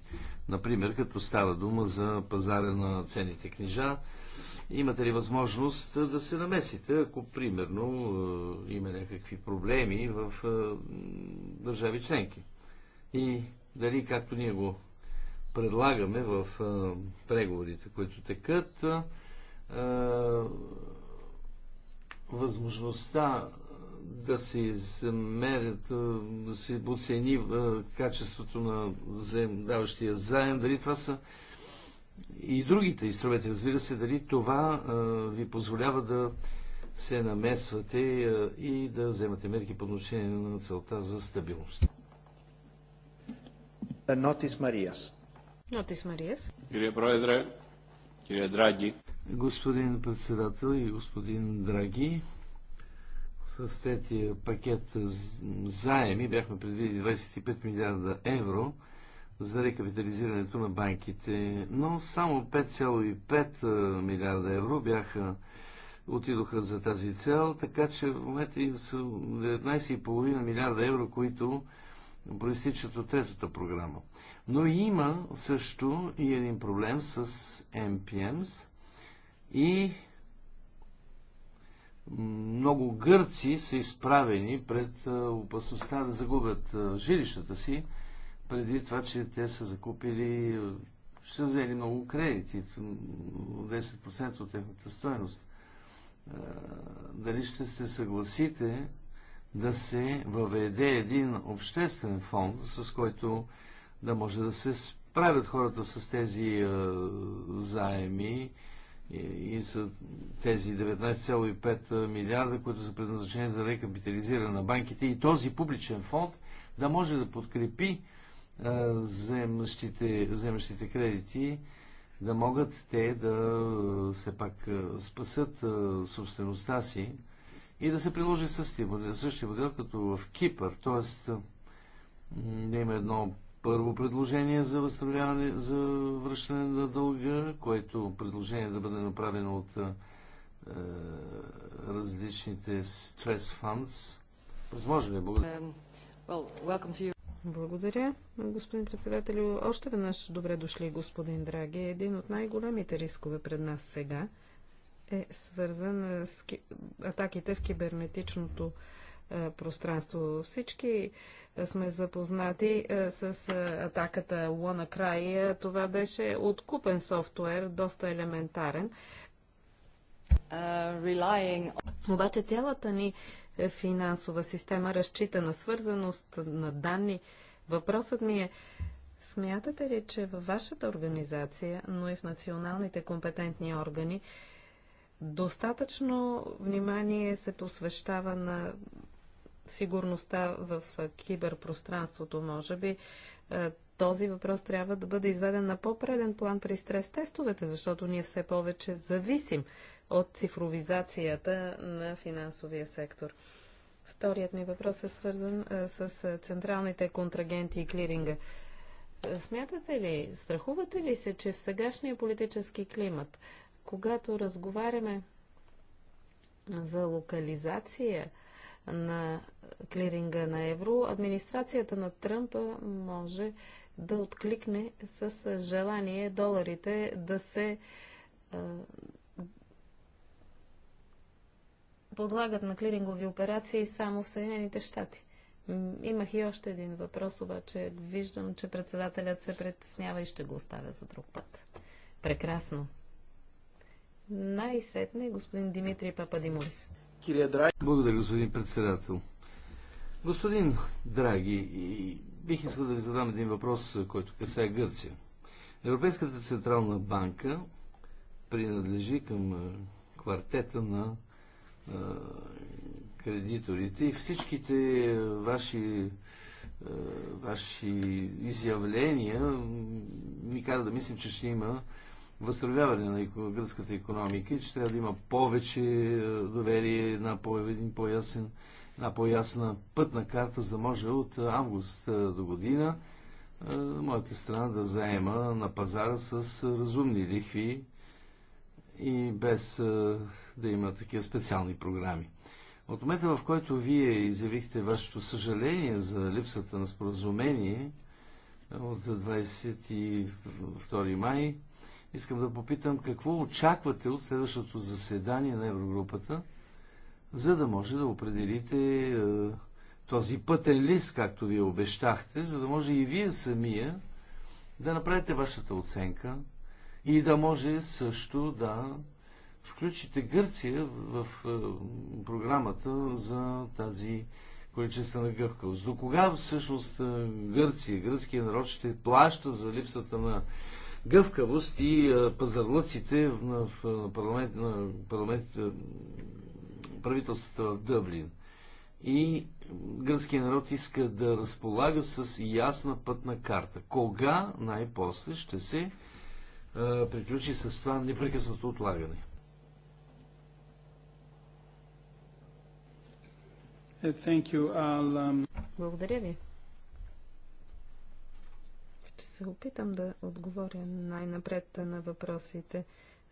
Например, като става дума за пазара на ценните книжа, имате ли възможност е, да се намесите, ако примерно е, има някакви проблеми в държави членки? И дали, както ние го предлагаме в преговорите, които текат, възможността да се измерят, да се оцени качеството на даващия заем, дали това са и другите инструменти, разбира се, дали това ви позволява да се намесвате и да вземате мерки по отношение на целта за стабилност. Нотис Мариас. Нотис Мариас. Кирия Проедре, кирия Драги. Господин председател и господин Драги, с третия пакет заеми бяхме предвидили 25 милиарда евро за рекапитализирането на банките, но само 5,5 милиарда евро бяха отидоха за тази цел, така че в момента им са 19,5 милиарда евро, които проистичат от третата програма. Но има също и един проблем с MPMs и много гърци са изправени пред опасността да загубят жилищата си, преди това, че те са закупили, ще са взели много кредити, 10% от техната стоеност. Дали ще се съгласите да се въведе един обществен фонд, с който да може да се справят хората с тези заеми, и са тези 19,5 милиарда, които са предназначени за рекапитализиране на банките и този публичен фонд да може да подкрепи вземащите, кредити, да могат те да все пак спасат собствеността си и да се приложи същия модел, като в Кипър. Тоест да има едно първо предложение за възстановяване, за връщане на дълга, което предложение да бъде направено от е, различните стрес фанс, Възможно ли? Е? Благодаря. Um, Благодаря, господин председател. Още веднъж добре дошли, господин Драги. Един от най-големите рискове пред нас сега е свързан с атаките в кибернетичното е, пространство. Всички сме запознати е, с е, атаката WannaCry. Е, това беше откупен софтуер, доста елементарен. Обаче цялата ни финансова система разчита на свързаност на данни. Въпросът ми е, смятате ли, че във вашата организация, но и в националните компетентни органи, достатъчно внимание се посвещава на сигурността в киберпространството, може би, този въпрос трябва да бъде изведен на по-преден план при стрес-тестовете, защото ние все повече зависим от цифровизацията на финансовия сектор. Вторият ми въпрос е свързан с централните контрагенти и клиринга. Смятате ли, страхувате ли се, че в сегашния политически климат, когато разговаряме за локализация, на клиринга на евро, администрацията на Тръмп може да откликне с желание доларите да се подлагат на клирингови операции само в Съединените щати. Имах и още един въпрос, обаче виждам, че председателят се притеснява и ще го оставя за друг път. Прекрасно. Най-сетне господин Димитрий Пападимурис. Благодаря, господин председател. Господин Драги, бих искал да ви задам един въпрос, който касае Гърция. Европейската централна банка принадлежи към квартета на кредиторите и всичките ваши, ваши изявления ми кара да мислим, че ще има възстановяване на гръцката економика и че трябва да има повече е, доверие, на по, един по-ясен, една по-ясна пътна карта, за да може от август е, до година е, моята страна да заема на пазара с разумни лихви и без да има такива специални програми. От момента, в който вие изявихте вашето съжаление за липсата на споразумение от 22 май, Искам да попитам какво очаквате от следващото заседание на Еврогрупата, за да може да определите е, този пътен лист, както вие обещахте, за да може и вие самия да направите вашата оценка и да може също да включите Гърция в, е, програмата за тази количествена гъвкавост. До кога всъщност е, Гърция, гръцкия народ ще плаща за липсата на гъвкавост и пазарлъците в парламент, на парламент, правителствата в Дъблин. И гръцкият народ иска да разполага с ясна пътна карта. Кога най-после ще се а, приключи с това непрекъснато отлагане? Um, Благодаря ви се опитам да отговоря най-напред на въпросите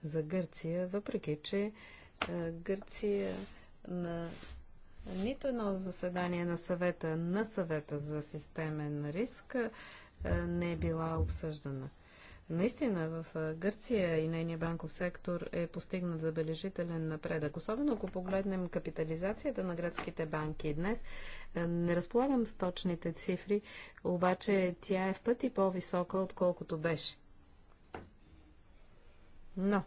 за Гърция, въпреки че е, Гърция на нито едно заседание на съвета, на съвета за системен риск е, не е била обсъждана. Наистина в Гърция и нейния банков сектор е постигнат забележителен напредък. Особено ако погледнем капитализацията на гръцките банки днес, не разполагам с точните цифри, обаче тя е в пъти по-висока, отколкото беше. Но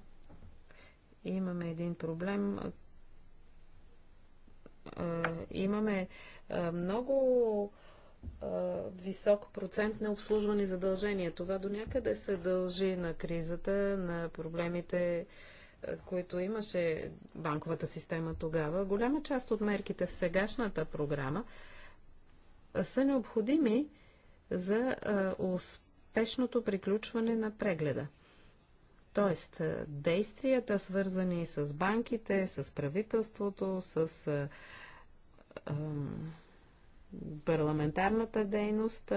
имаме един проблем. Имаме много висок процент на обслужвани задължения. Това до някъде се дължи на кризата, на проблемите, които имаше банковата система тогава. Голяма част от мерките в сегашната програма са необходими за успешното приключване на прегледа. Тоест, действията, свързани с банките, с правителството, с парламентарната дейност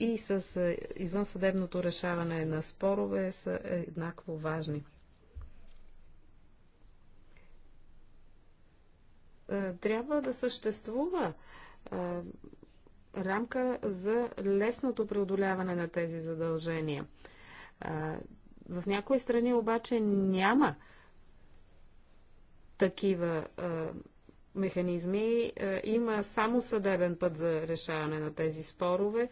и с извънсъдебното решаване на спорове са еднакво важни. Трябва да съществува рамка за лесното преодоляване на тези задължения. В някои страни обаче няма такива механизми. Е, има само съдебен път за решаване на тези спорове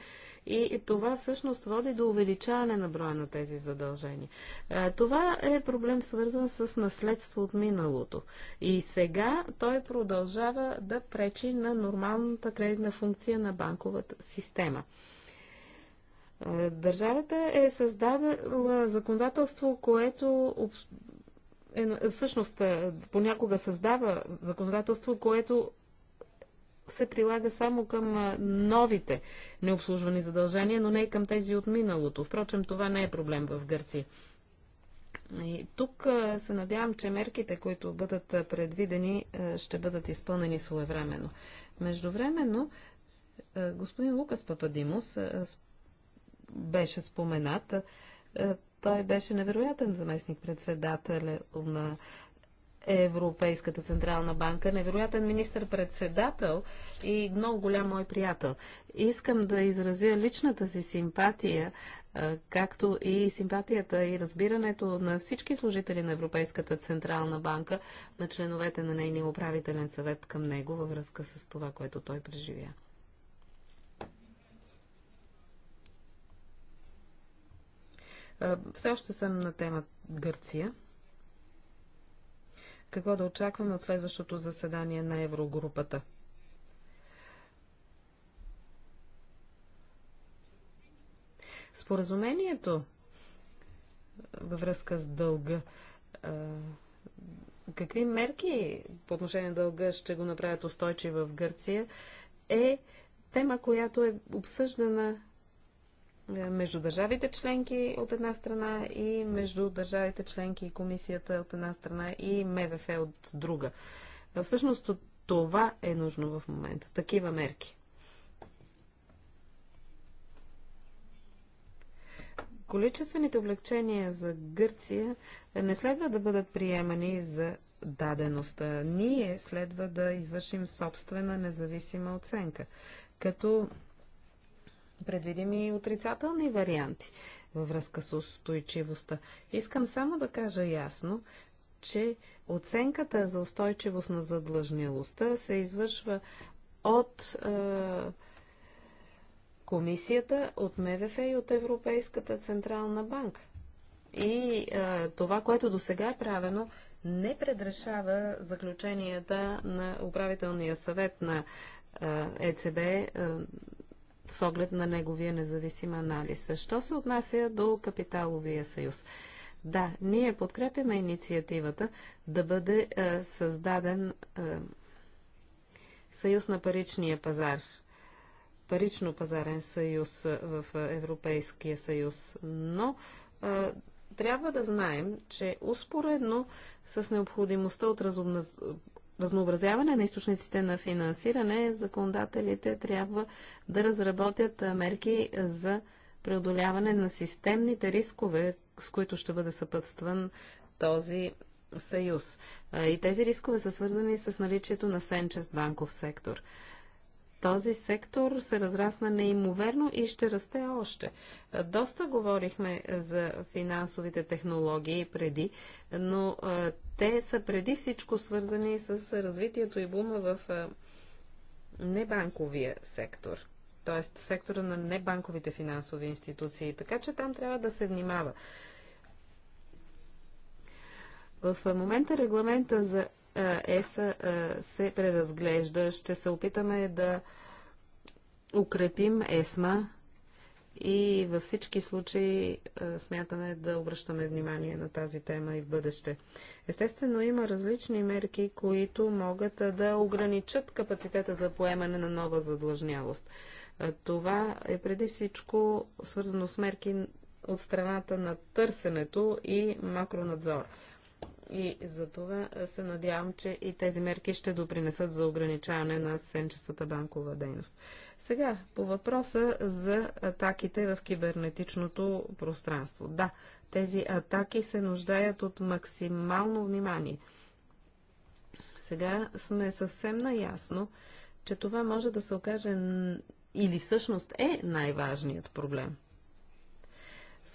и това всъщност води до увеличаване на броя на тези задължения. Е, това е проблем свързан с наследство от миналото. И сега той продължава да пречи на нормалната кредитна функция на банковата система. Е, държавата е създадала законодателство, което е, всъщност е, понякога създава законодателство, което се прилага само към е, новите необслужвани задължения, но не и към тези от миналото. Впрочем, това не е проблем в Гърция. И тук е, се надявам, че мерките, които бъдат предвидени, ще бъдат изпълнени своевременно. Междувременно, господин Лукас Пападимус беше споменат. Той беше невероятен заместник-председател на Европейската Централна банка, невероятен министър председател и много голям мой приятел. Искам да изразя личната си симпатия, както и симпатията и разбирането на всички служители на Европейската Централна банка, на членовете на нейния управителен съвет към него във връзка с това, което той преживя. Е, все още съм на тема Гърция. Какво да очакваме от следващото заседание на Еврогрупата? Споразумението във връзка с дълга. Е, какви мерки по отношение на дълга ще го направят устойчиви в Гърция е тема, която е обсъждана между държавите членки от една страна и между държавите членки и комисията от една страна и МВФ от друга. Всъщност това е нужно в момента. Такива мерки. Количествените облегчения за Гърция не следва да бъдат приемани за дадеността. Ние следва да извършим собствена независима оценка, като предвидим и отрицателни варианти във връзка с устойчивостта. Искам само да кажа ясно, че оценката за устойчивост на задлъжнилостта се извършва от е, комисията, от МВФ и от Европейската Централна банка. И е, това, което до сега е правено, не предрешава заключенията на управителния съвет на ЕЦБ е с оглед на неговия независим анализ. Що се отнася до капиталовия съюз? Да, ние подкрепяме инициативата да бъде е, създаден е, съюз на паричния пазар, парично-пазарен съюз е, в е, Европейския съюз, но е, трябва да знаем, че успоредно с необходимостта от разумна разнообразяване на източниците на финансиране, законодателите трябва да разработят мерки за преодоляване на системните рискове, с които ще бъде съпътстван този съюз. И тези рискове са свързани с наличието на сенчест банков сектор. Този сектор се разрасна неимоверно и ще расте още. Е, доста говорихме за финансовите технологии преди, но е, те са преди всичко свързани с развитието и бума в е, небанковия сектор т.е. сектора на небанковите финансови институции. Така че там трябва да се внимава. В момента регламента за ЕСА е, се преразглежда. Ще се опитаме да укрепим ЕСМА и във всички случаи е, смятаме да обръщаме внимание на тази тема и в бъдеще. Естествено, има различни мерки, които могат да ограничат капацитета за поемане на нова задлъжнявост. Е, това е преди всичко свързано с мерки от страната на търсенето и макронадзор. И за това се надявам, че и тези мерки ще допринесат за ограничаване на сенчестата банкова дейност. Сега, по въпроса за атаките в кибернетичното пространство. Да, тези атаки се нуждаят от максимално внимание. Сега сме съвсем наясно, че това може да се окаже или всъщност е най-важният проблем –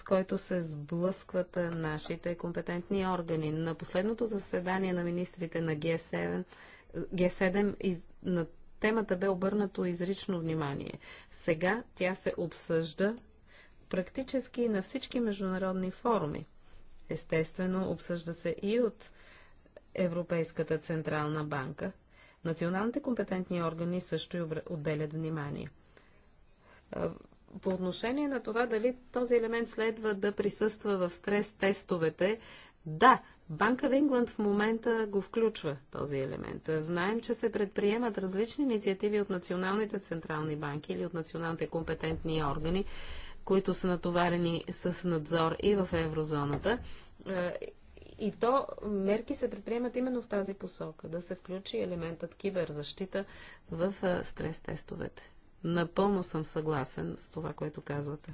с който се сблъскват нашите компетентни органи. На последното заседание на министрите на Г7, Г7 из, на темата бе обърнато изрично внимание. Сега тя се обсъжда практически на всички международни форуми. Естествено, обсъжда се и от Европейската Централна банка. Националните компетентни органи също и отделят внимание по отношение на това дали този елемент следва да присъства в стрес-тестовете, да, Банка в Ингланд в момента го включва този елемент. Знаем, че се предприемат различни инициативи от националните централни банки или от националните компетентни органи, които са натоварени с надзор и в еврозоната. Е, и то мерки се предприемат именно в тази посока, да се включи елементът киберзащита в е, стрес-тестовете. Напълно съм съгласен с това, което казвате.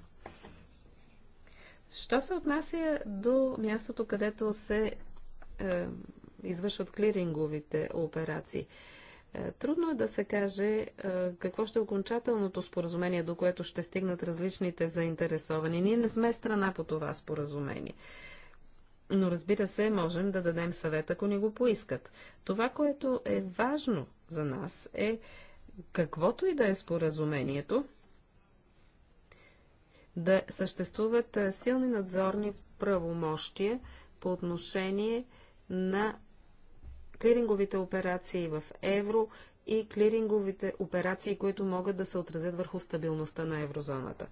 Що се отнася до мястото, където се е, извършват клиринговите операции? Е, трудно е да се каже е, какво ще е окончателното споразумение, до което ще стигнат различните заинтересовани. Ние не сме страна по това споразумение. Но разбира се, можем да дадем съвет, ако ни го поискат. Това, което е важно за нас е, каквото и да е споразумението, да съществуват силни надзорни правомощия по отношение на клиринговите операции в евро и клиринговите операции, които могат да се отразят върху стабилността на еврозоната.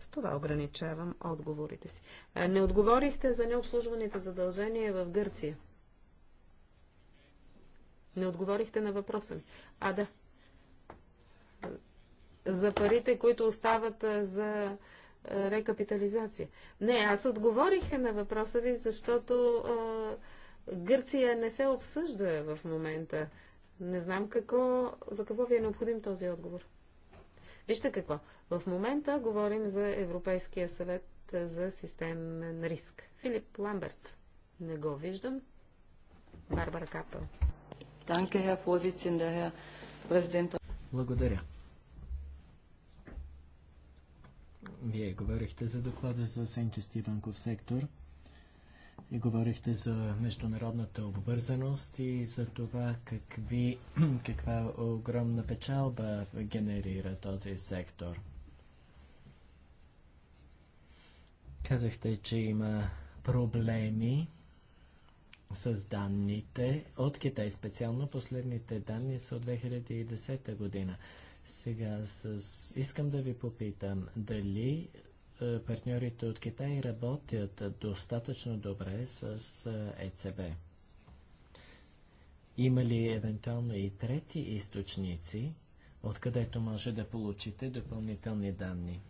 С това ограничавам отговорите си. Не отговорихте за необслужваните задължения в Гърция. Не отговорихте на въпроса ми. А да, за парите, които остават за рекапитализация. Не, аз отговорих на въпроса ви, защото а, Гърция не се обсъжда в момента. Не знам какво, за какво ви е необходим този отговор. Вижте какво. В момента говорим за Европейския съвет за системен риск. Филип Ламберц. Не го виждам. Барбара Капел. Благодаря. Вие говорихте за доклада за сенчести банков сектор и говорихте за международната обвързаност и за това какви, каква огромна печалба генерира този сектор. Казахте, че има проблеми с данните от Китай. Специално последните данни са от 2010 година. Сега с... искам да ви попитам дали е, партньорите от Китай работят достатъчно добре с ЕЦБ. Е Има ли евентуално и трети източници, откъдето може да получите допълнителни данни?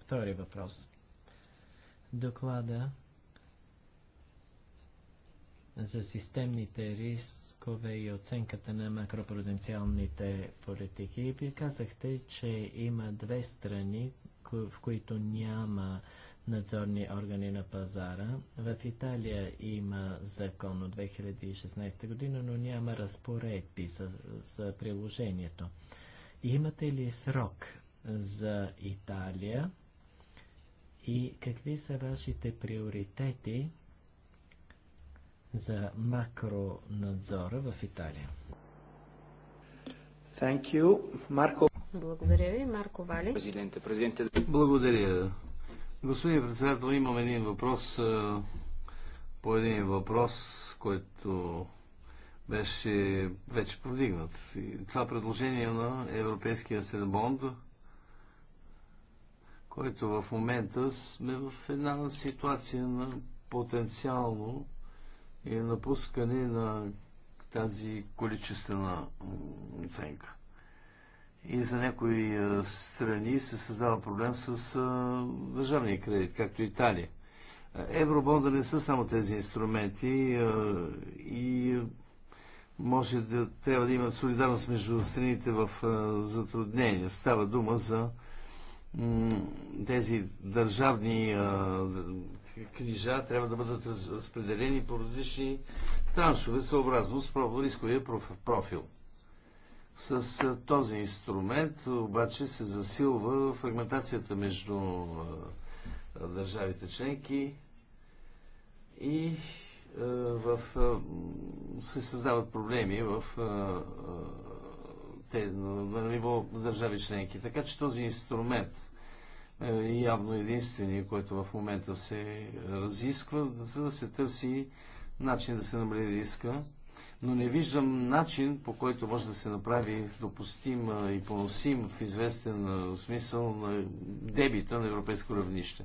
Втори въпрос. Доклада за системните рискове и оценката на макропруденциалните политики. И казахте, че има две страни, в които няма надзорни органи на пазара. В Италия има закон от 2016 година, но няма разпоредби за, за приложението. Имате ли срок за Италия и какви са вашите приоритети за макронадзора в Италия. Thank you. Марко. Благодаря ви, Марко Вали. Президенте, президенте. Благодаря. Господин председател, имам един въпрос по един въпрос, който беше вече повдигнат. И това предложение на Европейския Седбонд, който в момента сме в една ситуация на потенциално и напускане на тази количествена оценка. И за някои е, страни се създава проблем с е, държавния кредит, както Италия. Евробонда не са само тези инструменти е, и може да трябва да има солидарност между страните в затруднения. Става дума за тези държавни книжа трябва да бъдат разпределени по различни траншове, съобразно с рисковия профил. С този инструмент обаче се засилва фрагментацията между държавите членки и в, се създават проблеми в, те, на ниво държави членки. Така че този инструмент – е, явно единствения, който в момента се разисква, за да се търси начин да се намали риска. Но не виждам начин, по който може да се направи допустим и поносим в известен смисъл на дебита на европейско равнище.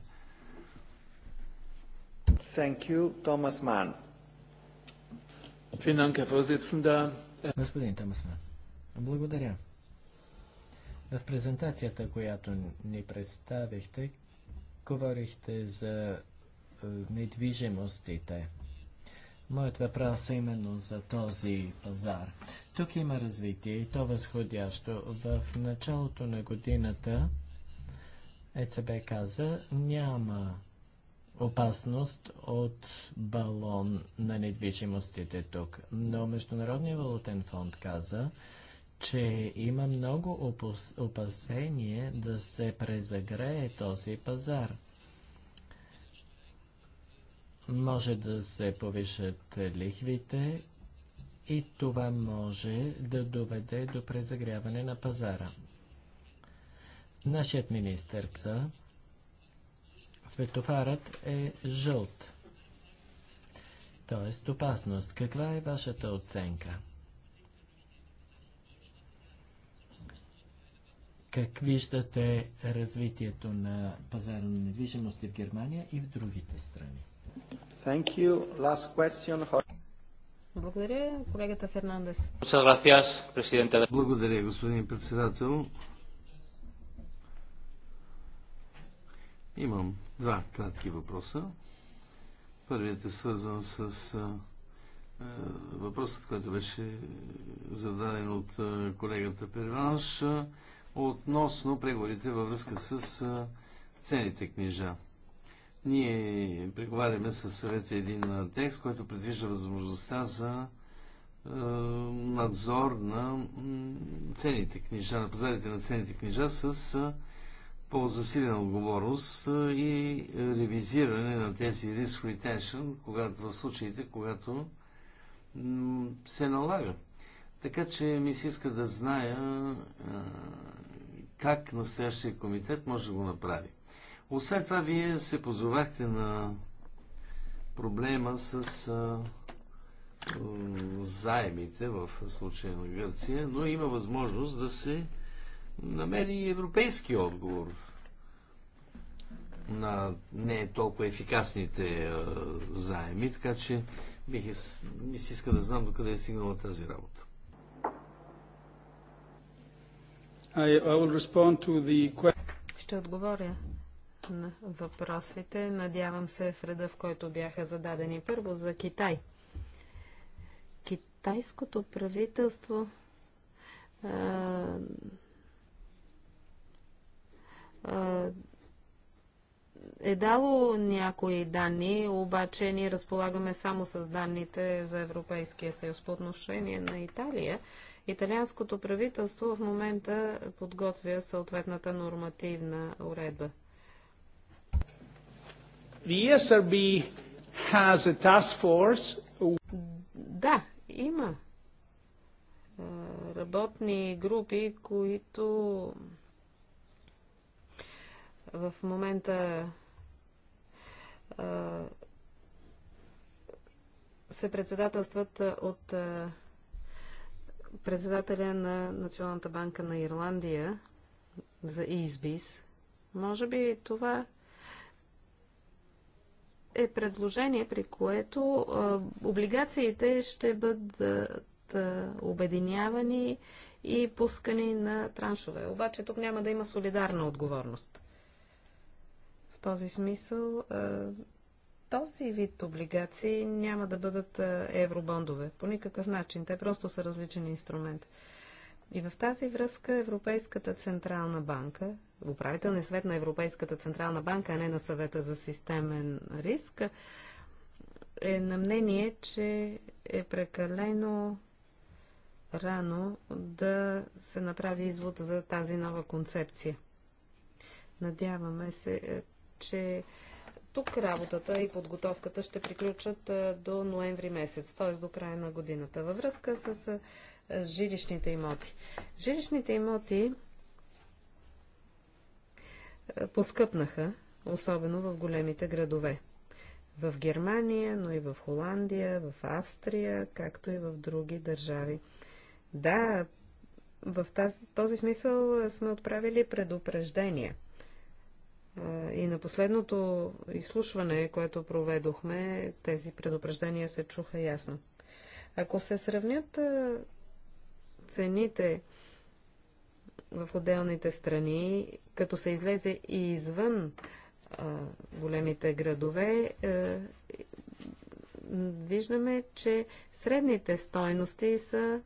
Thank you, Thomas Mann. Господин Томас Ман, благодаря. В презентацията, която ни представихте, говорихте за е, недвижимостите. Моят въпрос е именно за този пазар. Тук има развитие и то възходящо. В началото на годината ЕЦБ каза, няма опасност от балон на недвижимостите тук. Но Международният валутен фонд каза, че има много опасение да се презагрее този пазар. Може да се повишат лихвите и това може да доведе до презагряване на пазара. Нашият министър КСА, светофарът е жълт, т.е. опасност. Каква е вашата оценка? как виждате развитието на пазара на недвижимости в Германия и в другите страни? Thank you. Last question. Благодаря, колегата Фернандес. Благодаря, господин председател. Имам два кратки въпроса. Първият е свързан с въпросът, който беше зададен от колегата Перванш относно преговорите във връзка с цените книжа. Ние преговаряме със съвета един текст, който предвижда възможността за надзор на цените книжа, на пазарите на цените книжа с по-засилена отговорност и ревизиране на тези risk retention, когато, в случаите, когато се налага. Така че ми се иска да зная как настоящия комитет може да го направи. Освен това, вие се позовахте на проблема с а, заемите в случая на Гърция, но има възможност да се намери европейски отговор на не толкова ефикасните а, заеми, така че бих, ми се иска да знам докъде е стигнала тази работа. Ще отговоря на въпросите. Надявам се в реда, в който бяха зададени. Първо за Китай. Китайското правителство е дало някои данни, обаче ние разполагаме само с данните за Европейския съюз по отношение на Италия. Италианското правителство в момента подготвя съответната нормативна уредба. The ESRB has a task force. Да, има работни групи, които в момента се председателстват от председателя на Националната банка на Ирландия за ИСБИС. Може би това е предложение, при което а, облигациите ще бъдат а, обединявани и пускани на траншове. Обаче тук няма да има солидарна отговорност. В този смисъл а, този вид облигации няма да бъдат евробондове. По никакъв начин. Те просто са различен инструмент. И в тази връзка Европейската Централна банка, управителният свет на Европейската Централна банка, а не на съвета за системен риск, е на мнение, че е прекалено рано да се направи извод за тази нова концепция. Надяваме се, е, че тук работата и подготовката ще приключат до ноември месец, т.е. до края на годината, във връзка с жилищните имоти. Жилищните имоти поскъпнаха, особено в големите градове. В Германия, но и в Холандия, в Австрия, както и в други държави. Да, в тази, този смисъл сме отправили предупреждения. Е, и на последното изслушване, което проведохме, тези предупреждения се чуха ясно. Ако се сравнят е, цените в отделните страни, като се излезе и извън е, големите градове, виждаме, че средните стойности са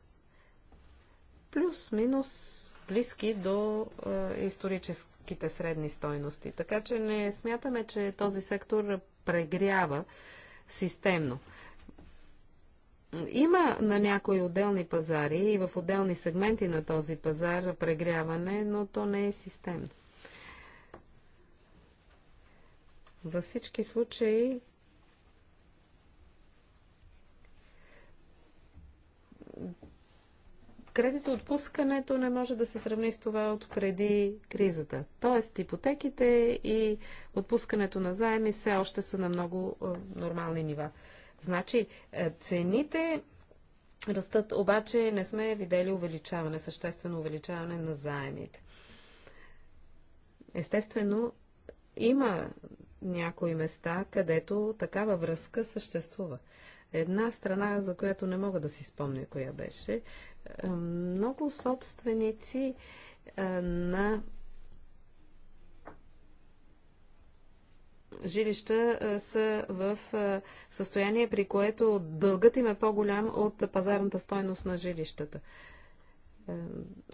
плюс-минус близки до исторически ниските средни стойности. Така че не смятаме, че този сектор прегрява системно. Има на някои отделни пазари и в отделни сегменти на този пазар прегряване, но то не е системно. Във всички случаи отпускането не може да се сравни с това от преди кризата. Тоест, ипотеките и отпускането на заеми все още са на много нормални нива. Значи, е, цените растат, обаче не сме видели увеличаване, съществено увеличаване на заемите. Естествено, има някои места, където такава връзка съществува. Една страна, за която не мога да си спомня коя беше, е, много собственици е, на жилища е, са в състояние, при което дългът им е по-голям от пазарната стойност на жилищата.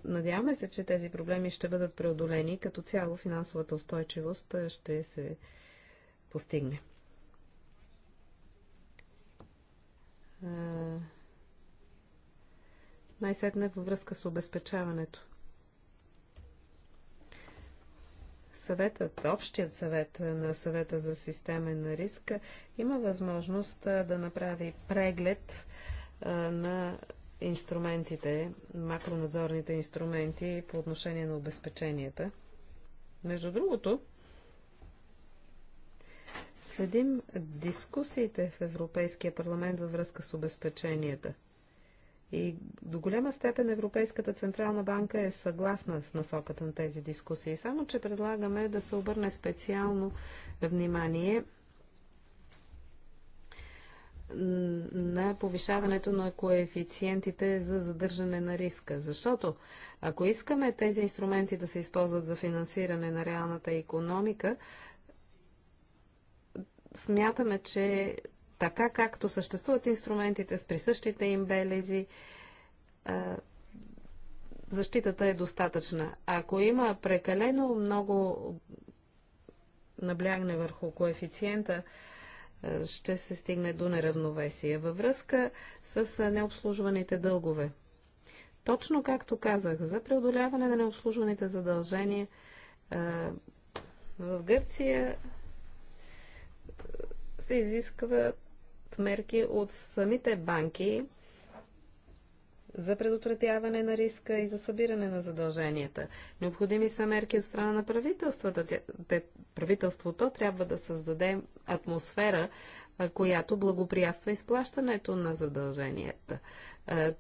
Надяваме се, че тези проблеми ще бъдат преодолени. Като цяло финансовата устойчивост ще се постигне. най-сетне е във връзка с обезпечаването. Съветът, общият съвет на съвета за системен риск има възможност да направи преглед на инструментите, макронадзорните инструменти по отношение на обезпеченията. Между другото, следим дискусиите в Европейския парламент във връзка с обезпеченията. И до голяма степен Европейската Централна банка е съгласна с насоката на тези дискусии, само че предлагаме да се обърне специално внимание на повишаването на коефициентите за задържане на риска. Защото ако искаме тези инструменти да се използват за финансиране на реалната економика, смятаме, че така както съществуват инструментите с присъщите им белези, защитата е достатъчна. Ако има прекалено много наблягне върху коефициента, ще се стигне до неравновесие във връзка с необслужваните дългове. Точно както казах, за преодоляване на необслужваните задължения в Гърция се изискват мерки от самите банки за предотвратяване на риска и за събиране на задълженията. Необходими са мерки от страна на правителствата. Правителството трябва да създаде атмосфера, която благоприятства изплащането на задълженията.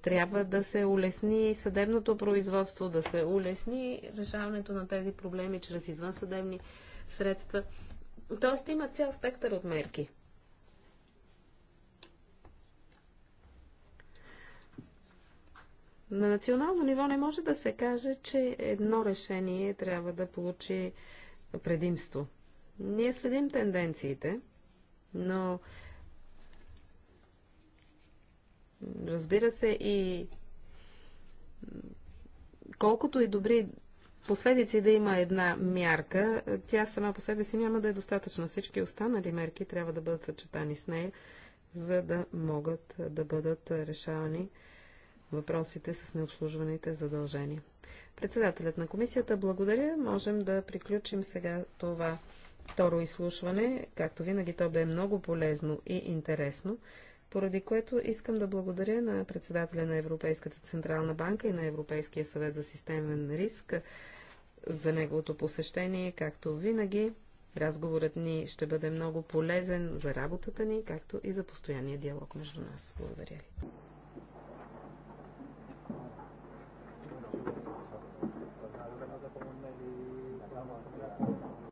Трябва да се улесни съдебното производство, да се улесни решаването на тези проблеми чрез извънсъдебни средства. Тоест има цял спектър от мерки. На национално ниво не може да се каже, че едно решение трябва да получи предимство. Ние следим тенденциите, но разбира се и колкото и добри последици да има една мярка, тя сама по себе си няма да е достатъчна. Всички останали мерки трябва да бъдат съчетани с нея, за да могат да бъдат решавани въпросите с необслужваните задължения. Председателят на комисията, благодаря. Можем да приключим сега това второ изслушване. Както винаги, то бе много полезно и интересно, поради което искам да благодаря на председателя на Европейската Централна банка и на Европейския съвет за системен риск, за неговото посещение. Както винаги, разговорът ни ще бъде много полезен за работата ни, както и за постоянния диалог между нас. Благодаря ви.